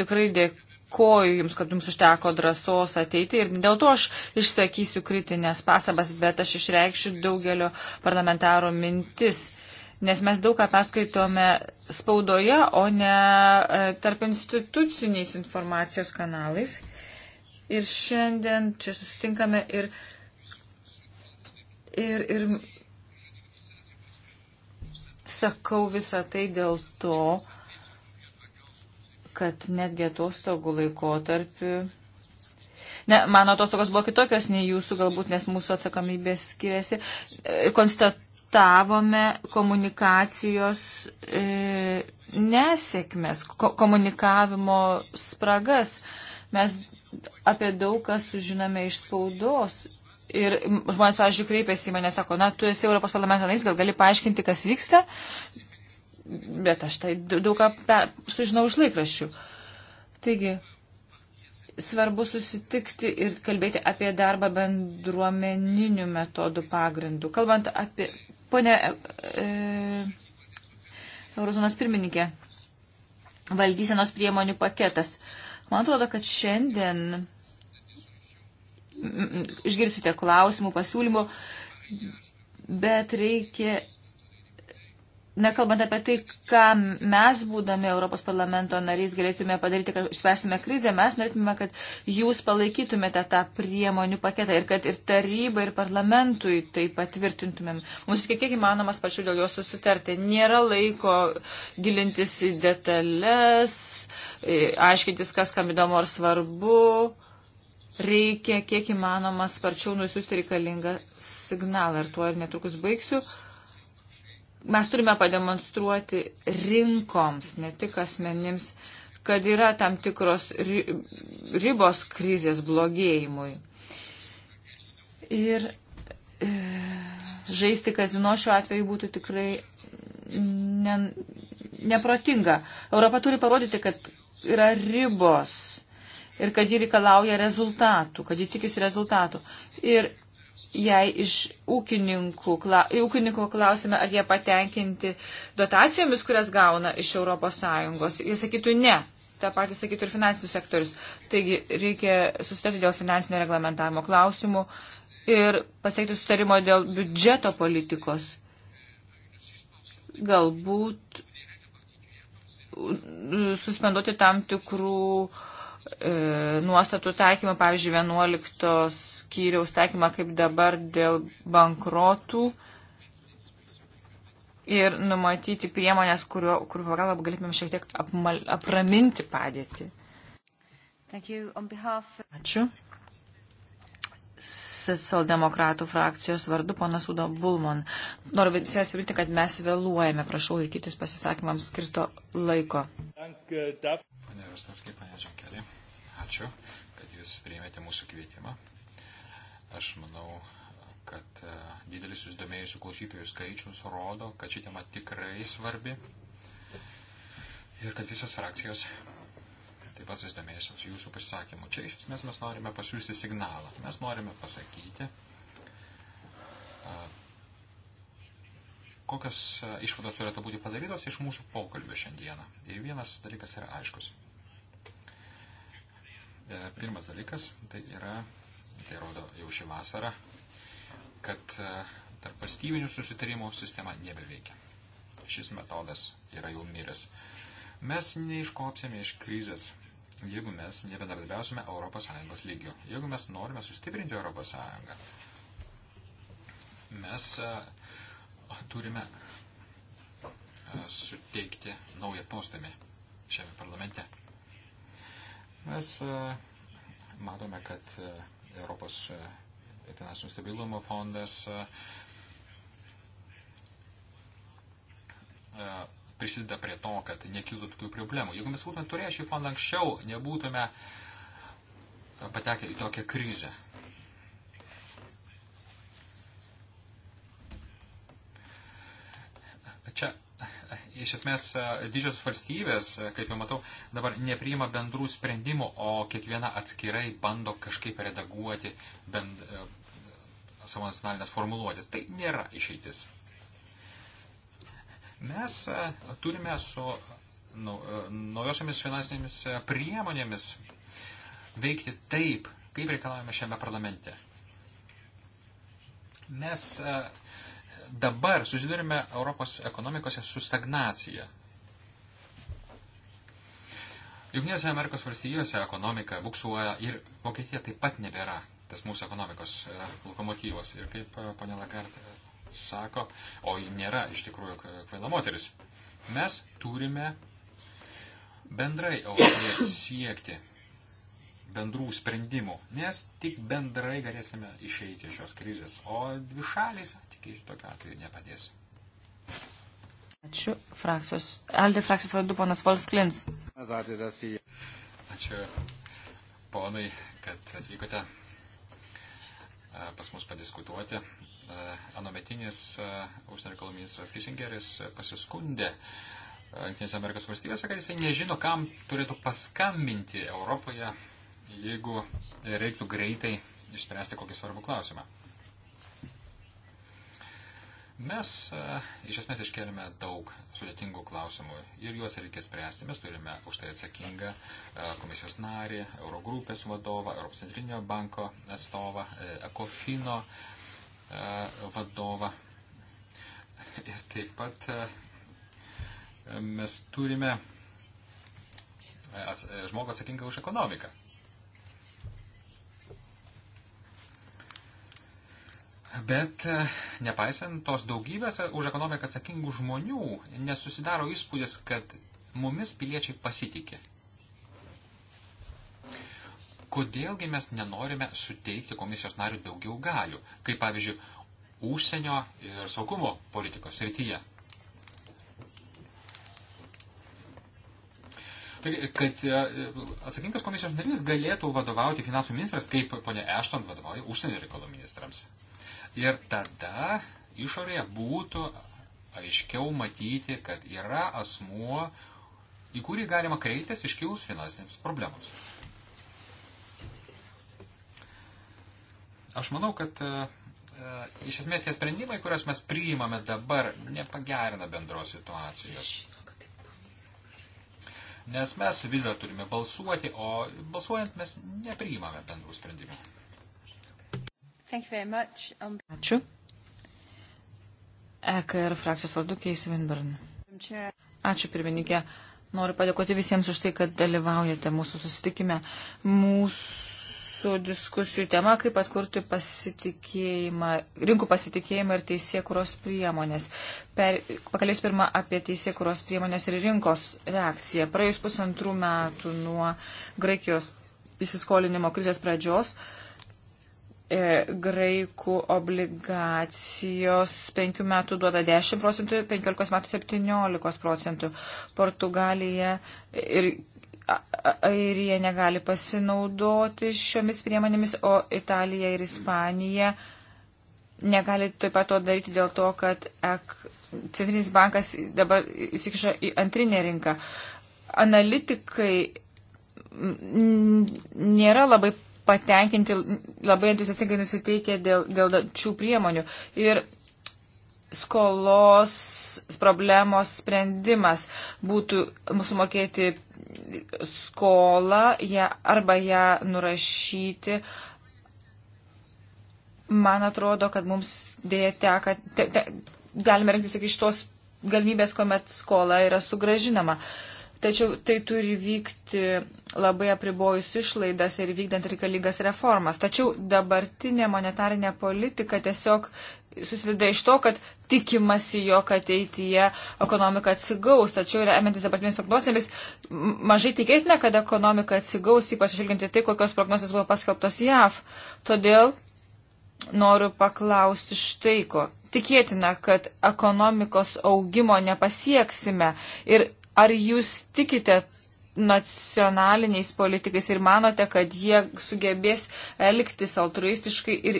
tikrai dėkoju Jums, kad Jums užteko drąsos ateiti ir dėl to aš išsakysiu kritinės pastabas, bet aš išreikšiu daugelio parlamentaro mintis nes mes daug ką perskaitome spaudoje, o ne e, tarp instituciniais informacijos kanalais ir šiandien čia susitinkame ir, ir, ir sakau visą tai dėl to, kad netgi atostogų laikotarpiu. Ne, mano atostogos buvo kitokios nei jūsų, galbūt, nes mūsų atsakomybės skiriasi. E, konstatavome komunikacijos e, nesėkmės, ko, komunikavimo spragas. Mes apie daug kas sužinome iš spaudos. Ir žmonės, pavyzdžiui, kreipėsi į mane, sako, na, tu esi Europos parlamento narys, gal gali paaiškinti, kas vyksta, bet aš tai daug ką per, sužinau iš laikraščių. Taigi, svarbu susitikti ir kalbėti apie darbą bendruomeninių metodų pagrindų. Kalbant apie, ponė e, e, Eurozonos pirmininkė, valdysenos priemonių paketas. E, Man atrodo, kad šiandien išgirsite klausimų, pasiūlymų, bet reikia, nekalbant apie tai, ką mes būdami Europos parlamento narys galėtume padaryti, kad išspręstume krizę, mes norėtume, kad jūs palaikytumėte tą priemonių paketą ir kad ir taryba, ir parlamentui tai patvirtintumėm. Mums reikia kiek įmanomas pačiu dėl jo susitarti. Nėra laiko gilintis į detalės E, aiškintis, kas kam įdomu ar svarbu, reikia kiek įmanoma sparčiau nusiųsti reikalingą signalą. Ir tuo ir netrukus baigsiu. Mes turime pademonstruoti rinkoms, ne tik asmenims, kad yra tam tikros ribos krizės blogėjimui. Ir e, žaisti kazino šiuo atveju būtų tikrai ne, neprotinga. Europa turi parodyti, kad yra ribos ir kad ji reikalauja rezultatų, kad ji tikisi rezultatų. Ir jei iš ūkininkų, ūkininkų klausime, ar jie patenkinti dotacijomis, kurias gauna iš ES, jie sakytų ne. Ta patys sakytų ir finansinių sektorius. Taigi reikia susitarti dėl finansinio reglamentavimo klausimų ir pasiekti sustarimo dėl biudžeto politikos. Galbūt suspenduoti tam tikrų e, nuostatų taikymą, pavyzdžiui, 11 skyriaus taikymą kaip dabar dėl bankrotų ir numatyti priemonės, kurio, kur pagalba galėtumėm šiek tiek apmal, apraminti padėtį. Ačiū socialdemokratų frakcijos vardu, ponas Udo Bulman. Noriu visiems priminti, kad mes vėluojame, prašau laikytis pasisakymams skirto laiko. Pane Rostovskai, pane Žankelė, ačiū, kad jūs priėmėte mūsų kvietimą. Aš manau, kad e, didelis susidomėjusių klausytojų skaičius rodo, kad ši tema tikrai svarbi ir kad visos frakcijos taip pat susidomėjusios jūsų pasisakymu. Čia iš esmės mes norime pasiūsti signalą. Mes norime pasakyti, kokios išvados turėtų būti padarytos iš mūsų pokalbio šiandieną. Ir vienas dalykas yra aiškus. E, pirmas dalykas tai yra, tai rodo jau šį vasarą, kad tarp valstybinių susitarimų sistema nebeveikia. Šis metodas yra jau miręs. Mes neiškopsime iš krizės jeigu mes nebendradarbiausime ES lygių. Jeigu mes norime sustiprinti ES, mes e, turime e, suteikti naują postumį šiame parlamente. Mes e, matome, kad Europos finansinio stabilumo fondas prisideda prie to, kad nekiltų tokių problemų. Jeigu mes būtume turėję šį fondą anksčiau, nebūtume e, patekę į tokią krizę. Čia e, iš esmės e, didžiosios valstybės, kaip jau matau, dabar nepriima bendrų sprendimų, o kiekviena atskirai bando kažkaip redaguoti bend, savo nacionalinės formuluotės. Tai nėra išeitis. Mes e, turime su e, naujosiamis finansinėmis e, priemonėmis veikti taip, kaip reikalavome šiame parlamente. Mes dabar susidurime Europos ekonomikose su stagnacija. Junktinėse Amerikos valstijose ekonomika buksuoja ir Vokietija taip pat nebėra tas mūsų ekonomikos lokomotyvas. Ir kaip ponia Lagartė sako, o ji nėra iš tikrųjų kvaila moteris. Mes turime bendrai Europoje *coughs* siekti bendrų sprendimų, nes tik bendrai galėsime išeiti iš šios krizės, o dvišaliai santykiai tokiu atveju nepadės. Ačiū frakcijos. Aldė frakcijos vardu ponas Wolf Klins. Ačiū ponai, kad atvykote pas mus padiskutuoti. E, anometinis e, užsienio reikalų ministras Kissingeris e, pasiskundė Junktinėse Amerikos valstybėse, kad jisai nežino, kam turėtų paskambinti Europoje, jeigu reiktų greitai išspręsti kokį svarbų klausimą. Mes iš esmės iškelime daug sudėtingų klausimų ir juos reikia spręsti. Mes turime už tai atsakingą komisijos narį, Eurogrupės vadovą, Europos centrinio banko atstovą, Ekofino. E, E, vadovą. Ir taip pat e, mes turime e, žmogų atsakingą už ekonomiką. Bet nepaisant tos daugybės už ekonomiką atsakingų žmonių, nesusidaro įspūdis, kad mumis piliečiai pasitikė kodėlgi mes nenorime suteikti komisijos narių daugiau galių, kaip pavyzdžiui, užsienio ir saugumo politikos rytyje. Taigi, kad e, atsakingas komisijos narys galėtų vadovauti finansų ministras, kaip ponė Ešton vadovauja užsienio reikalų ministrams. Ir tada išorėje būtų aiškiau matyti, kad yra asmuo, į kurį galima kreiptis iškilus finansinėms problemams. Aš manau, kad e, e, iš esmės tie sprendimai, kuriuos mes priimame dabar, nepagerina bendros situacijos. Nes mes vis dar turime balsuoti, o balsuojant mes nepriimame bendrų sprendimų. Um, Ačiū. EKR frakcijos vardu Keisi Winburn. Ačiū pirmininkė. Noriu padėkoti visiems už tai, kad dalyvaujate mūsų susitikime. Mūsų mūsų diskusijų tema, kaip atkurti pasitikėjimą, rinkų pasitikėjimą ir teisėkuros priemonės. Per, pakalės pirmą apie teisėkuros priemonės ir rinkos reakciją. Praėjus pusantrų metų nuo Graikijos įsiskolinimo krizės pradžios, e, graikų obligacijos 5 metų duoda 10 procentų, 15 metų 17 procentų. Portugalija ir Airija negali pasinaudoti šiomis priemonėmis, o Italija ir Ispanija negali taip pat to daryti dėl to, kad ek, Centrinis bankas dabar įsikišo į antrinę rinką. Analitikai nėra labai patenkinti, labai entuziasingai nusiteikę dėl, dėl šių priemonių. Ir skolos problemos sprendimas būtų sumokėti skolą ją, arba ją nurašyti. Man atrodo, kad mums dėja teka, te, te, galime rinktis tik iš tos galimybės, kuomet skola yra sugražinama. Tačiau tai turi vykti labai apribojus išlaidas ir vykdant reikalingas reformas. Tačiau dabartinė monetarinė politika tiesiog susideda iš to, kad tikimasi, jog ateityje ekonomika atsigaus, tačiau remiantis dabartinėmis prognozėmis, mažai tikėtina, kad ekonomika atsigaus, ypač žvelgiant į tai, kokios prognozės buvo paskelbtos JAV. Todėl noriu paklausti štai ko. Tikėtina, kad ekonomikos augimo nepasieksime ir ar jūs tikite nacionaliniais politikais ir manote, kad jie sugebės elgtis altruistiškai ir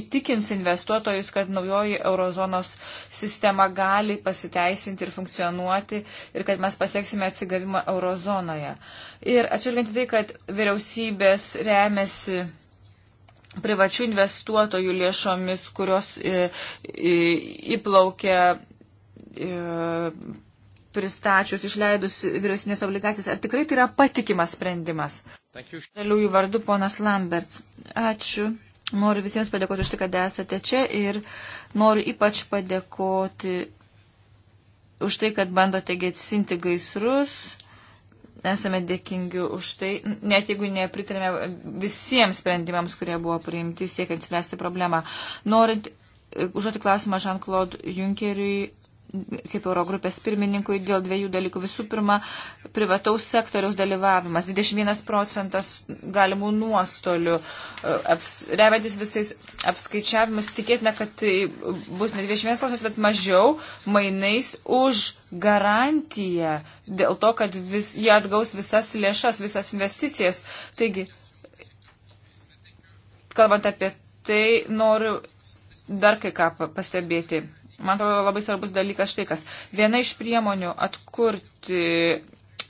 įtikins investuotojus, kad naujoji eurozonos sistema gali pasiteisinti ir funkcionuoti ir kad mes pasieksime atsigavimą eurozonoje. Ir atšvelgiant tai, kad vyriausybės remiasi privačių investuotojų lėšomis, kurios e, e, įplaukia e, pristačius, išleidus vyriausinės obligacijas. Ar tikrai tai yra patikimas sprendimas? Žaliųjų vardu ponas Lamberts. Ačiū. Noriu visiems padėkoti už tai, kad esate čia ir noriu ypač padėkoti už tai, kad bandote gesinti gaisrus. Esame dėkingi už tai, net jeigu nepritarėme visiems sprendimams, kurie buvo priimti siekiant spręsti problemą. Norint e, užduoti klausimą Jean-Claude Junkeriui, kaip Eurogrupės pirmininkui dėl dviejų dalykų. Visų pirma, privataus sektoriaus dalyvavimas. 21 procentas galimų nuostolių. E, aps, remiantis visais apskaičiavimas, tikėtina, kad tai bus ne 21 procentas, bet mažiau mainais už garantiją dėl to, kad vis, jie atgaus visas lėšas, visas investicijas. Taigi, kalbant apie tai, noriu dar kai ką pastebėti man atrodo, labai svarbus dalykas štai kas. Viena iš priemonių atkurti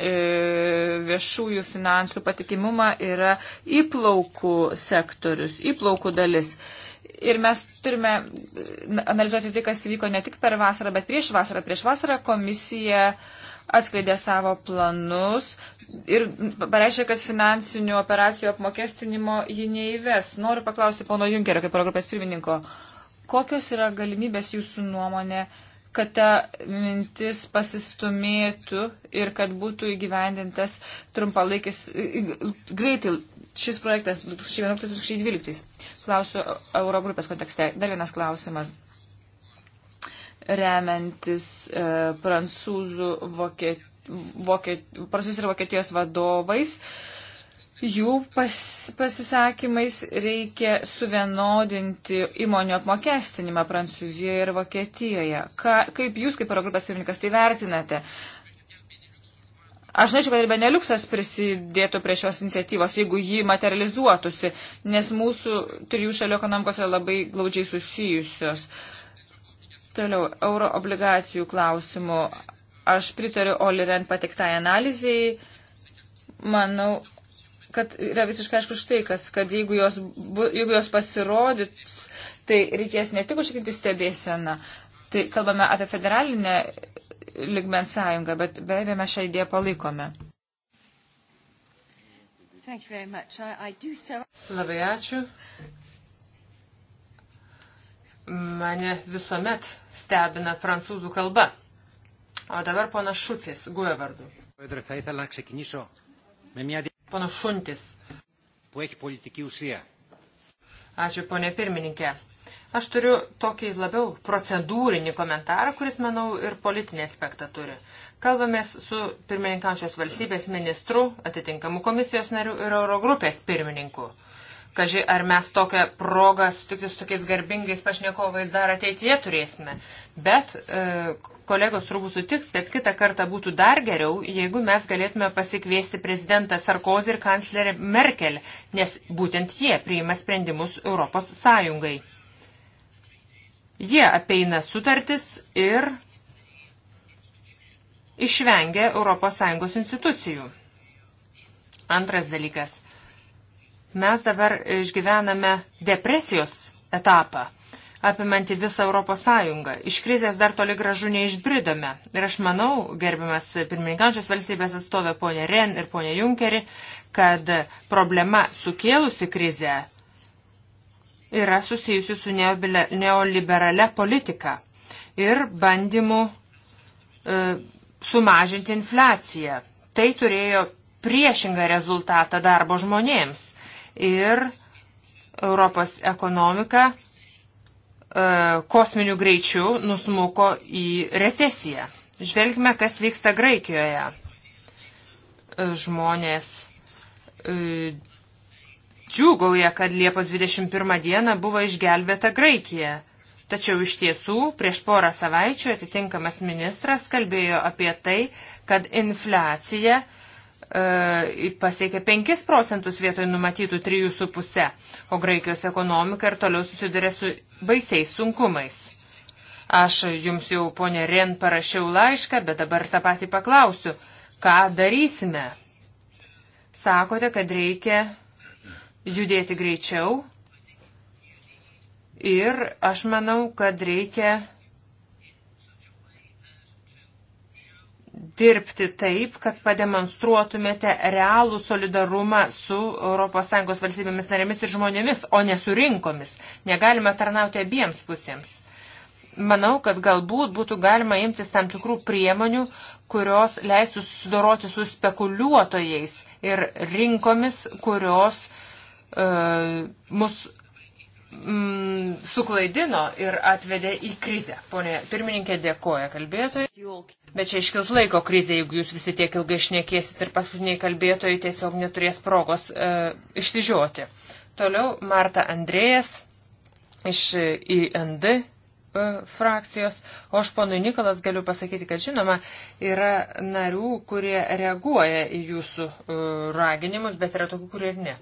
e, viešųjų finansų patikimumą yra įplaukų sektorius, įplaukų dalis. Ir mes turime e, analizuoti tai, kas vyko ne tik per vasarą, bet prieš vasarą. Prieš vasarą komisija atskleidė savo planus ir pareiškė, kad finansinių operacijų apmokestinimo ji neįves. Noriu paklausti pono Junkerio, kaip progrupės pirmininko, uh, Kokios yra galimybės jūsų nuomonė, kad ta mintis pasistumėtų ir kad būtų įgyvendintas trumpalaikis, greitai šis projektas 2011-2012. Klausiu Eurogrupės kontekste. Dar vienas klausimas. Remiantis e, prancūzų, vokiet, vokiet, prancūzų ir vokietijos vadovais. E, jų pas, pasisakymais reikia suvienodinti įmonių apmokestinimą Prancūzijoje ir Vokietijoje. Ka, kaip jūs, kaip Eurogrupės pirmininkas, tai vertinate? Aš norėčiau, kad ir Beneliuksas prisidėtų prie šios iniciatyvos, jeigu ji materializuotųsi, nes mūsų trijų šalių ekonomikos yra labai glaudžiai susijusios. Toliau, euro obligacijų klausimų. Aš pritariu Oliren patiktai analizai. Manau, kad yra visiškai aišku štai kas, kad jeigu jos, bu, jeigu jos pasirodys, tai reikės ne tik užtikrinti stebėseną. Tai kalbame apie federalinę ligmens sąjungą, bet be abejo mes šią idėją palaikome. I, I so... Labai ačiū. Mane visuomet stebina prancūzų kalba. O dabar pana Šucės, guoja vardu. Πρόεδρε, θα ήθελα να ξεκινήσω με μια Pana Šuntis. Ačiū, ponė pirmininkė. Aš turiu tokį labiau procedūrinį komentarą, kuris, manau, ir politinį aspektą turi. Kalbamės su pirmininkančios valstybės ministru, atitinkamu komisijos nariu ir Eurogrupės pirmininku. Kaži, ar mes tokią progą sutikti su tokiais garbingais pašnekovais dar ateityje turėsime. Bet e, kolegos turbūt sutiks, kad kitą kartą būtų dar geriau, jeigu mes galėtume pasikviesti prezidentą Sarkozy ir kanclerį Merkel, nes būtent jie priima sprendimus Europos Sąjungai. Jie apeina sutartis ir išvengia ES institucijų. Antras dalykas. Mes dabar išgyvename depresijos etapą, apimanti visą Europos Sąjungą. Iš krizės dar toli gražu neišbridome. Ir aš manau, gerbiamas pirmininkančios valstybės atstovė ponė Ren ir ponė Junkeri, kad problema sukėlusi krizę yra susijusi su neoliberale politika ir bandymu e, sumažinti infliaciją. Tai turėjo priešingą rezultatą darbo žmonėms ir Europos ekonomika e, kosminių greičių nusmuko į recesiją. Žvelgime, kas vyksta Graikijoje. E, žmonės e, džiūgauja, kad Liepos 21 dieną buvo išgelbėta Graikija. Tačiau iš tiesų prieš porą savaičių atitinkamas ministras kalbėjo apie tai, kad infliacija uh, E, pasiekė 5 procentus vietoj numatytų 3,5, o Graikijos ekonomika ir toliau susiduria su baisiais sunkumais. Aš jums jau, ponė Ren, parašiau laišką, bet dabar tą patį paklausiu. Ką darysime? Sakote, kad reikia judėti greičiau ir aš manau, kad reikia dirbti taip, kad pademonstruotumėte realų solidarumą su ES valstybėmis narėmis ir žmonėmis, o ne su rinkomis. Negalime tarnauti abiems pusėms. Manau, kad galbūt būtų galima imtis tam tikrų priemonių, kurios leistų susidoroti su spekuliuotojais ir rinkomis, kurios uh, mus mm, suklaidino ir atvedė į krizę. Pone pirmininkė dėkoja kalbėtojai, bet čia iškils laiko krizė, jeigu jūs visi tiek ilgai šnekėsit ir paskutiniai kalbėtojai tiesiog neturės progos e, išsižioti. Toliau Marta Andrėjas iš e, IND e, frakcijos, o aš ponui Nikolas galiu pasakyti, kad žinoma, yra narių, kurie reaguoja į jūsų e, raginimus, bet yra tokių, kurie ir ne.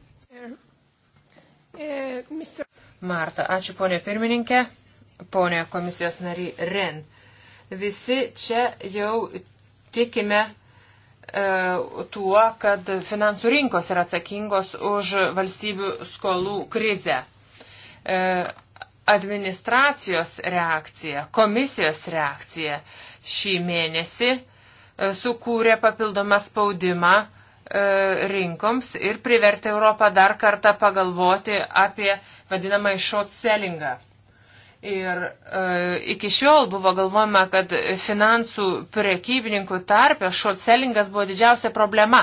E, e, Marta. Ačiū, ponė pirmininkė, ponė komisijos nary Ren. Visi čia jau tikime e, tuo, kad finansų rinkos yra atsakingos už valstybių skolų krizę. E, administracijos reakcija, komisijos reakcija šį mėnesį e, sukūrė papildomą spaudimą rinkoms ir privertė Europą dar kartą pagalvoti apie vadinamą short sellingą. Ir e, iki šiol buvo galvojama, kad finansų prekybininkų tarpe short sellingas buvo didžiausia problema,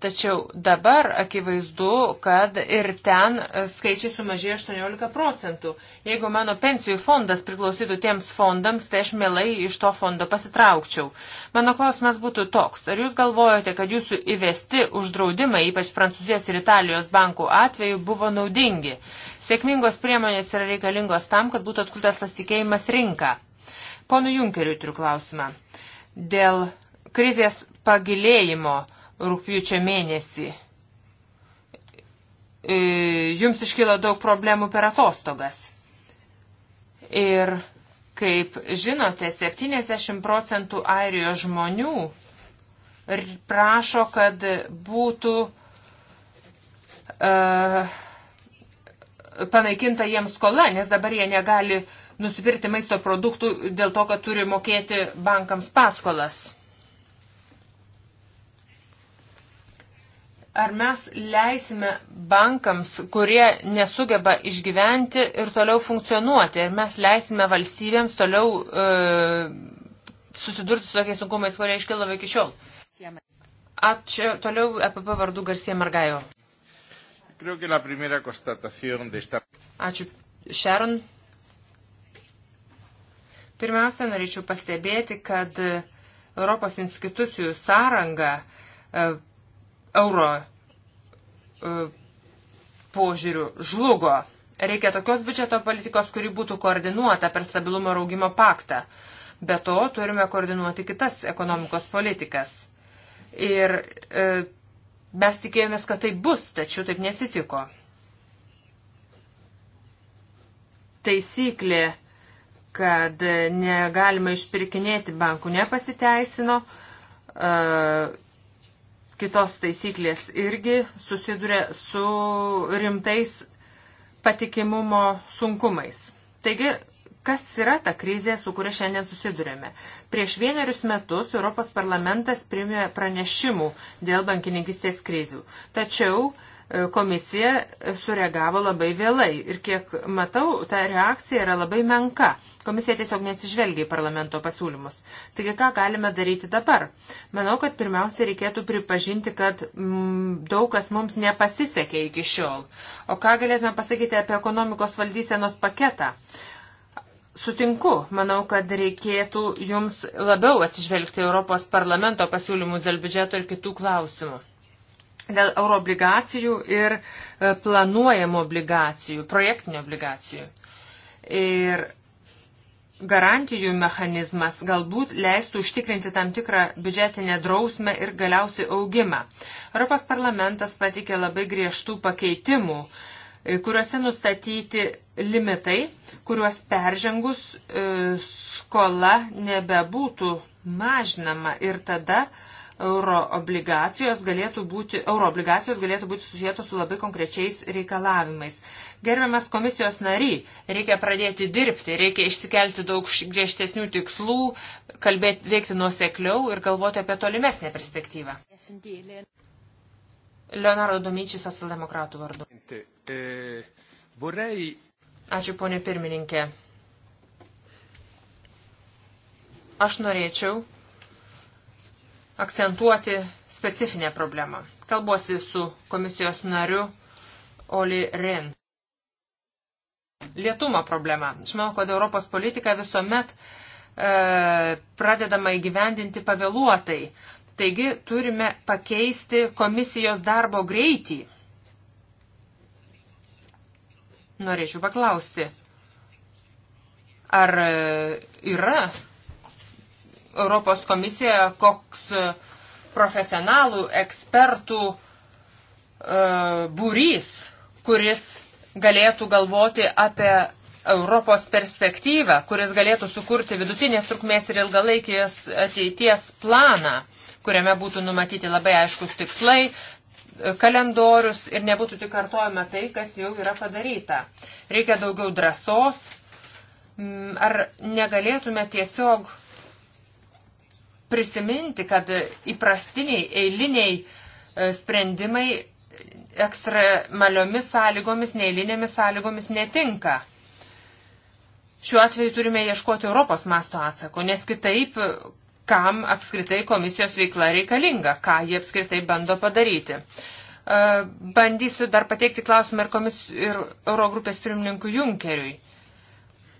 Tačiau dabar akivaizdu, kad ir ten skaičiai sumažėjo 18 procentų. Jeigu mano pensijų fondas priklausytų tiems fondams, tai aš mielai iš to fondo pasitraukčiau. Mano klausimas būtų toks. Ar jūs galvojate, kad jūsų įvesti uždraudimai, ypač Prancūzijos ir Italijos bankų atveju, buvo naudingi? Sėkmingos priemonės yra reikalingos tam, kad būtų atkultas pasitikėjimas rinka. Ponu Junkeriu turiu klausimą. Dėl krizės pagilėjimo rūpjūčio mėnesį. E, jums iškyla daug problemų per atostogas. Ir kaip žinote, 70 procentų airijos žmonių prašo, kad būtų uh, panaikinta jiems skola, nes dabar jie negali nusipirkti maisto produktų dėl to, kad turi mokėti bankams paskolas. ar mes leisime bankams, kurie nesugeba išgyventi ir toliau funkcionuoti, ar mes leisime valstybėms toliau e, susidurti su tokiais sunkumais, kurie iškilo iki šiol. Ačiū. Toliau EPP vardu Garsie Margajo. Ačiū. Šeron. Pirmiausia, norėčiau pastebėti, kad Europos institucijų sąranga e, euro e, požiūrių žlugo. Reikia tokios biudžeto politikos, kuri būtų koordinuota per stabilumo ir augimo paktą. Be to turime koordinuoti kitas ekonomikos politikas. Ir e, mes tikėjomės, kad tai bus, tačiau taip nesitiko. Taisyklė, kad negalima išpirkinėti bankų, nepasiteisino. E, kitos taisyklės irgi susiduria su rimtais patikimumo sunkumais. Taigi, kas yra ta krizė, su kuria šiandien susidurėme? Prieš vienerius metus Europos parlamentas primė pranešimų dėl bankininkistės krizių. Tačiau komisija sureagavo labai vėlai ir kiek matau, ta reakcija yra labai menka. Komisija tiesiog neatsižvelgia į parlamento pasiūlymus. Taigi, ką galime daryti dabar? Manau, kad pirmiausia reikėtų pripažinti, kad mm, daug kas mums nepasisekė iki šiol. O ką galėtume pasakyti apie ekonomikos valdysenos paketą? Sutinku, manau, kad reikėtų jums labiau atsižvelgti Europos parlamento pasiūlymus dėl biudžeto ir kitų klausimų dėl euroobligacijų ir e, planuojamų obligacijų, projektinių obligacijų. Ir garantijų mechanizmas galbūt leistų užtikrinti tam tikrą biudžetinę drausmę ir galiausiai augimą. Europos parlamentas patikė labai griežtų pakeitimų, e, kuriuose nustatyti limitai, kuriuos peržengus e, skola nebebūtų mažinama ir tada uh, euro obligacijos galėtų būti, euro obligacijos galėtų būti susijėtos su labai konkrečiais reikalavimais. Gerbiamas komisijos nary, reikia pradėti dirbti, reikia išsikelti daug griežtesnių tikslų, kalbėti, veikti nuosekliau ir galvoti apie tolimesnę perspektyvą. Leonardo Domyčiai, socialdemokratų vardu. Eh, Ačiū, ponė pirmininkė. Aš norėčiau akcentuoti specifinę problemą. Kalbuosi su komisijos nariu Oli Ren. Lietumo problema. Žinau, kad Europos politika visuomet e, pradedama įgyvendinti pavėluotai. Taigi turime pakeisti komisijos darbo greitį. Norėčiau paklausti, ar yra Europos komisijoje, koks e, profesionalų, ekspertų e, būrys, kuris galėtų galvoti apie Europos perspektyvą, kuris galėtų sukurti vidutinės trukmės ir ilgalaikės ateities planą, kuriame būtų numatyti labai aiškus tikslai, e, kalendorius ir nebūtų tik kartojama tai, kas jau yra padaryta. Reikia daugiau drąsos. Ar negalėtume tiesiog prisiminti, kad įprastiniai, eiliniai e, sprendimai ekstremaliomis sąlygomis, neeilinėmis sąlygomis netinka. Šiuo atveju turime ieškoti Europos masto atsako, nes kitaip, kam apskritai komisijos veikla reikalinga, ką jie apskritai bando padaryti. E, bandysiu dar pateikti klausimą ir, komis, ir Eurogrupės pirmininkui Junkeriui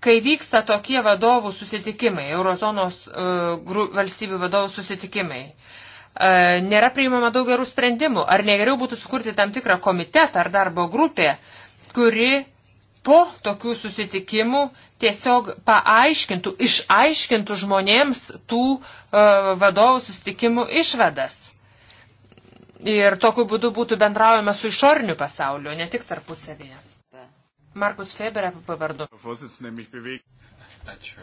Kai vyksta tokie vadovų susitikimai, eurozonos uh, valstybių vadovų susitikimai, uh, nėra priimama daug gerų sprendimų. Ar negeriau būtų sukurti tam tikrą komitetą ar darbo grupę, kuri po tokių susitikimų tiesiog paaiškintų, išaiškintų žmonėms tų uh, vadovų susitikimų išvadas. Ir tokiu būdu būtų bendraujama su išorniu pasauliu, ne tik tarpusavėje. Markus Feber apie pavardu. Ačiū,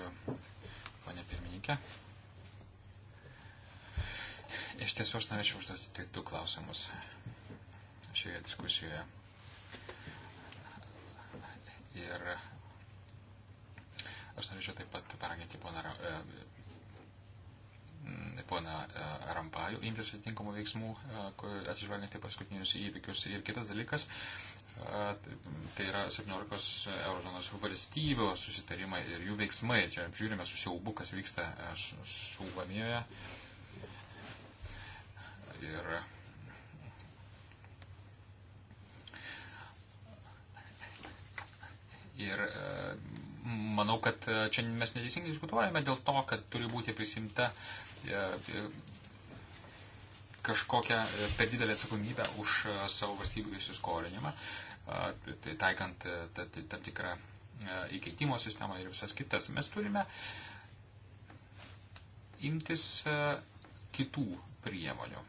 ponė pirmininkė. Iš tiesų, aš norėčiau užduoti tik du klausimus šioje diskusijoje. Ir aš norėčiau taip pat paraginti poną, e, poną e, Rampajų imtis atitinkamų veiksmų, e, atsižvelgiant į paskutinius įvykius. Ir kitas dalykas, Tai, tai yra 17 eurozonos valstybių susitarimai ir jų veiksmai. Čia žiūrime su siaubu, kas vyksta e, Suomijoje. Ir Ir e, manau, kad e, čia mes neteisingai diskutuojame dėl to, kad turi būti prisimta kažkokią e, per didelę atsakomybę už e, savo valstybių įsiskolinimą, e, tai, tai taikant tam tikrą įkeitimo sistemą ir visas kitas. Mes turime imtis kitų priemonių.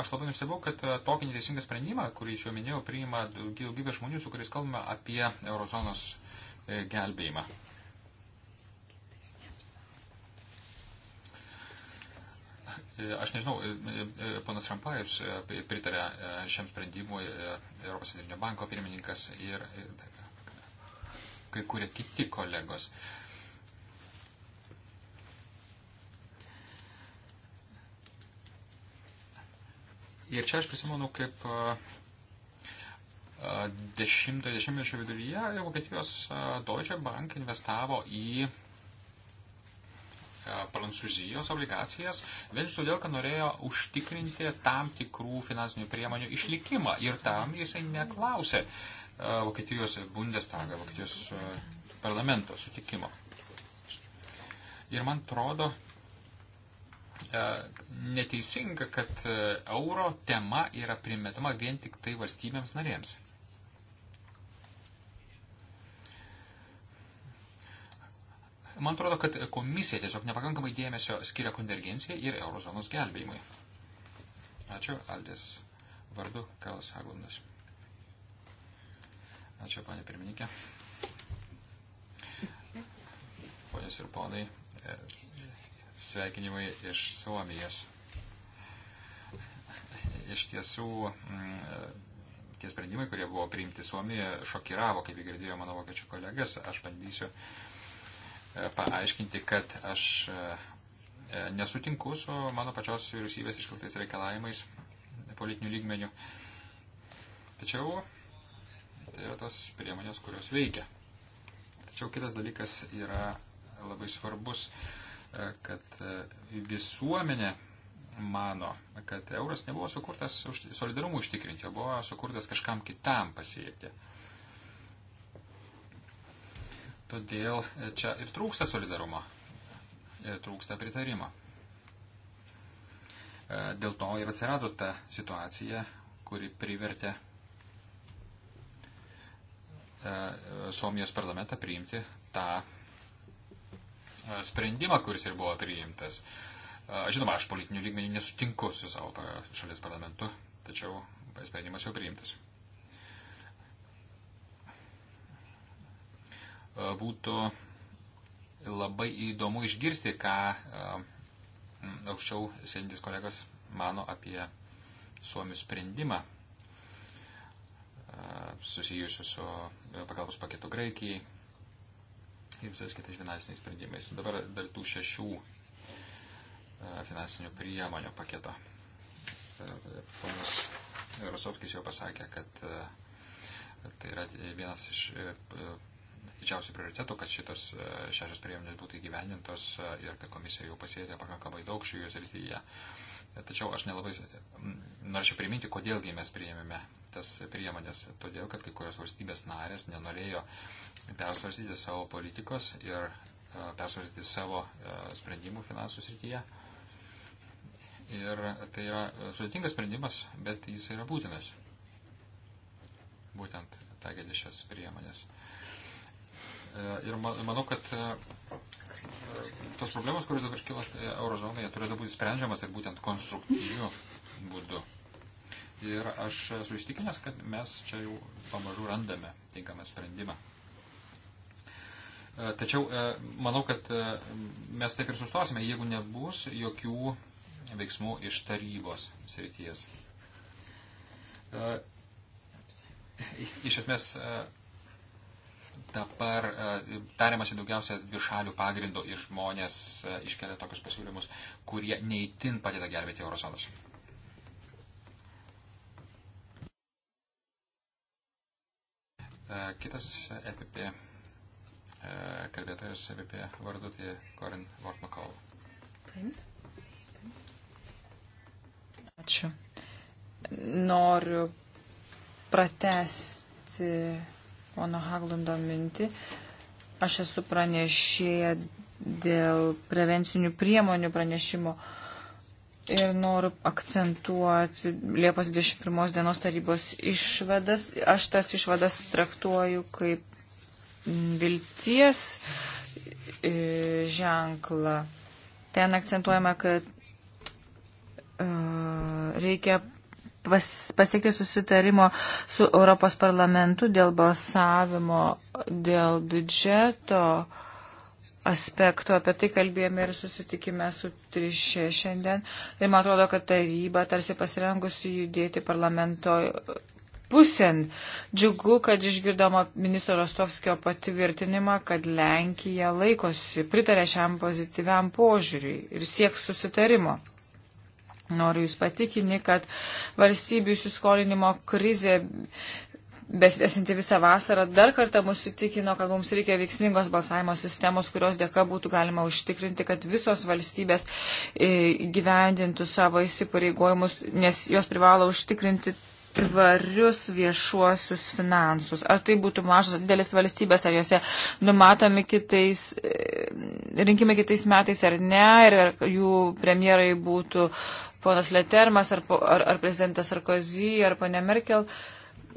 Aš labai nustebau, kad tokį neteisingą sprendimą, kurį čia minėjau, priima daugybė žmonių, su kuriais kalbame apie eurozonos gelbėjimą. E, aš nežinau, e, e, ponas Rampajus pritarė šiam sprendimui Europos Centrinio banko pirmininkas ir kai kurie kiti kolegos. Ir čia aš prisimenu, kaip dešimtojo dešimtmečio viduryje Vokietijos Deutsche Bank investavo į E, Prancūzijos obligacijas, vien tik todėl, kad norėjo užtikrinti tam tikrų finansinių priemonių išlikimą. Ir tam jisai neklausė e, Vokietijos Bundestagą, Vokietijos e, parlamento sutikimo. Ir man atrodo neteisinga, kad euro tema yra primetama vien tik tai valstybėms narėms. Man atrodo, kad komisija tiesiog nepakankamai dėmesio skiria konvergencijai ir eurozonos gelbėjimui. Ačiū, Aldės vardu Kalas Haglundas. Ačiū, panė pirmininkė. Ponios ir ponai, e, sveikinimai iš Suomijos. Iš tiesų, mm, e, tie sprendimai, kurie buvo priimti Suomijoje, šokiravo, kaip girdėjo mano vokiečių kolegas. Aš bandysiu uh, E, paaiškinti, kad aš e, e, nesutinku su mano pačios vyriausybės iškeltais reikalavimais politinių lygmenių. Tačiau tai yra tos priemonės, kurios veikia. Tačiau kitas dalykas yra labai svarbus, kad visuomenė mano, kad euras nebuvo sukurtas solidarumų užtikrinti, o buvo sukurtas kažkam kitam pasiekti. Todėl čia ir trūksta solidarumo, ir trūksta pritarimo. E, dėl to ir atsirado ta situacija, kuri privertė e, Suomijos parlamentą priimti tą e, sprendimą, kuris ir buvo priimtas. Žinoma, aš politinių lygmenį nesutinku su savo šalies parlamentu, tačiau sprendimas jau priimtas. būtų labai įdomu išgirsti, ką e, aukščiau sėdintis kolegos mano apie Suomių sprendimą e, susijusiu su e, pagalbos paketu Graikijai ir visais kitais finansiniais sprendimais. Dabar dar tų šešių finansinių priemonių paketo. Ponas Rosovskis jau pasakė, kad tai yra vienas iš didžiausių prioritetų, kad šitas e, šešios priemonės būtų įgyvendintos e, ir kad komisija jau pasėdė pakankamai daug šioje srityje. Tačiau aš nelabai norėčiau priminti, kodėlgi mes priėmėme tas priemonės. Todėl, kad kai kurios valstybės narės nenorėjo persvarstyti savo politikos ir e, persvarstyti savo sprendimų finansų srityje. Ir tai yra sudėtingas sprendimas, bet jis yra būtinas. Būtent taikyti šias priemonės. E, ir manau, kad e, tos problemos, kuris dabar kilo e, eurozonoje, turėtų būti sprendžiamas ir būtent konstruktyviu būdu. Ir aš esu įstikinęs, kad mes čia jau pamažu randame tinkamą sprendimą. Tačiau manau, kad mes taip ir sustosime, jeigu nebus jokių veiksmų iš tarybos srities. Iš esmės, Dabar e, tariamasi daugiausia dvišalių pagrindų ir žmonės e, iškelia tokius pasiūlymus, kurie neįtin padeda gelbėti eurozonos. E, kitas EPP kalbėtojas EPP vardu tai Corin Wortmakal. Ačiū. Noriu pratesti pono Haglundo mintį. Aš esu pranešėję dėl prevencinių priemonių pranešimo ir noriu akcentuoti Liepos 21 dienos tarybos išvadas. Aš tas išvadas traktuoju kaip vilties e, ženklą. Ten akcentuojama, kad e, reikia pas, pasiekti susitarimo su Europos parlamentu dėl balsavimo, dėl biudžeto aspektų, apie tai kalbėjome ir susitikime su Trišė šiandien. Ir man atrodo, kad taryba tarsi pasirengusi judėti parlamento pusėn. Džiugu, kad išgirdoma ministro Rostovskio patvirtinimą, kad Lenkija laikosi, pritarė šiam pozityviam požiūriui ir sieks susitarimo. Noriu Jūs patikinti, kad valstybių įsiskolinimo krizė besitęsinti visą vasarą dar kartą mus įtikino, kad mums reikia veiksmingos balsavimo sistemos, kurios dėka būtų galima užtikrinti, kad visos valstybės e, gyvendintų savo įsipareigojimus, nes jos privalo užtikrinti tvarius viešuosius finansus. Ar tai būtų mažas ar didelis valstybės, ar juose numatomi kitais, e, rinkimai kitais metais ar ne, ir jų premjerai būtų uh, ponas Letermas, ar, ar, ar prezidentas Sarkozy, ar ponė Merkel.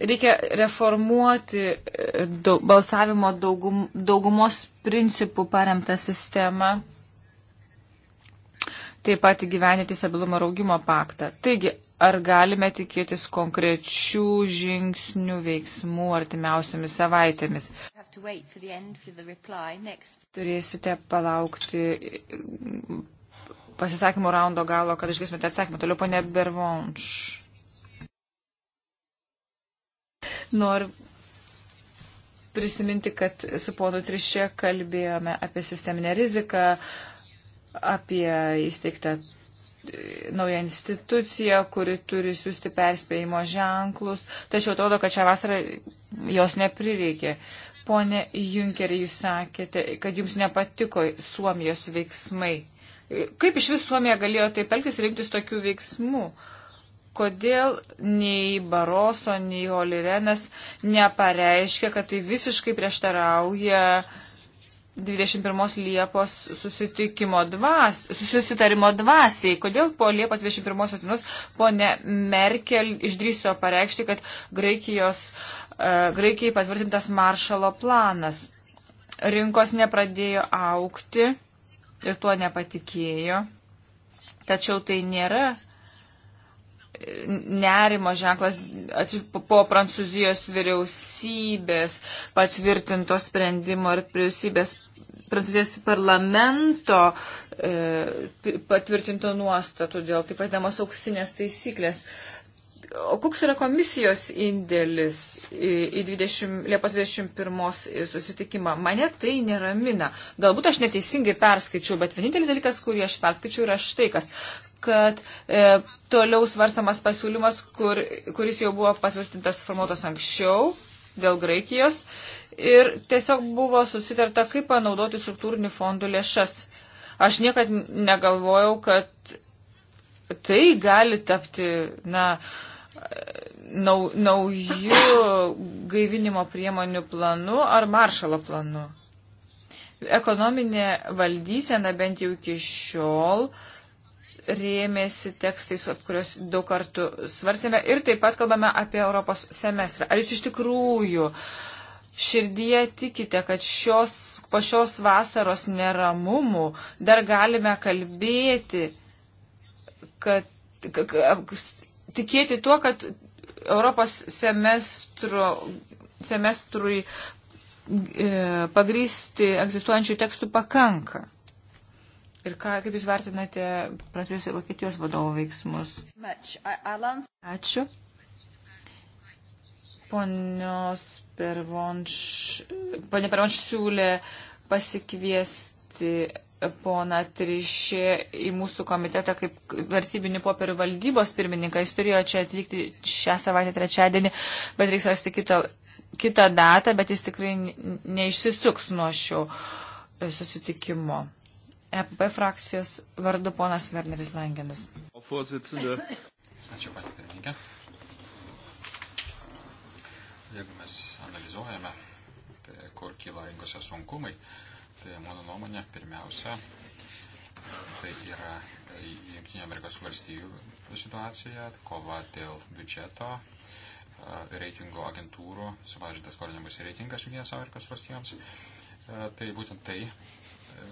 Reikia reformuoti e, daug, balsavimo daugum, daugumos principų paremtą sistemą, taip pat įgyvenyti stabilumo raugimo paktą. Taigi, ar galime tikėtis konkrečių žingsnių veiksmų artimiausiamis savaitėmis? Turėsite palaukti pasisakymų raundo galo, kad išgirsmėte atsakymą. Toliau ponė Bervonš. Noriu prisiminti, kad su ponu Trišė kalbėjome apie sisteminę riziką, apie įsteigtą e, naują instituciją, kuri turi siūsti perspėjimo ženklus, tačiau atrodo, kad šią vasarą jos neprireikė. Pone Junkerį, jūs sakėte, kad jums nepatiko Suomijos veiksmai Kaip iš vis Suomija galėjo taip elgtis ir imtis tokių veiksmų? Kodėl nei Baroso, nei Olirenas nepareiškia, kad tai visiškai prieštarauja 21 Liepos susitikimo dvas, susitarimo dvasiai. Kodėl po Liepos 21 dienos ponė Merkel išdryso pareikšti, kad Graikijos, uh, Graikijai patvirtintas maršalo planas. Rinkos nepradėjo aukti ir tuo nepatikėjo. Tačiau tai nėra e, nerimo ženklas po Prancūzijos vyriausybės patvirtinto sprendimo ir vyriausybės Prancūzijos parlamento e, patvirtinto nuostatų dėl taip pat demos auksinės taisyklės. O koks yra komisijos indėlis į 20, Liepos 21 susitikimą? Mane tai neramina. Galbūt aš neteisingai perskaičiau, bet vienintelis dalykas, kurį aš perskaičiau, yra štai kas kad e, toliau svarstamas pasiūlymas, kur, kuris jau buvo patvirtintas formuotas anksčiau dėl Graikijos ir tiesiog buvo susitarta, kaip panaudoti struktūrinių fondų lėšas. Aš niekad negalvojau, kad tai gali tapti, na, e, nau, naujų gaivinimo priemonių planu ar maršalo planu? Ekonominė valdysena bent jau iki šiol rėmėsi tekstais, kuriuos daug kartų svarstėme ir taip pat kalbame apie Europos semestrą. Ar jūs iš tikrųjų širdie tikite, kad šios, po šios vasaros neramumų dar galime kalbėti, kad tikėti tuo, kad Europos semestro, semestrui e, pagrysti egzistuojančių tekstų pakanka. Ir ką, kaip Jūs vertinate Prancūzijos ir Vokietijos vadovų veiksmus? Ačiū. Ponios Pervonš, ponė Pervonš siūlė pasikviesti pona Trišė į mūsų komitetą kaip vertybinių popierių valdybos pirmininką. Jis turėjo čia atvykti šią savaitę trečiadienį, bet reiks rasti kitą, kitą datą, bet jis tikrai neišsisuks nuo šio e, susitikimo. EPP frakcijos vardu ponas Werneris Langenas. Ačiū pat pirmininkė. Jeigu mes analizuojame, tai kur kyla rinkose sunkumai, Tai mano nuomonė, pirmiausia, tai yra Junktinio Amerikos valstybių situacija, kova dėl biudžeto, e, reitingo agentūrų, sumažintas skolinimus reitingas Junktinės Amerikos valstybėms. E, tai būtent tai e,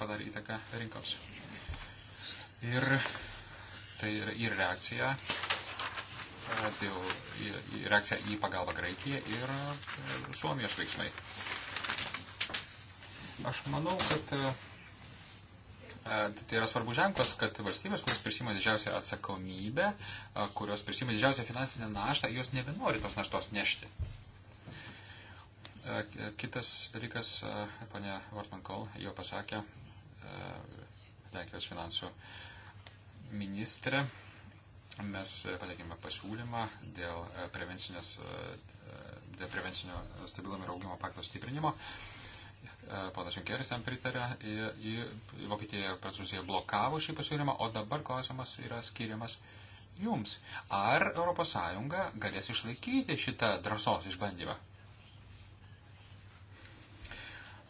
padarė įtaką rinkoms. Ir tai yra ir reakcija, dėl, ir reakcija į pagalbą Graikijai ir Suomijos veiksmai. Aš manau, kad e, e, Tai yra svarbu ženklas, kad valstybės, kurios prisima didžiausią atsakomybę, e, kurios prisima didžiausią finansinę naštą, jos nebenori tos naštos nešti. Kitas dalykas, ponė Vartmankol jau pasakė, Lenkijos finansų ministrė, mes pateikėme pasiūlymą dėl, dėl prevencinio stabilumo ir augimo pakto stiprinimo. E, ponas Junkeris tam pritarė, į, į, į Vokietiją ir Prancūziją blokavo šį pasiūlymą, o dabar klausimas yra skiriamas jums. Ar ES galės išlaikyti šitą drąsos išbandymą?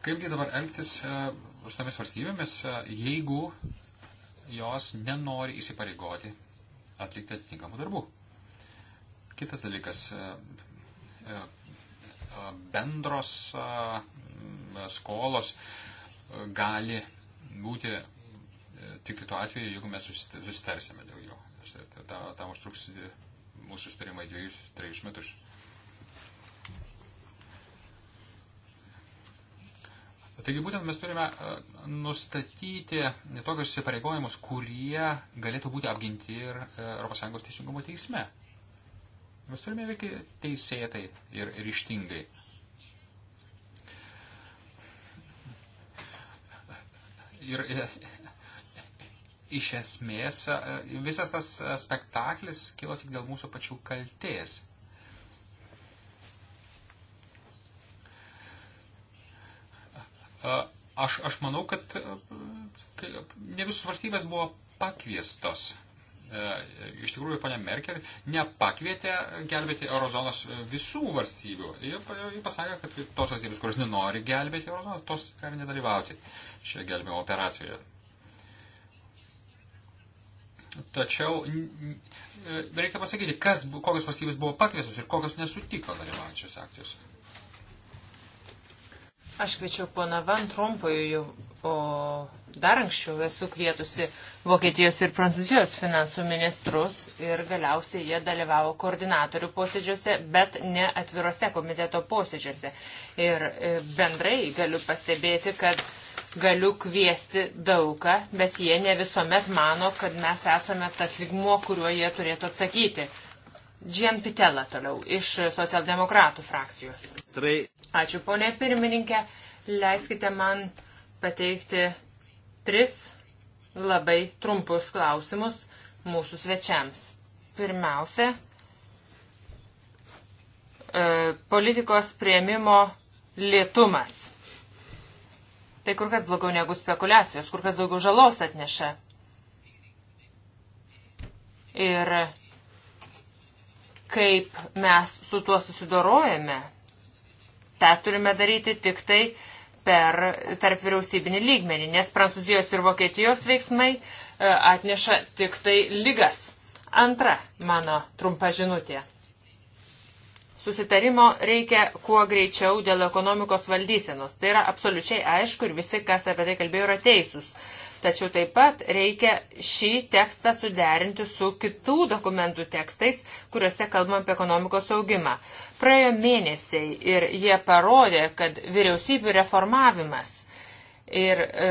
Kaipgi dabar elgtis e, su tomis valstybėmis, e, jeigu jos nenori įsipareigoti atlikti atitinkamų darbų? Kitas dalykas bendros skolos gali būti e, tik tuo atveju, jeigu mes susitarsime dėl jo. Tam užtruks mūsų susitarimai dviejus, trejus metus. Taigi būtent mes turime e, nustatyti tokius įsipareigojimus, kurie galėtų būti apginti ir ES teisingumo teisme. Mes turime veikti teisėtai ir ryštingai. ir e, iš esmės e, visas tas e, spektaklis kilo tik dėl mūsų pačių kaltės. Aš, aš manau, kad tai ne visos valstybės buvo pakviestos E, iš tikrųjų ponia Merkel nepakvietė gelbėti eurozonos visų valstybių. Ji pasakė, kad tos valstybės, kurios nenori gelbėti eurozonos, tos gali nedalyvauti šioje gelbėjimo operacijoje. Tačiau reikia pasakyti, kas, kokios valstybės buvo pakviesos ir kokios nesutiko dalyvaujančios akcijose. Aš kviečiau poną Van Trumpojų, o dar anksčiau esu kvietusi Vokietijos ir Prancūzijos finansų ministrus ir galiausiai jie dalyvavo koordinatorių posėdžiuose, bet ne atvirose komiteto posėdžiuose. Ir e, bendrai galiu pastebėti, kad galiu kviesti daugą, bet jie ne visuomet mano, kad mes esame tas lygmuo, kuriuo jie turėtų atsakyti. Džien Pitela toliau iš socialdemokratų frakcijos. Trai. Ačiū, ponė pirmininkė. Leiskite man pateikti tris labai trumpus klausimus mūsų svečiams. Pirmiausia, e, politikos prieimimo lietumas. Tai kur kas blogiau negu spekulacijos, kur kas daugiau žalos atneša. Ir kaip mes su tuo susidorojame, tą turime daryti tik tai per tarp vyriausybinį lygmenį, nes Prancūzijos ir Vokietijos veiksmai e, atneša tik tai lygas. Antra mano trumpa žinutė. Susitarimo reikia kuo greičiau dėl ekonomikos valdysenos. Tai yra absoliučiai aišku ir visi, kas apie tai kalbėjo, yra teisūs. Tačiau taip pat reikia šį tekstą suderinti su kitų dokumentų tekstais, kuriuose kalbam apie ekonomikos augimą. Praėjo mėnesiai ir jie parodė, kad vyriausybių reformavimas ir e,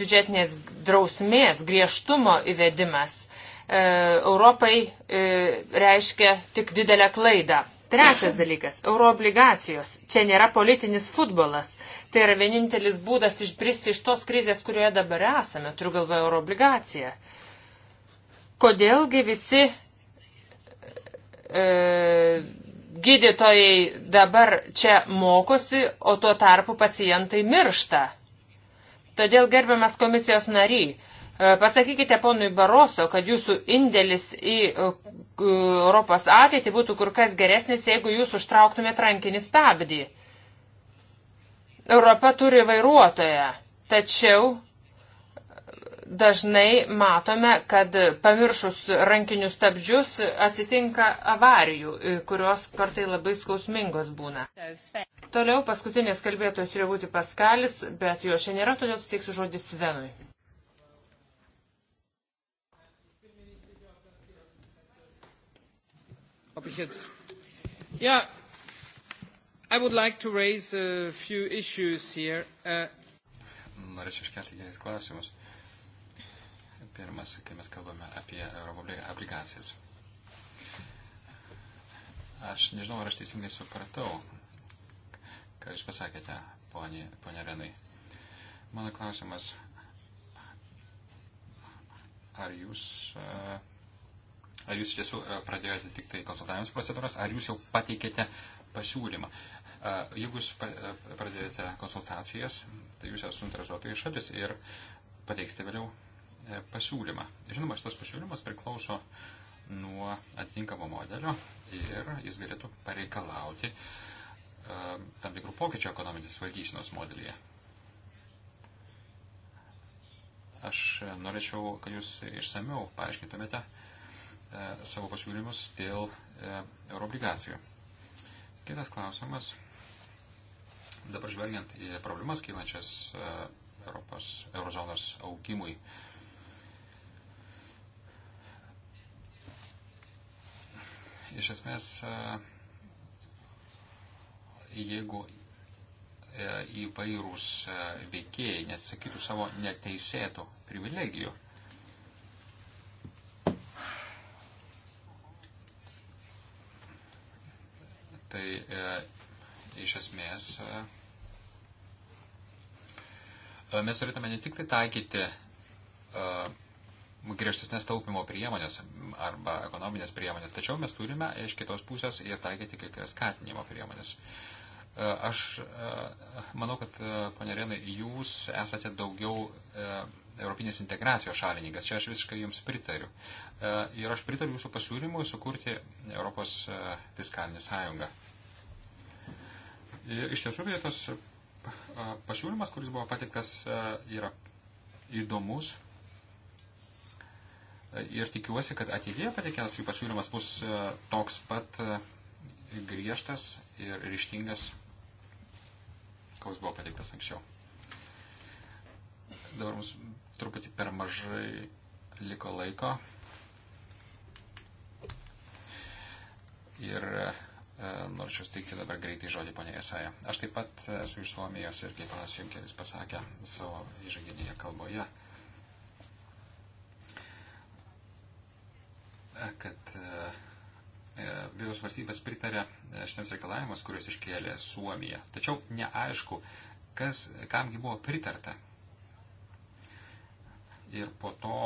biudžetinės drausmės griežtumo įvedimas e, Europai e, reiškia tik didelę klaidą. Trečias dalykas - euroobligacijos. Čia nėra politinis futbolas tai yra vienintelis būdas išbristi iš tos krizės, kurioje dabar esame, turiu galvoje euro obligaciją. Kodėlgi visi e, gydytojai dabar čia mokosi, o tuo tarpu pacientai miršta. Todėl gerbiamas komisijos nariai, e, pasakykite ponui Baroso, kad jūsų indėlis į e, Europos ateitį būtų kur kas geresnis, jeigu jūs užtrauktumėte rankinį stabdį. Europa turi vairuotoją, tačiau dažnai matome, kad pamiršus rankinius stabdžius atsitinka avarijų, kurios kartai labai skausmingos būna. Toliau paskutinis kalbėtojas turi būti Paskalis, bet jo šiandien nėra, todėl suteiksiu žodį Svenui. Ja, I would like to raise a few issues here. Uh, Norėčiau iškelti kelis klausimus. Pirmas, kai mes kalbame apie euroobligai obligacijas. Aš nežinau, ar aš teisingai supratau, ką jūs pasakėte, ponė, ponė Renai. Mano klausimas, ar jūs, uh, ar jūs iš tiesų uh, pradėjote tik tai konsultavimus procedūras, ar jūs jau pateikėte pasiūlymą? Jeigu jūs pradėjote konsultacijas, tai jūs esate suinteresuotojai šalis ir pateiksite vėliau e, pasiūlymą. Žinoma, šitas pasiūlymas priklauso nuo atitinkamo modelio ir jis galėtų pareikalauti e, tam tikrų pokyčių ekonominės valdysinos modelyje. Aš norėčiau, kad jūs išsameu paaiškintumėte e, savo pasiūlymus dėl euroobligacijų. Kitas klausimas Dabar žvelgiant į problemas kylančias e, Europos eurozonos augimui. Iš esmės, e, jeigu e, įvairūs veikėjai neatsakytų savo neteisėtų privilegijų, tai iš esmės e, e, mes turėtume ne tik tai taikyti e, griežtesnės taupimo priemonės arba ekonominės priemonės, tačiau mes turime iš kitos pusės ir taikyti kai kurias skatinimo priemonės. Aš manau, kad, ponė Renai, jūs esate daugiau Europinės integracijos šalininkas. Čia aš visiškai jums pritariu. Ir aš pritariu jūsų pasiūlymui sukurti Europos fiskalinį sąjungą. Ir iš tiesų vietos e, pasiūlymas, kuris buvo patiktas, e, yra įdomus. E, ir tikiuosi, kad ateityje patikėtas jų pasiūlymas bus toks pat griežtas ir ryštingas, koks buvo patiktas anksčiau. Dabar mums truputį per mažai liko laiko. Ir E, norėčiau steikti dabar greitai žodį ponė Esaja. Aš taip pat esu iš Suomijos ir kaip panas Junkeris pasakė savo įžanginėje kalboje, e, kad e, visos valstybės pritarė šitiems reikalavimus, kuriuos iškėlė Suomija. Tačiau neaišku, kas, kamgi buvo pritarta. Ir po to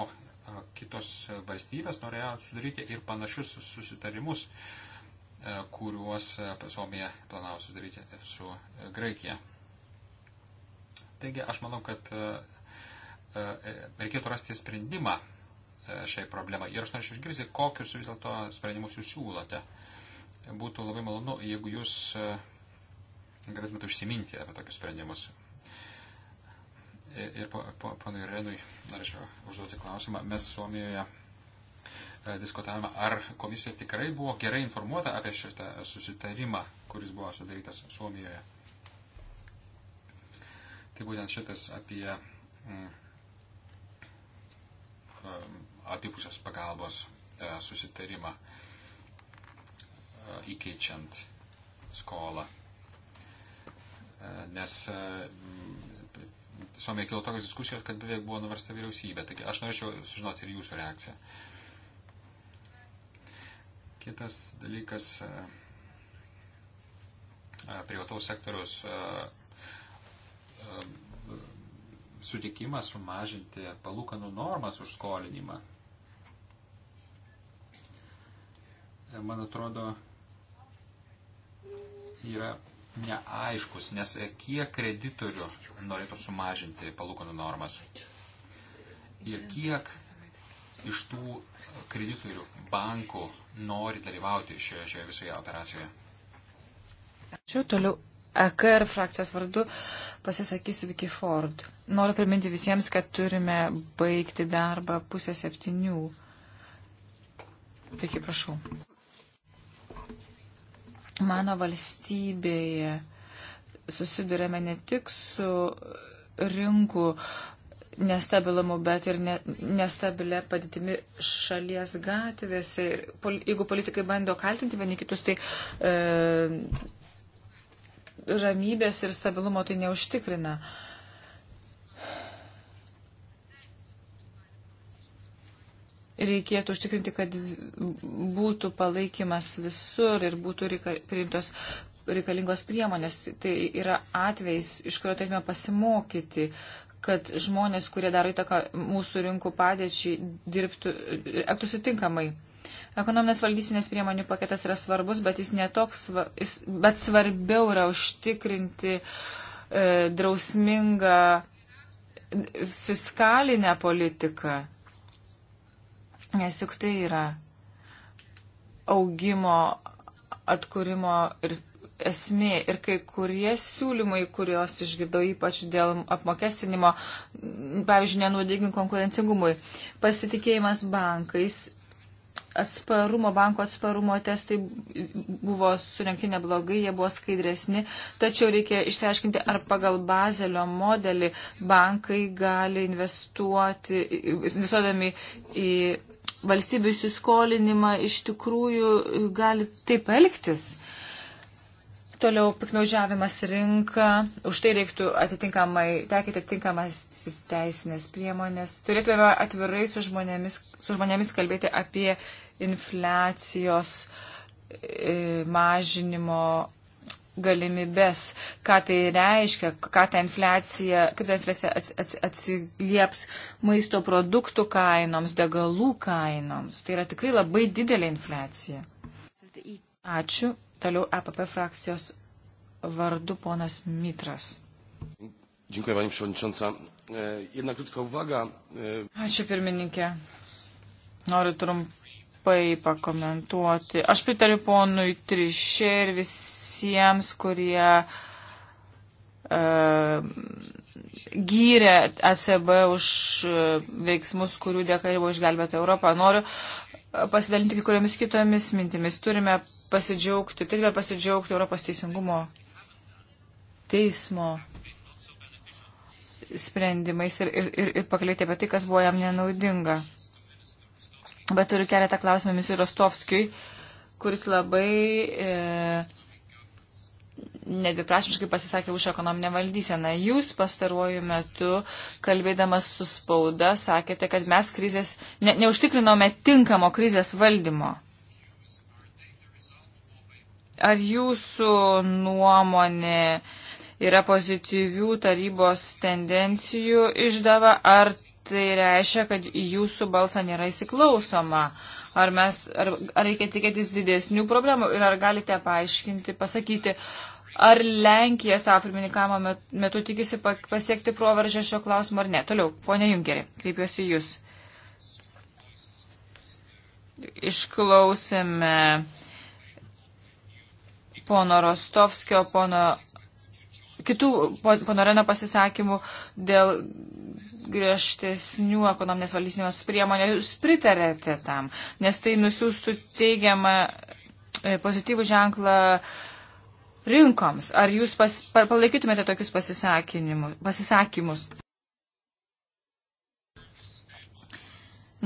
kitos valstybės norėjo sudaryti ir panašius susitarimus. Uh, E, kuriuos e, Suomija planavo sudaryti su e, Graikija. Taigi aš manau, kad reikėtų rasti sprendimą šiai problemai. Ir aš norėčiau išgirsti, kokius vis dėlto sprendimus jūs siūlote. Būtų labai malonu, jeigu jūs galėtumėte užsiminti apie tokius sprendimus. Ir ponui po, po, Renui norėčiau užduoti klausimą. Mes Suomijoje E, diskutavome, ar komisija tikrai buvo gerai informuota apie šitą susitarimą, kuris buvo sudarytas Suomijoje. Tai būtent šitas apie mm, e, abipusės pagalbos e, susitarimą įkeičiant skolą. Nes Suomija kilo tokios diskusijos, kad beveik buvo nuversta vyriausybė. Taigi aš norėčiau sužinoti ir jūsų reakciją. Kitas dalykas e, - e, privataus sektoriaus e, sutikimas sumažinti palūkanų normas už skolinimą. Man atrodo, yra neaiškus, nes kiek kreditorių norėtų sumažinti palūkanų normas ir kiek iš tų kreditorių bankų nori dalyvauti šioje, šioje visoje operacijoje? Ačiū. Toliau EKR frakcijos vardu pasisakys Vicky Ford. Noriu priminti visiems, kad turime baigti darbą pusę septynių. Taigi, prašau. Mano valstybėje susidurėme ne tik su rinkų nestabilumu, bet ir ne, nestabilę padėtimi šalies gatvėse. Pol, jeigu politikai bando kaltinti vieni kitus, tai e, ramybės ir stabilumo tai neužtikrina. Reikėtų užtikrinti, kad būtų palaikymas visur ir būtų priimtos reikalingos priemonės. Tai yra atvejs, iš kurio turime pasimokyti, kad žmonės, kurie daro įtaką mūsų rinkų padėčiai, dirbtų, elgtųsi tinkamai. Ekonominės valdysinės priemonių paketas yra svarbus, bet jis netoks, jis, bet svarbiau yra užtikrinti e, drausmingą fiskalinę politiką, nes juk tai yra augimo, atkūrimo ir esmė ir kai kurie siūlymai, kuriuos išgirdau ypač dėl apmokestinimo, pavyzdžiui, nenuodėgin konkurencingumui, pasitikėjimas bankais, atsparumo, banko atsparumo testai buvo surinkti neblogai, jie buvo skaidresni, tačiau reikia išsiaiškinti, ar pagal bazelio modelį bankai gali investuoti, investuodami į valstybių įsiskolinimą, iš tikrųjų gali taip elgtis Toliau piknaužiavimas rinka, už tai reiktų atitinkamai, taikyti atitinkamas teisinės priemonės. Turėtume atvirai su žmonėmis, su žmonėmis kalbėti apie infliacijos e, mažinimo galimybės, ką tai reiškia, ką ta infliacija, kaip ta infliacija ats, ats, atsilieps maisto produktų kainoms, degalų kainoms. Tai yra tikrai labai didelė infliacija. Ačiū. Toliau EPP frakcijos vardu ponas Mitras. Dziękuję Pani Przewodnicząca. E, jedna krótka uwaga. E, Ačiū pirmininkė. Noriu trumpai pakomentuoti. Aš pritariu ponui Trišė ir visiems, kurie uh, gyrė ECB už veiksmus, kurių dėka buvo išgelbėta Europą. Noriu pasidalinti kai kuriomis kitomis mintimis. Turime pasidžiaugti, tai turime pasidžiaugti Europos teisingumo teismo sprendimais ir, ir, ir, ir pakalbėti apie tai, kas buvo jam nenaudinga. Bet turiu keletą klausimų misijų Rostovskijui, kuris labai e, nedviprasmiškai pasisakė už ekonominę valdyseną. Jūs pastaruoju metu, kalbėdamas su spauda, sakėte, kad mes krizės, ne, neužtikrinome tinkamo krizės valdymo. Ar jūsų nuomonė yra pozityvių tarybos tendencijų išdava, ar tai reiškia, kad į jūsų balsą nėra įsiklausoma? Ar, mes, ar, ar reikia tikėtis didesnių problemų ir ar galite paaiškinti, pasakyti, Ar Lenkija savo pirmininkavimo metu tikisi pasiekti proveržę šio klausimo ar ne? Toliau, ponia Junkerė, kreipiuosi jūs. Išklausėme pono Rostovskio, pono kitų pono Reno pasisakymų dėl griežtesnių ekonominės valdysinės priemonė, jūs pritarėte tam, nes tai nusiųstų teigiamą e, pozityvų ženklą rinkoms. Ar jūs pas, palaikytumėte tokius pasisakymus?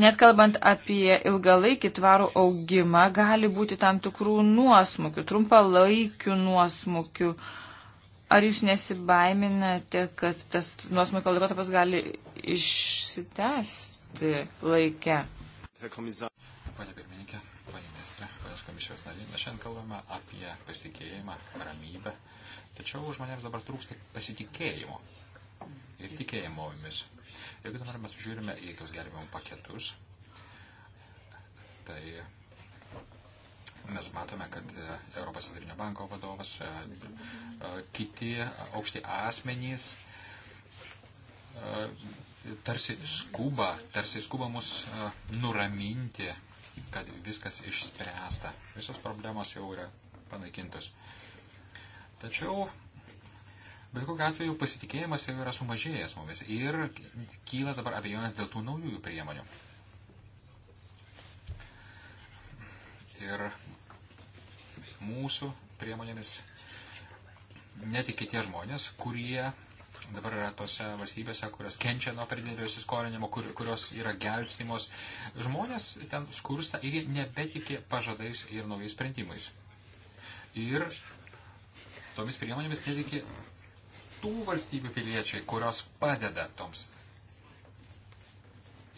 Net kalbant apie ilgalaikį tvarų augimą, gali būti tam tikrų nuosmukių, trumpalaikių nuosmukių. Ar jūs nesibaiminate, kad tas nuosmukio laikotarpis gali išsitęsti laike? Pane gerbiamas komisijos narys. Mes šiandien kalbame apie pasitikėjimą, ramybę. Tačiau žmonėms dabar trūksta pasitikėjimo ir tikėjimo mumis. Jeigu dabar mes žiūrime į tos gelbėjimo paketus, tai mes matome, kad e, Europos Centrinio banko vadovas, e, e, kiti aukšti asmenys tarsi skuba, tarsi skuba mus nuraminti kad viskas išspręsta, visos problemos jau yra panaikintos. Tačiau, bet kokiu atveju, pasitikėjimas jau yra sumažėjęs mumis ir kyla dabar abejonės dėl tų naujųjų priemonių. Ir mūsų priemonėmis netikė tie žmonės, kurie dabar yra tose valstybėse, kurios kenčia nuo per didelio įsiskolinimo, kur, kurios yra gelbstimos. Žmonės ten skursta ir jie nebetikė pažadais ir naujais sprendimais. Ir tomis priemonėmis netikė tų valstybių piliečiai, kurios padeda toms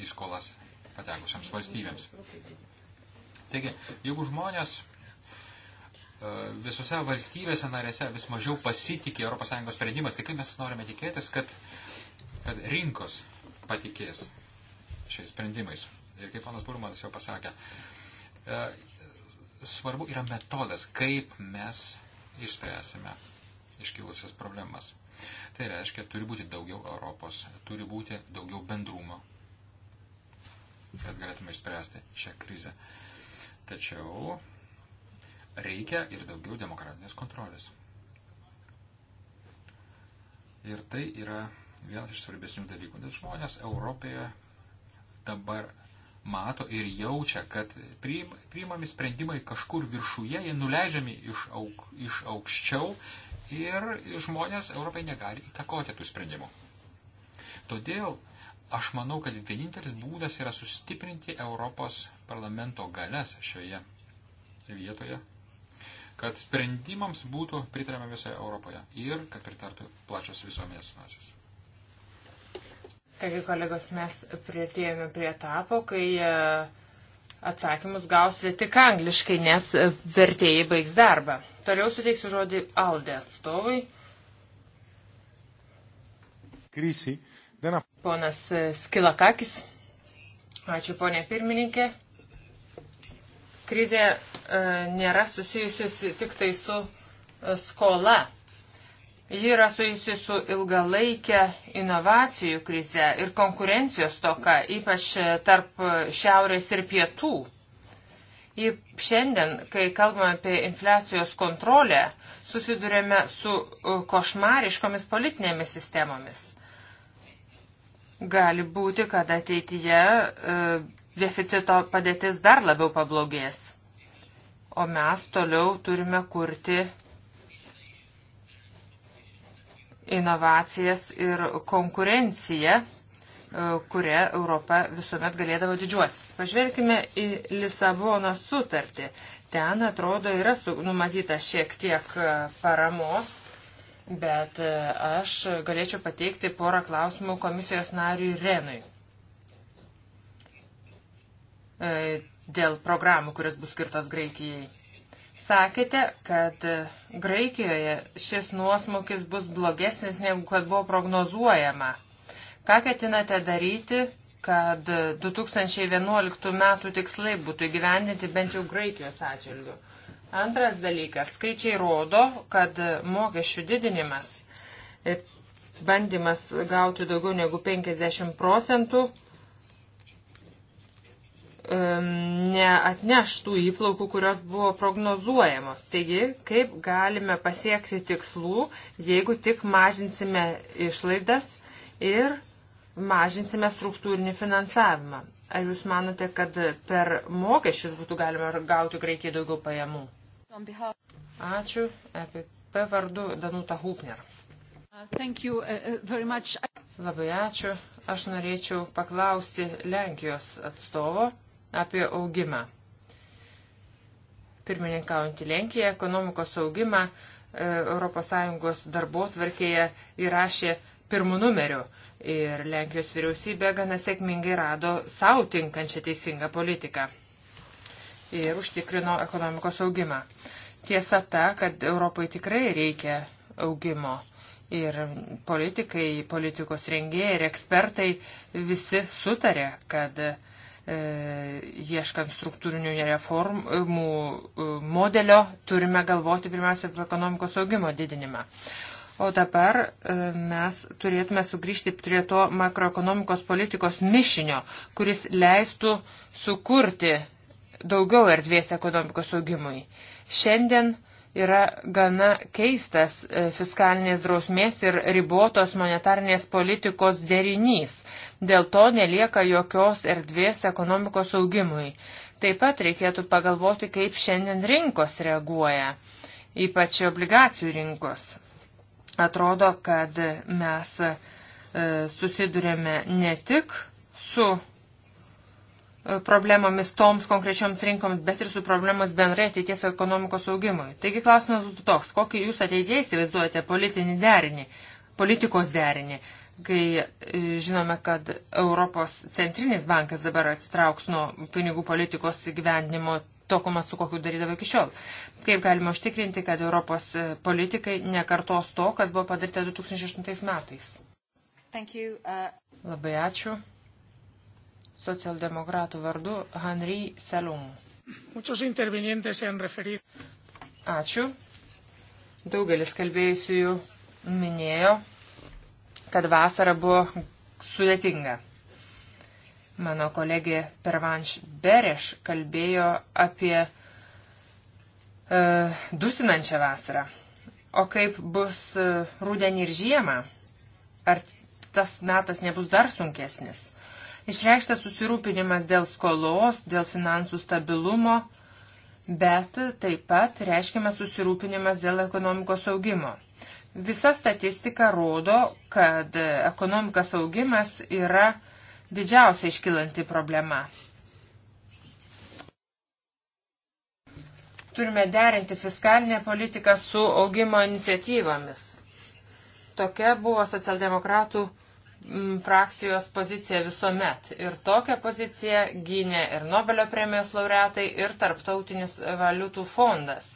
į skolas patekusiams valstybėms. Taigi, jeigu žmonės visose valstybėse narėse vis mažiau pasitikė ES sprendimas, tai kaip mes norime tikėtis, kad, kad rinkos patikės šiais sprendimais. Ir kaip panas Bulmanas jau pasakė, e, svarbu yra metodas, kaip mes išspręsime iškilusias problemas. Tai reiškia, turi būti daugiau Europos, turi būti daugiau bendrumo, kad galėtume išspręsti šią krizę. Tačiau reikia ir daugiau demokratinės kontrolės. Ir tai yra vienas iš svarbesnių dalykų, nes žmonės Europoje dabar mato ir jaučia, kad priimami sprendimai kažkur viršuje, jie nuleidžiami iš, auk, iš aukščiau ir žmonės Europai negali įtakoti tų sprendimų. Todėl aš manau, kad vienintelis būdas yra sustiprinti Europos parlamento galias šioje vietoje kad sprendimams būtų pritarama visoje Europoje ir kad pritartų plačios visuomenės masės. Taigi, kolegos, mes prieartėjome prie etapo, kai e, atsakymus gausite tik angliškai, nes e, vertėjai baigs darbą. Toliau suteiksiu žodį Alde atstovui. Krisi. Ponas e, Skilakakis. Ačiū, ponė pirmininkė. Krizė E, nėra susijusi tik tai su e, skola. Ji yra susijusi su ilgalaikė inovacijų krize ir konkurencijos toka, ypač tarp šiaurės ir pietų. Ji šiandien, kai kalbame apie infliacijos kontrolę, susidurėme su e, košmariškomis politinėmis sistemomis. Gali būti, kad ateityje deficito padėtis dar labiau pablogės o mes toliau turime kurti inovacijas ir konkurenciją, e, kurią Europa visuomet galėdavo didžiuotis. Pažvelkime į Lisabono sutartį. Ten, atrodo, yra numatyta šiek tiek e, paramos, bet e, aš galėčiau pateikti porą klausimų komisijos nariui Renui dėl programų, kurios bus skirtos Graikijai. Sakėte, kad Graikijoje šis nuosmukis bus blogesnis, negu kad buvo prognozuojama. Ką ketinate daryti, kad 2011 metų tikslai būtų įgyvendinti bent jau Graikijos atžvilgiu? Antras dalykas. Skaičiai rodo, kad mokesčių didinimas ir bandymas gauti daugiau negu 50 procentų neatneštų įplaukų, kurios buvo prognozuojamos. Taigi, kaip galime pasiekti tikslų, jeigu tik mažinsime išlaidas ir mažinsime struktūrinį finansavimą. Ar jūs manote, kad per mokesčius būtų galima gauti greikiai daugiau pajamų? Ačiū. EPP vardu Danuta Hupner. Uh, uh, Labai ačiū. Aš norėčiau paklausti Lenkijos atstovo apie augimą. Pirmininkaujantį Lenkiją ekonomikos augimą ES darbo tvarkėje įrašė pirmų numerių. Ir Lenkijos vyriausybė gana sėkmingai rado savo tinkančią teisingą politiką ir užtikrino ekonomikos augimą. Tiesa ta, kad Europai tikrai reikia augimo. Ir politikai, politikos rengėjai ir ekspertai visi sutarė, kad uh, E, ieškant struktūrinių reformų e, modelio, turime galvoti pirmiausia apie ekonomikos augimo didinimą. O dabar e, mes turėtume sugrįžti prie to makroekonomikos politikos mišinio, kuris leistų sukurti daugiau erdvės ekonomikos augimui. Šiandien yra gana keistas e, fiskalinės drausmės ir ribotos monetarnės politikos derinys. Dėl to nelieka jokios erdvės ekonomikos augimui. Taip pat reikėtų pagalvoti, kaip šiandien rinkos reaguoja, ypač obligacijų rinkos. Atrodo, kad mes e, susidurėme ne tik su problemomis toms konkrečioms rinkoms, bet ir su problemas bendrai ateities ekonomikos augimui. Taigi klausimas būtų toks, kokį jūs ateityje įsivaizduojate politinį derinį, politikos derinį, kai e, žinome, kad Europos centrinis bankas dabar atsitrauks nuo pinigų politikos įgyvendinimo tokio mastu, kokiu darydavo iki šiol. Kaip galima užtikrinti, kad Europos e, politikai nekartos to, kas buvo padaryta 2008 metais? Thank you, uh... Labai ačiū socialdemokratų vardu Henry Salum. Ačiū. Daugelis kalbėjusių minėjo, kad vasara buvo sudėtinga. Mano kolegė Pervanš Bereš kalbėjo apie e, dusinančią vasarą. O kaip bus e, rudenį ir žiemą? Ar tas metas nebus dar sunkesnis? Išreikštas susirūpinimas dėl skolos, dėl finansų stabilumo, bet taip pat reiškiame susirūpinimas dėl ekonomikos augimo. Visa statistika rodo, kad ekonomikos augimas yra didžiausia iškilanti problema. Turime derinti fiskalinę politiką su augimo iniciatyvomis. Tokia buvo socialdemokratų Mm, frakcijos poziciją visuomet. Ir tokią poziciją gynė ir Nobelio premijos laureatai, ir Tarptautinis valiutų fondas.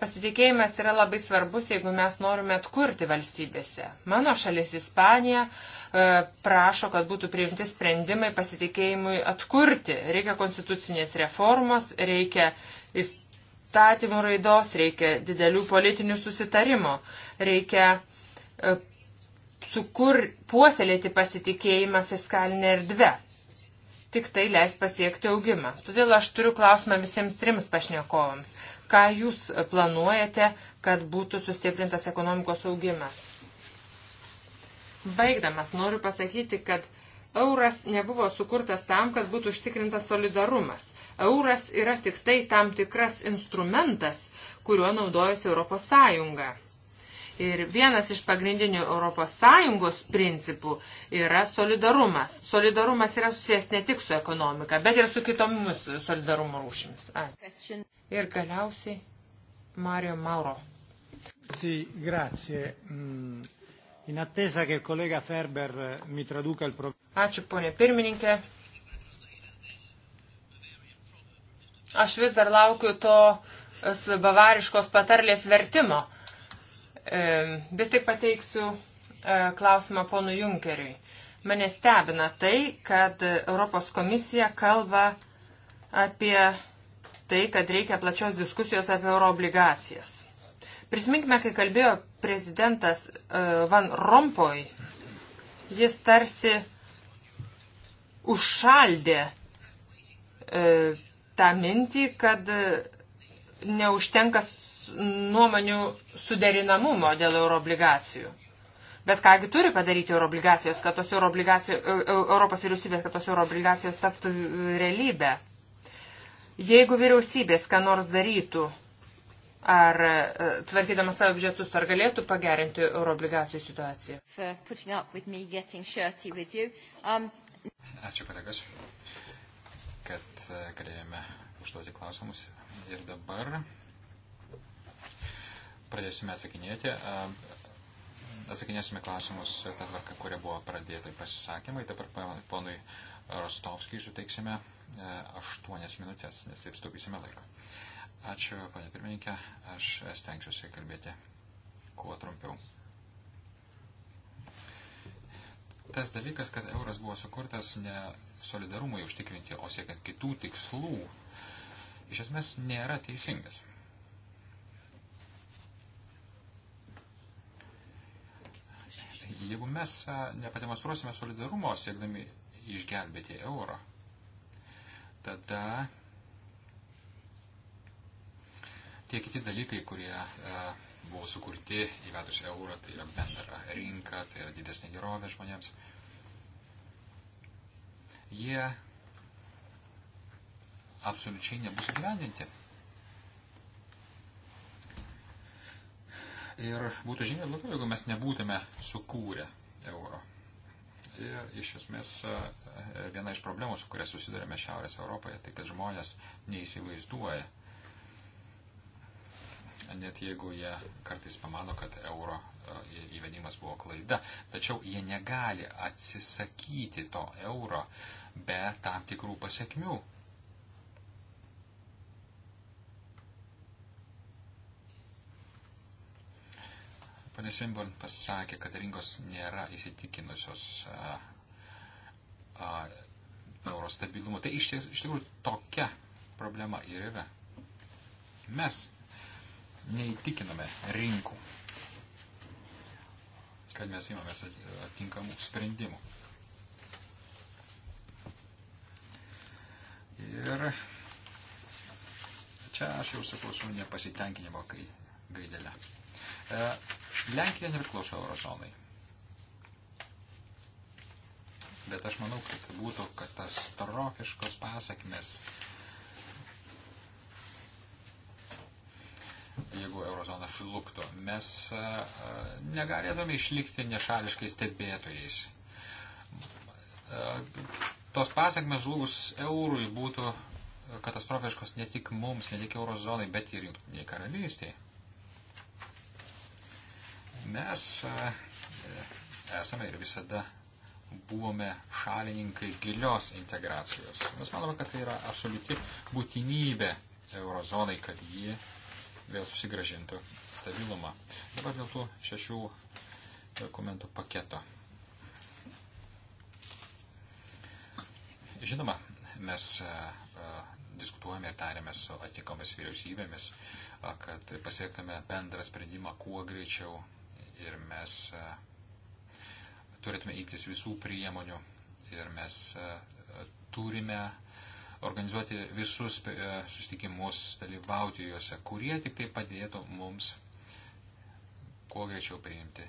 Pasitikėjimas yra labai svarbus, jeigu mes norime atkurti valstybėse. Mano šalis Ispanija e, prašo, kad būtų priimti sprendimai pasitikėjimui atkurti. Reikia konstitucinės reformos, reikia įstatymų raidos, reikia didelių politinių susitarimų, reikia e, sukur puoselėti pasitikėjimą fiskalinę erdvę. Tik tai leis pasiekti augimą. Todėl aš turiu klausimą visiems trims pašnekovams. Ką jūs planuojate, kad būtų sustiprintas ekonomikos augimas? Baigdamas noriu pasakyti, kad euras nebuvo sukurtas tam, kad būtų užtikrintas solidarumas. Euras yra tik tai tam tikras instrumentas, kuriuo naudojasi Europos Sąjunga Ir vienas iš pagrindinių ES principų yra solidarumas. Solidarumas yra susijęs ne tik su ekonomika, bet ir su kitomis solidarumo rūšimis. Ai. Ir galiausiai Mario Mauro. Sì, grazie. Mm, in attesa che il collega Ferber eh, mi traduca il programma. Ačiū, ponė pirmininkė. Aš vis dar laukiu to bavariškos patarlės vertimo E, vis tik pateiksiu e, klausimą ponu Junkeriui. Mane stebina tai, kad Europos komisija kalba apie tai, kad reikia plačios diskusijos apie euroobligacijas. Prisiminkime, kai kalbėjo prezidentas e, Van Rompoj, jis tarsi užšaldė tą mintį, kad neužtenka nuomonių suderinamumo dėl euroobligacijų. Bet kągi turi padaryti euroobligacijos, kad tos euroobligacijos, Europos vyriausybės, kad tos euroobligacijos taptų realybę. Jeigu vyriausybės ką nors darytų, ar e, tvarkydamas savo biudžetus, ar galėtų pagerinti euroobligacijų situaciją? Um... Ačiū, kolegas, kad e, galėjome užduoti klausimus. Ir dabar pradėsime atsakinėti. Atsakinėsime klausimus tą tvarką, kurie buvo pradėti pasisakymai. Dabar ponui Rostovskijui suteiksime 8 e, minutės, nes taip stupysime laiko. Ačiū, panė pirmininkė, aš stengsiuosi kalbėti kuo trumpiau. Tas dalykas, kad euras buvo sukurtas ne solidarumui užtikrinti, o siekiant kitų tikslų, iš esmės nėra teisingas. Taigi, jeigu mes nepademonstruosime solidarumo siekdami išgelbėti eurą, tada tie kiti dalykai, kurie buvo sukurti įvedus eurą, tai yra bendra rinka, tai yra didesnė gerovė žmonėms, jie absoliučiai nebus gyveninti. Ir būtų žymiai blogiau, jeigu mes nebūtume sukūrę euro. Ir iš esmės e, e, viena iš problemų, su kuria susidurėme Šiaurės Europoje, tai kad žmonės neįsivaizduoja, net jeigu jie kartais pamano, kad euro e, įvedimas buvo klaida, tačiau jie negali atsisakyti to euro be tam tikrų pasiekmių. Pane Svimbon pasakė, kad rinkos nėra įsitikinusios a, a, euro stabilumu. Tai iš, ties, iš tikrųjų tokia problema ir yra. Mes neįtikiname rinkų, kad mes imamės atitinkamų sprendimų. Ir čia aš jau sakau su nepasitenkinimo gaidelė. Kai E, Lenkija nepriklauso eurozonai. Bet aš manau, kad būtų katastrofiškos pasakmes, jeigu eurozona žlugtų. Mes e, negalėtume išlikti nešališkai stebėtojais. E, tos pasakmes žlugus eurui būtų katastrofiškos ne tik mums, ne tik eurozonai, bet ir jungtiniai karalystiai. Mes e, esame ir visada buvome šalininkai gilios integracijos. Mes manome, kad tai yra absoliuti būtinybė eurozonai, kad ji vėl susigražintų stabilumą. Dabar dėl tų šešių dokumentų paketo. Žinoma, mes e, e, diskutuojame ir tarėme su atitinkomis vyriausybėmis, kad pasiektume bendrą sprendimą kuo greičiau ir mes e, turėtume imtis visų priemonių ir mes e, turime organizuoti visus e, susitikimus, dalyvauti juose, kurie tik tai padėtų mums kuo greičiau priimti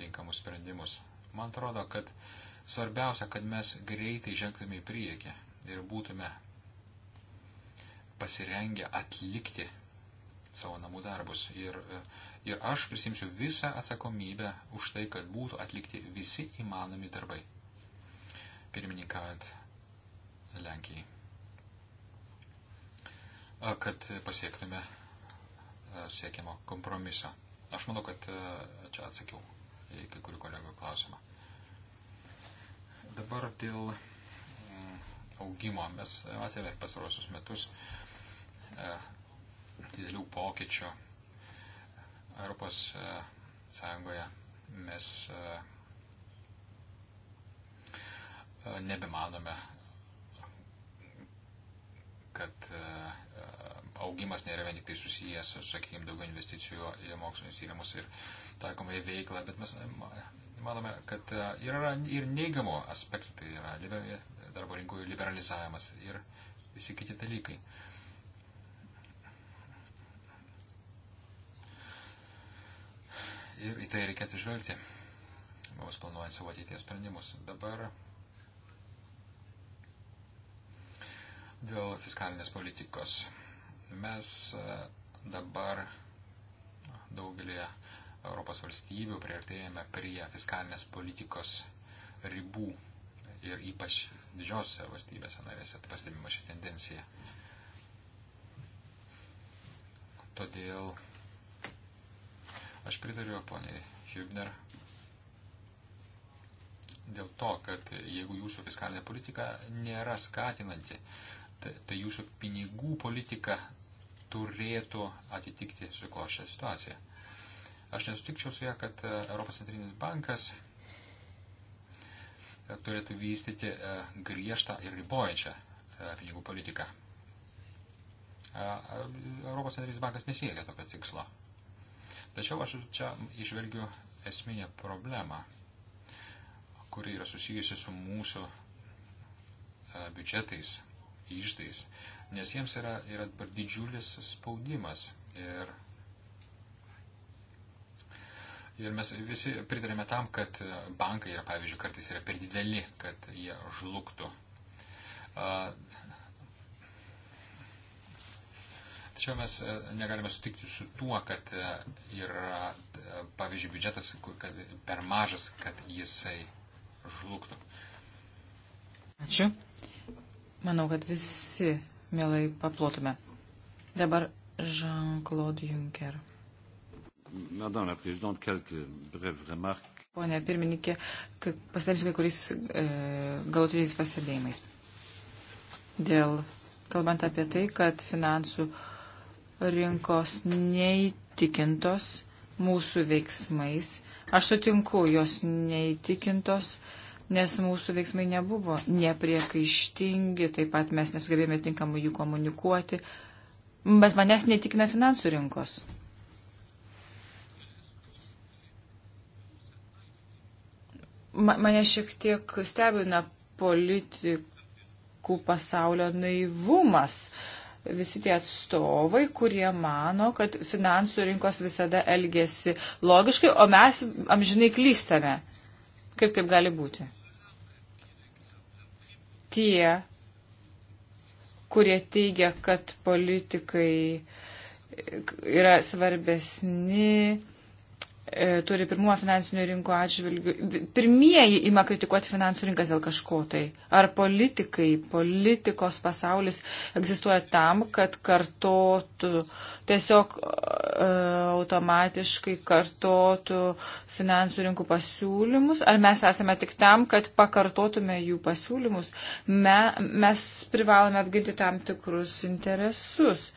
tinkamus sprendimus. Man atrodo, kad svarbiausia, kad mes greitai žengtume į priekį ir būtume pasirengę atlikti savo namų darbus. Ir, e, ir aš prisimsiu visą atsakomybę už tai, kad būtų atlikti visi įmanomi darbai. Pirmininkaujant Lenkijai. Kad pasiektume e, siekiamo kompromiso. Aš manau, kad e, čia atsakiau į kai kurių kolegų klausimą. Dabar dėl mm, augimo. Mes matėme pasarosius metus didelių pokyčių Europos e, Sąjungoje mes e, e, nebemanome, kad augimas nėra vien tik tai susijęs, sakykime, daugiau investicijų į mokslinius tyrimus ir taikomąją veiklą, bet mes manome, kad yra ir neigiamų aspektų, tai yra darbo rinkų liberalizavimas ir visi kiti dalykai. Uh, ir į tai reikia atsižvelgti, mums planuojant savo ateities sprendimus. Dabar dėl fiskalinės politikos. Mes e, dabar daugelį Europos valstybių priartėjame prie fiskalinės politikos ribų ir ypač didžiosiose valstybėse narėse pastebima ši tendencija. Todėl Aš pritariu poniai Hübner dėl to, kad jeigu jūsų fiskalinė politika nėra skatinanti, tai, tai jūsų pinigų politika turėtų atitikti suklošę situaciją. Aš nesutikčiau su ją, kad e, Europos centrinis bankas e, turėtų vystyti e, griežtą ir ribojančią pinigų politiką. Europos centrinis bankas nesiekia tokio tikslo. Tačiau aš čia išvelgiu esminę problemą, kuri yra susijusi su mūsų e, biudžetais, išdais, nes jiems yra, yra dabar didžiulis spaudimas. Ir, ir mes visi pritarėme tam, kad bankai yra, pavyzdžiui, kartais yra per dideli, kad jie žlugtų. Tačiau mes e, negalime sutikti su tuo, kad e, yra, e, pavyzdžiui, biudžetas kad per mažas, kad jisai žlugtų. Ačiū. Manau, kad visi mielai paplotume. Dabar Jean-Claude Juncker. Madame la Présidente, quelques brèves remarques. Pone pirmininkė, pasidarysiu kai kuriais e, galutiniais pastebėjimais. Dėl, kalbant apie tai, kad finansų rinkos neįtikintos mūsų veiksmais. Aš sutinku, jos neįtikintos, nes mūsų veiksmai nebuvo nepriekaištingi, taip pat mes nesugebėjome tinkamai jų komunikuoti, bet manęs netikina finansų rinkos. Mane šiek tiek stebina politikų pasaulio naivumas. Uh, visi tie atstovai, kurie mano, kad finansų rinkos visada elgesi logiškai, o mes amžinai klystame. Kaip taip gali būti? Tie, kurie teigia, kad politikai yra svarbesni, E, turi pirmuo finansinių rinkų atžvilgių, pirmieji ima kritikuoti finansų rinkas dėl kažko tai. Ar politikai, politikos pasaulis egzistuoja tam, kad kartotų, tiesiog e, automatiškai kartotų finansų rinkų pasiūlymus, ar mes esame tik tam, kad pakartotume jų pasiūlymus. Me, mes privalome apginti tam tikrus interesus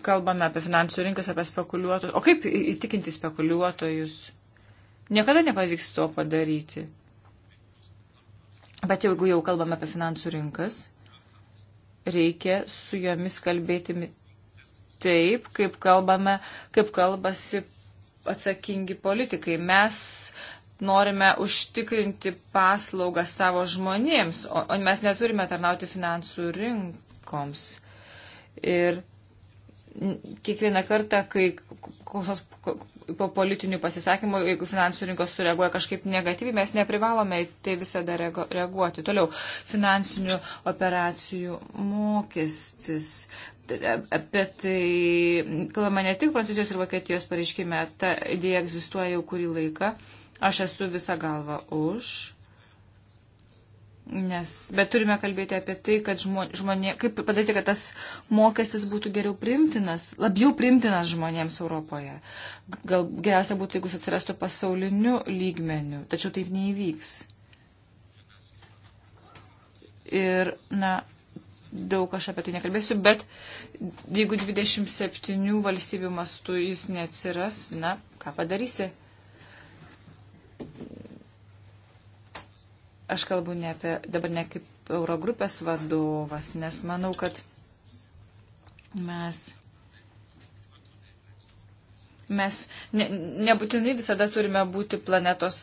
kalbame apie finansų rinkas, apie spekuliuotojus. O kaip įtikinti spekuliuotojus? Niekada nepavyks to padaryti. Bet jeigu jau kalbame apie finansų rinkas, reikia su jomis kalbėti taip, kaip, kalbame, kaip kalbasi atsakingi politikai. Mes norime užtikrinti paslaugą savo žmonėms, o, o mes neturime tarnauti finansų rinkoms. Ir kiekvieną kartą, kai po politinių pasisakymų, jeigu finansų rinkos sureaguoja kažkaip negatyviai, mes neprivalome tai visada reaguoti. Toliau, finansinių operacijų mokestis. E, apie tai kalbama ne tik Prancūzijos ir Vokietijos pareiškime, ta idėja egzistuoja jau kurį laiką. Aš esu visą galvą už Nes, bet turime kalbėti apie tai, kad žmonė, kaip padaryti, kad tas mokestis būtų geriau primtinas, labiau primtinas žmonėms Europoje. Gal geriausia būtų, jeigu jis atsirastų pasauliniu lygmeniu, tačiau taip neįvyks. Ir, na, daug aš apie tai nekalbėsiu, bet jeigu 27 valstybių mastu jis neatsiras, na, ką padarysi? Aš kalbu ne apie, dabar ne kaip Eurogrupės vadovas, nes manau, kad mes mes ne, nebūtinai visada turime būti planetos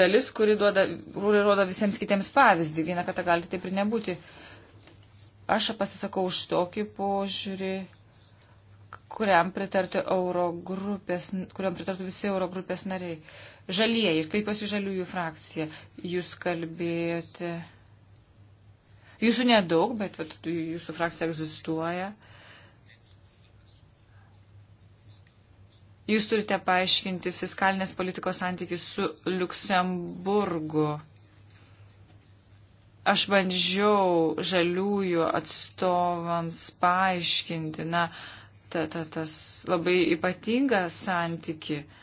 dalis, kuri duoda, kuri rodo visiems kitiems pavyzdį. Vieną kartą gali taip ir nebūti. Aš pasisakau už tokį požiūrį, kuriam pritartų, Eurogrupės, kuriam pritartų visi Eurogrupės nariai. Žalieji, kreipiuosi žaliųjų frakciją. Jūs kalbėjote. Jūsų nedaug, bet vat, jūsų frakcija egzistuoja. Jūs turite paaiškinti fiskalinės politikos santykius su Luksemburgu. Aš bandžiau žaliųjų atstovams paaiškinti, na, ta, ta, tas labai ypatingas santyki. Uh,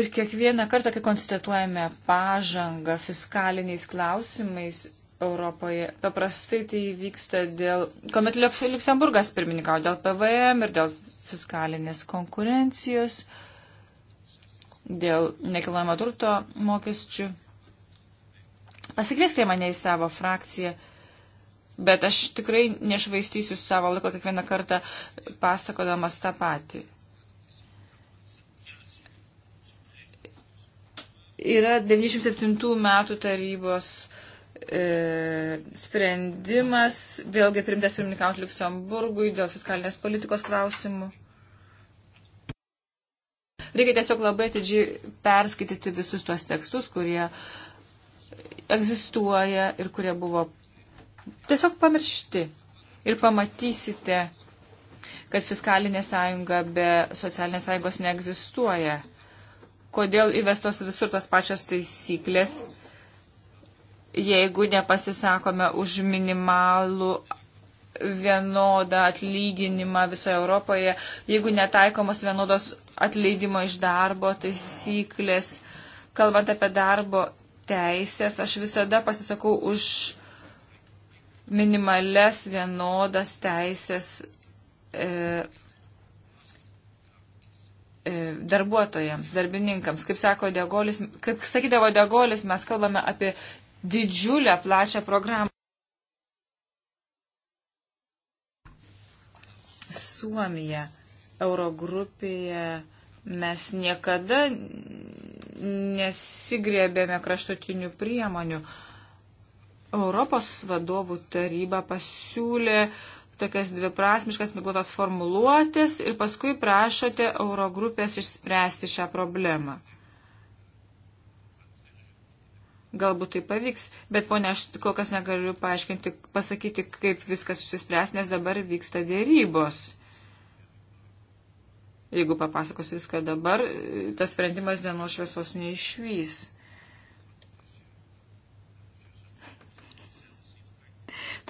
Ir kiekvieną kartą, kai konstatuojame pažangą fiskaliniais klausimais Europoje, paprastai tai vyksta dėl, kuomet Luxemburgas pirmininkau, dėl PVM ir dėl fiskalinės konkurencijos, dėl nekilnojamo turto mokesčių. Pasikvieskite mane į savo frakciją. Bet aš tikrai nešvaistysiu savo laiko kiekvieną kartą pasakodamas tą patį. Yra 97 metų tarybos e, sprendimas, vėlgi primtas pirmininkauti Luxemburgui dėl fiskalinės politikos klausimų. Reikia tiesiog labai atidžiai perskaityti visus tuos tekstus, kurie egzistuoja ir kurie buvo tiesiog pamiršti. Ir pamatysite, kad fiskalinė sąjunga be socialinės sąjungos neegzistuoja kodėl įvestos visur tos pačios taisyklės, jeigu nepasisakome už minimalų vienodą atlyginimą visoje Europoje, jeigu netaikomos vienodos atleidimo iš darbo taisyklės. Kalbant apie darbo teisės, aš visada pasisakau už minimales vienodas teisės. E, E, darbuotojams, darbininkams. Kaip, sako Degolis, kaip sakydavo Degolis, mes kalbame apie didžiulę plačią programą. Suomija, Eurogrupėje mes niekada nesigrėbėme kraštutinių priemonių. Europos vadovų taryba pasiūlė tokias dviprasmiškas miglotas formuluotės ir paskui prašote Eurogrupės išspręsti šią problemą. Galbūt tai pavyks, bet ponia, aš kol kas negaliu paaiškinti, pasakyti, kaip viskas susispręs, nes dabar vyksta dėrybos. Jeigu papasakos viską dabar, tas sprendimas dienos šviesos neišvys.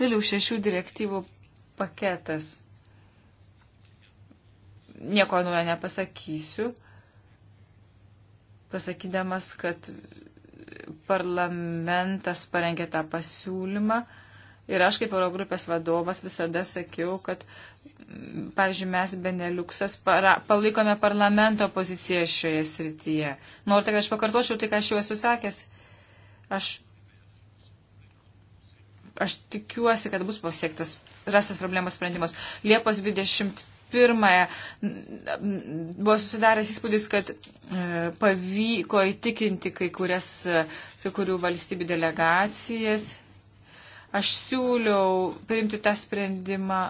Toliau šešių direktyvų paketas. Nieko nuojo nepasakysiu, pasakydamas, kad parlamentas parengė tą pasiūlymą ir aš kaip Eurogrupės vadovas visada sakiau, kad, pavyzdžiui, mes Beneliuksas para, palaikome parlamento poziciją šioje srityje. Norite, kad aš pakartočiau tai, ką aš jau esu sakęs? Aš aš tikiuosi, kad bus pasiektas rastas problemos sprendimas. Liepos 21-ąją buvo susidaręs įspūdis, kad e, pavyko įtikinti kai, kurias, e, kai kurių valstybių delegacijas. Aš siūliau priimti tą sprendimą,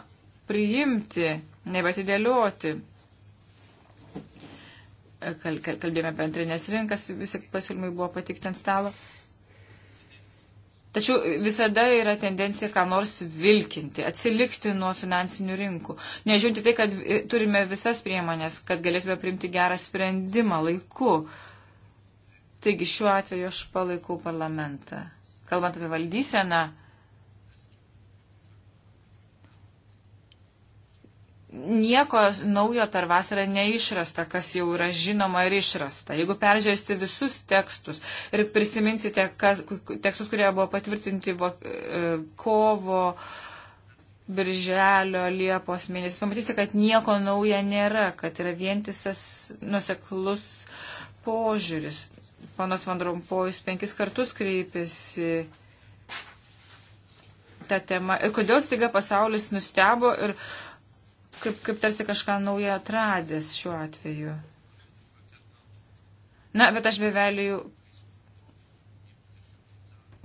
priimti, nebatidėlioti. E, kalbėjome apie antrinės rinkas, visi pasiūlymai buvo patikti ant stalo. E, Tačiau visada yra tendencija ką nors vilkinti, atsilikti nuo finansinių rinkų. Nežiūrinti tai, kad turime visas priemonės, kad galėtume priimti gerą sprendimą laiku. Taigi šiuo atveju aš palaikau parlamentą. Kalbant apie valdyseną, nieko naujo per vasarą neišrasta, kas jau yra žinoma ir išrasta. Jeigu peržiūrėsite visus tekstus ir prisiminsite kas, tekstus, kurie buvo patvirtinti e, kovo, birželio, liepos mėnesį, pamatysite, kad nieko nauja nėra, kad yra vientisas nuseklus požiūris. Panas Vandrompojus penkis kartus kreipėsi tą temą. Ir kodėl staiga pasaulis nustebo ir uh, kaip, kaip tarsi kažką naują atradęs šiuo atveju. Na, bet aš beveliju,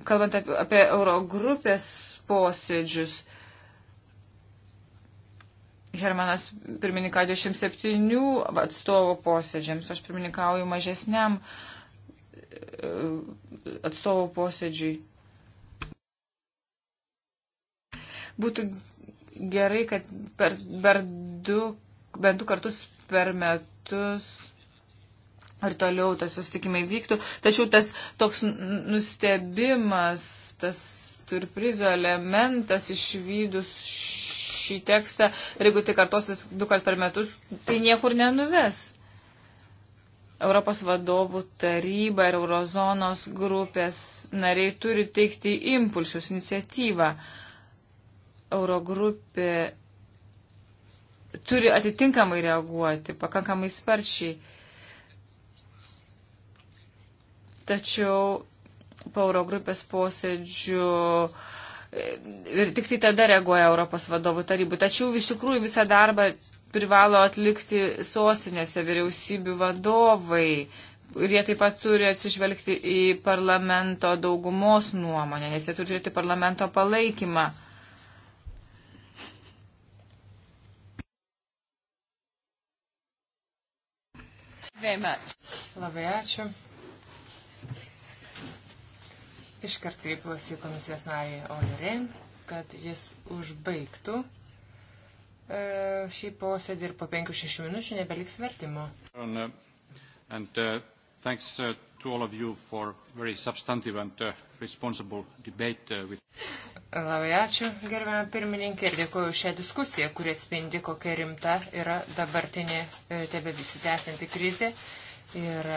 kalbant apie, apie Eurogrupės posėdžius, Hermanas pirmininkavo 27 atstovų posėdžiams, aš pirmininkauju mažesniam e, atstovų posėdžiui. Būtų gerai, kad per, per du, bent du kartus per metus ir toliau tas susitikimai vyktų. Tačiau tas toks nustebimas, tas surprizo elementas išvydus šį tekstą, ir jeigu tai kartosis du kart per metus, tai niekur nenuves. Europos vadovų taryba ir eurozonos grupės nariai turi teikti impulsus, iniciatyvą. Uh, Eurogrupė turi atitinkamai reaguoti, pakankamai sparčiai. Tačiau po Eurogrupės posėdžių e, ir tik tai tada reaguoja Europos vadovų tarybų. Tačiau iš tikrųjų visą darbą privalo atlikti sostinėse vyriausybių vadovai. Ir jie taip pat turi atsižvelgti į parlamento daugumos nuomonę, nes jie turi turėti parlamento palaikymą. Labai ačiū. Iškart kreipiuosi komisijos narį Olerin, kad jis užbaigtų e, šį posėdį ir po 5-6 minučių nebeliks vertimo. Uh, and, uh, thanks, uh, to all of you for very substantive and uh, responsible debate. Uh, with... Labai ačiū, gerbiamą pirmininkę, ir dėkuoju šią diskusiją, kurie spindi, kokia rimta yra dabartinė e, tebe visi tęsianti krizė ir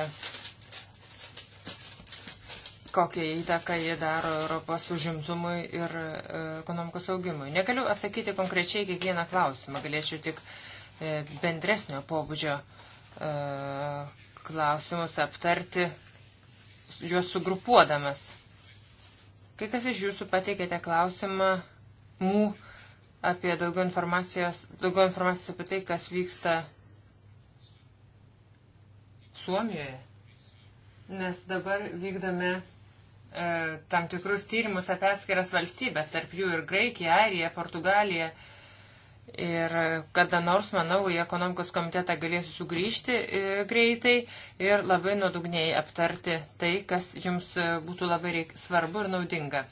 kokią įtaką jie daro Europos užimtumui ir e, ekonomikos augimui. Negaliu atsakyti konkrečiai kiekvieną klausimą, galėčiau tik e, bendresnio pobūdžio klausimus aptarti, juos sugrupuodamas Kai kas iš jūsų pateikėte klausimą mū apie daugiau informacijos, daugiau informacijos apie tai, kas vyksta Suomijoje. Nes dabar vykdome e, tam tikrus tyrimus apie atskiras valstybės, tarp jų ir Graikija, Airija, Portugalija. E, Ir kada nors, manau, į ekonomikos komitetą galėsiu sugrįžti e, greitai ir labai nuodugniai aptarti tai, kas jums e, būtų labai reik, svarbu ir naudinga.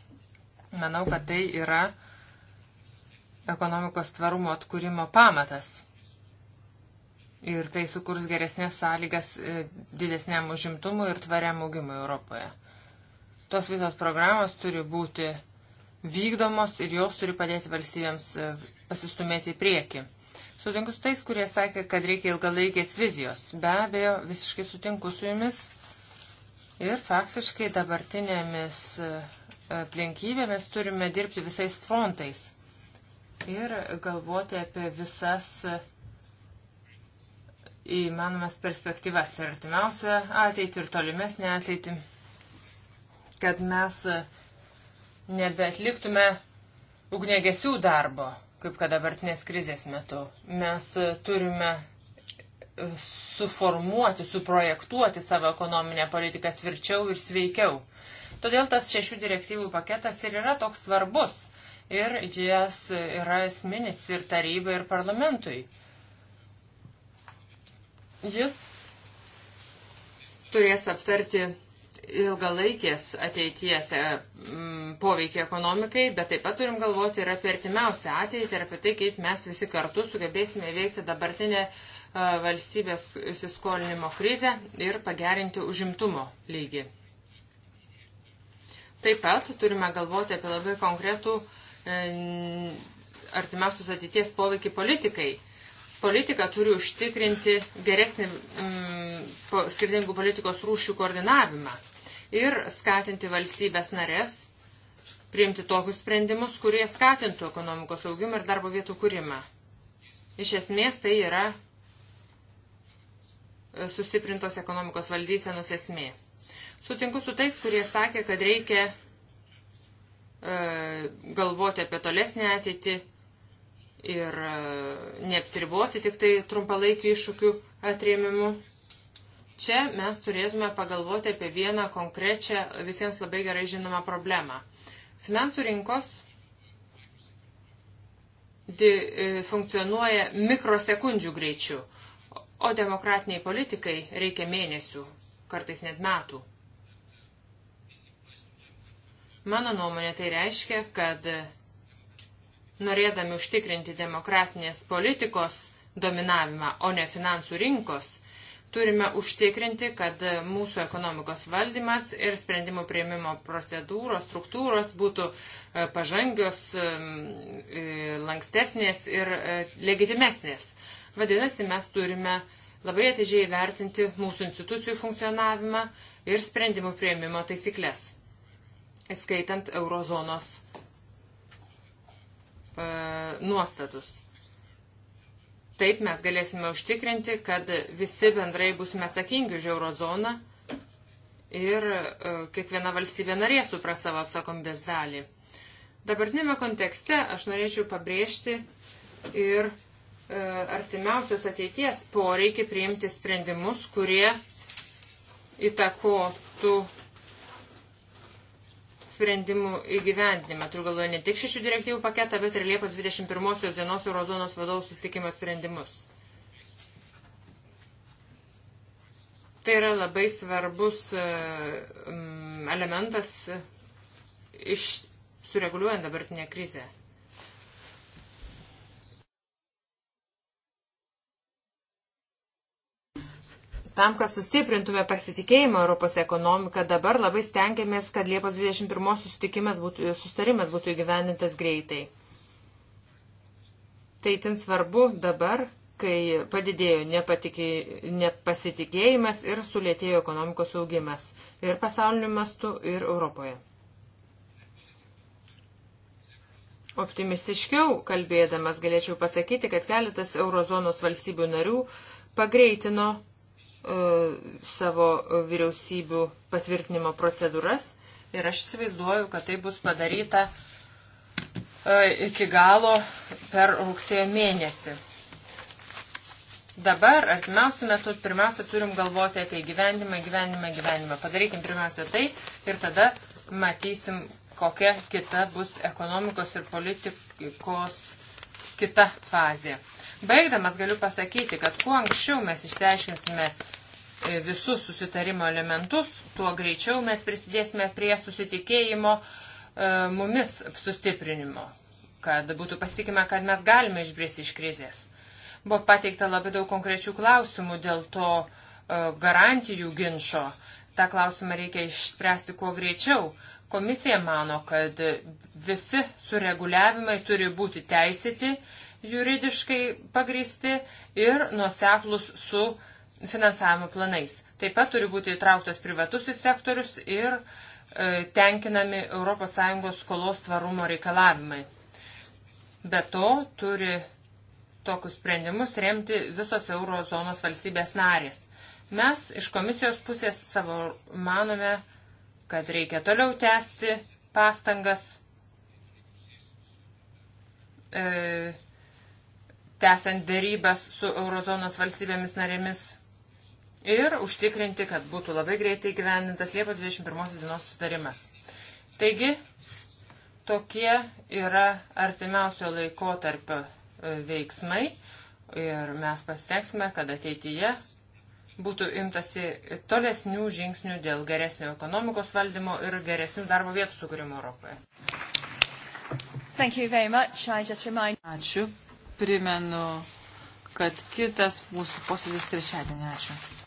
Manau, kad tai yra ekonomikos tvarumo atkūrimo pamatas. Ir tai sukurs geresnės sąlygas e, didesniam užimtumui ir tvariam augimui Europoje. Tos visos programos turi būti vykdomos ir jos turi padėti valstybėms e, pasistumėti į priekį. Sutinku su tais, kurie sakė, kad reikia ilgalaikės vizijos. Be abejo, visiškai sutinku su jumis. Ir faktiškai dabartinėmis e, aplinkybėmis turime dirbti visais frontais. Ir galvoti apie visas e, įmanomas perspektyvas ir artimiausią ateitį, ir tolimesnį ateitį, kad mes uh, nebeatliktume ugnegesių darbo, kaip kad dabartinės krizės metu. Mes turime suformuoti, suprojektuoti savo ekonominę politiką tvirčiau ir sveikiau. Todėl tas šešių direktyvų paketas ir yra toks svarbus. Ir jis yra esminis ir tarybai, ir parlamentui. Jis turės aptarti ilgalaikės ateities e, poveikia ekonomikai, bet taip pat turim galvoti ir apie artimiausią ateitį ir apie tai, kaip mes visi kartu sugebėsime veikti dabartinę e, valstybės įsiskolinimo krizę ir pagerinti užimtumo lygį. Taip pat turime galvoti apie labai konkretų e, artimiausius ateities poveikį politikai politika turi užtikrinti geresnį mm, skirtingų politikos rūšių koordinavimą ir skatinti valstybės narės priimti tokius sprendimus, kurie skatintų ekonomikos augimą ir darbo vietų kūrimą. Iš esmės tai yra e, sustiprintos ekonomikos valdysenos esmė. Sutinku su tais, kurie sakė, kad reikia e, galvoti apie tolesnį ateitį ir e, neapsiriboti tik tai trumpalaikių iššūkių atrėmimu. Čia mes turėtume pagalvoti apie vieną konkrečią visiems labai gerai žinomą problemą. Finansų rinkos di, e, funkcionuoja mikrosekundžių greičiu, o demokratiniai politikai reikia mėnesių, kartais net metų. Mano nuomonė tai reiškia, kad norėdami užtikrinti demokratinės politikos dominavimą, o ne finansų rinkos, Turime užtikrinti, kad mūsų ekonomikos valdymas ir sprendimų prieimimo procedūros, struktūros būtų e, pažangios, e, lankstesnės ir e, legitimesnės. Vadinasi, mes turime labai atidžiai vertinti mūsų institucijų funkcionavimą ir sprendimų prieimimo taisyklės, skaitant eurozonos e, nuostatus. Taip mes galėsime užtikrinti, kad visi bendrai busime atsakingi už eurozoną ir e, kiekviena valstybė narė supras savo atsakomybės dalį. Dabartinėme kontekste aš norėčiau pabrėžti ir e, artimiausios ateities poreikį priimti sprendimus, kurie įtakotų sprendimų įgyvendinimą. Turiu galvoje ne tik šešių direktyvų paketą, bet ir Liepos 21 dienos Eurozonos vadovų sustikimo sprendimus. Tai yra labai svarbus e, elementas iš sureguliuojant dabartinę krizę. Tam, kad sustiprintume pasitikėjimą Europos ekonomiką, dabar labai stengiamės, kad Liepos 21 susitikimas būtų, sustarimas būtų įgyvendintas greitai. Tai tin svarbu dabar, kai padidėjo nepasitikėjimas ir sulėtėjo ekonomikos augimas ir pasauliniu mastu, ir Europoje. Optimistiškiau kalbėdamas galėčiau pasakyti, kad keletas eurozonos valstybių narių pagreitino E, savo vyriausybių patvirtinimo procedūras ir aš įsivaizduoju, kad tai bus padaryta e, iki galo per rugsėjo mėnesį. Dabar, artimiausių metų, pirmiausia, turim galvoti apie gyvenimą, gyvenimą, gyvenimą. Padarykim pirmiausia tai ir tada matysim, kokia kita bus ekonomikos ir politikos kita fazė. Baigdamas galiu pasakyti, kad kuo anksčiau mes išsiaiškinsime e, visus susitarimo elementus, tuo greičiau mes prisidėsime prie susitikėjimo e, mumis sustiprinimo, kad būtų pasitikima, kad mes galime išbristi iš krizės. Buvo pateikta labai daug konkrečių klausimų dėl to e, garantijų ginčio. Ta klausimą reikia išspręsti kuo greičiau. Komisija mano, kad visi sureguliavimai turi būti teisėti juridiškai pagristi ir nuoseklus su finansavimo planais. Taip pat turi būti įtrauktas privatusis sektorius ir e, tenkinami ES skolos tvarumo reikalavimai. Be to turi tokius sprendimus remti visos eurozonos valstybės narės. Mes iš komisijos pusės savo manome, kad reikia toliau tęsti pastangas e, tęsiant dėrybas su eurozonos valstybėmis narėmis ir užtikrinti, kad būtų labai greitai gyvenintas Liepos 21 dienos sutarimas. Taigi, tokie yra artimiausio laiko tarp e, veiksmai ir mes pasieksime, kad ateityje būtų imtasi tolesnių žingsnių dėl geresnio ekonomikos valdymo ir geresnių darbo vietų sukūrimo Europoje. Remind... Ačiū primenu, kad kitas mūsų posėdis trečiadienį. Ačiū.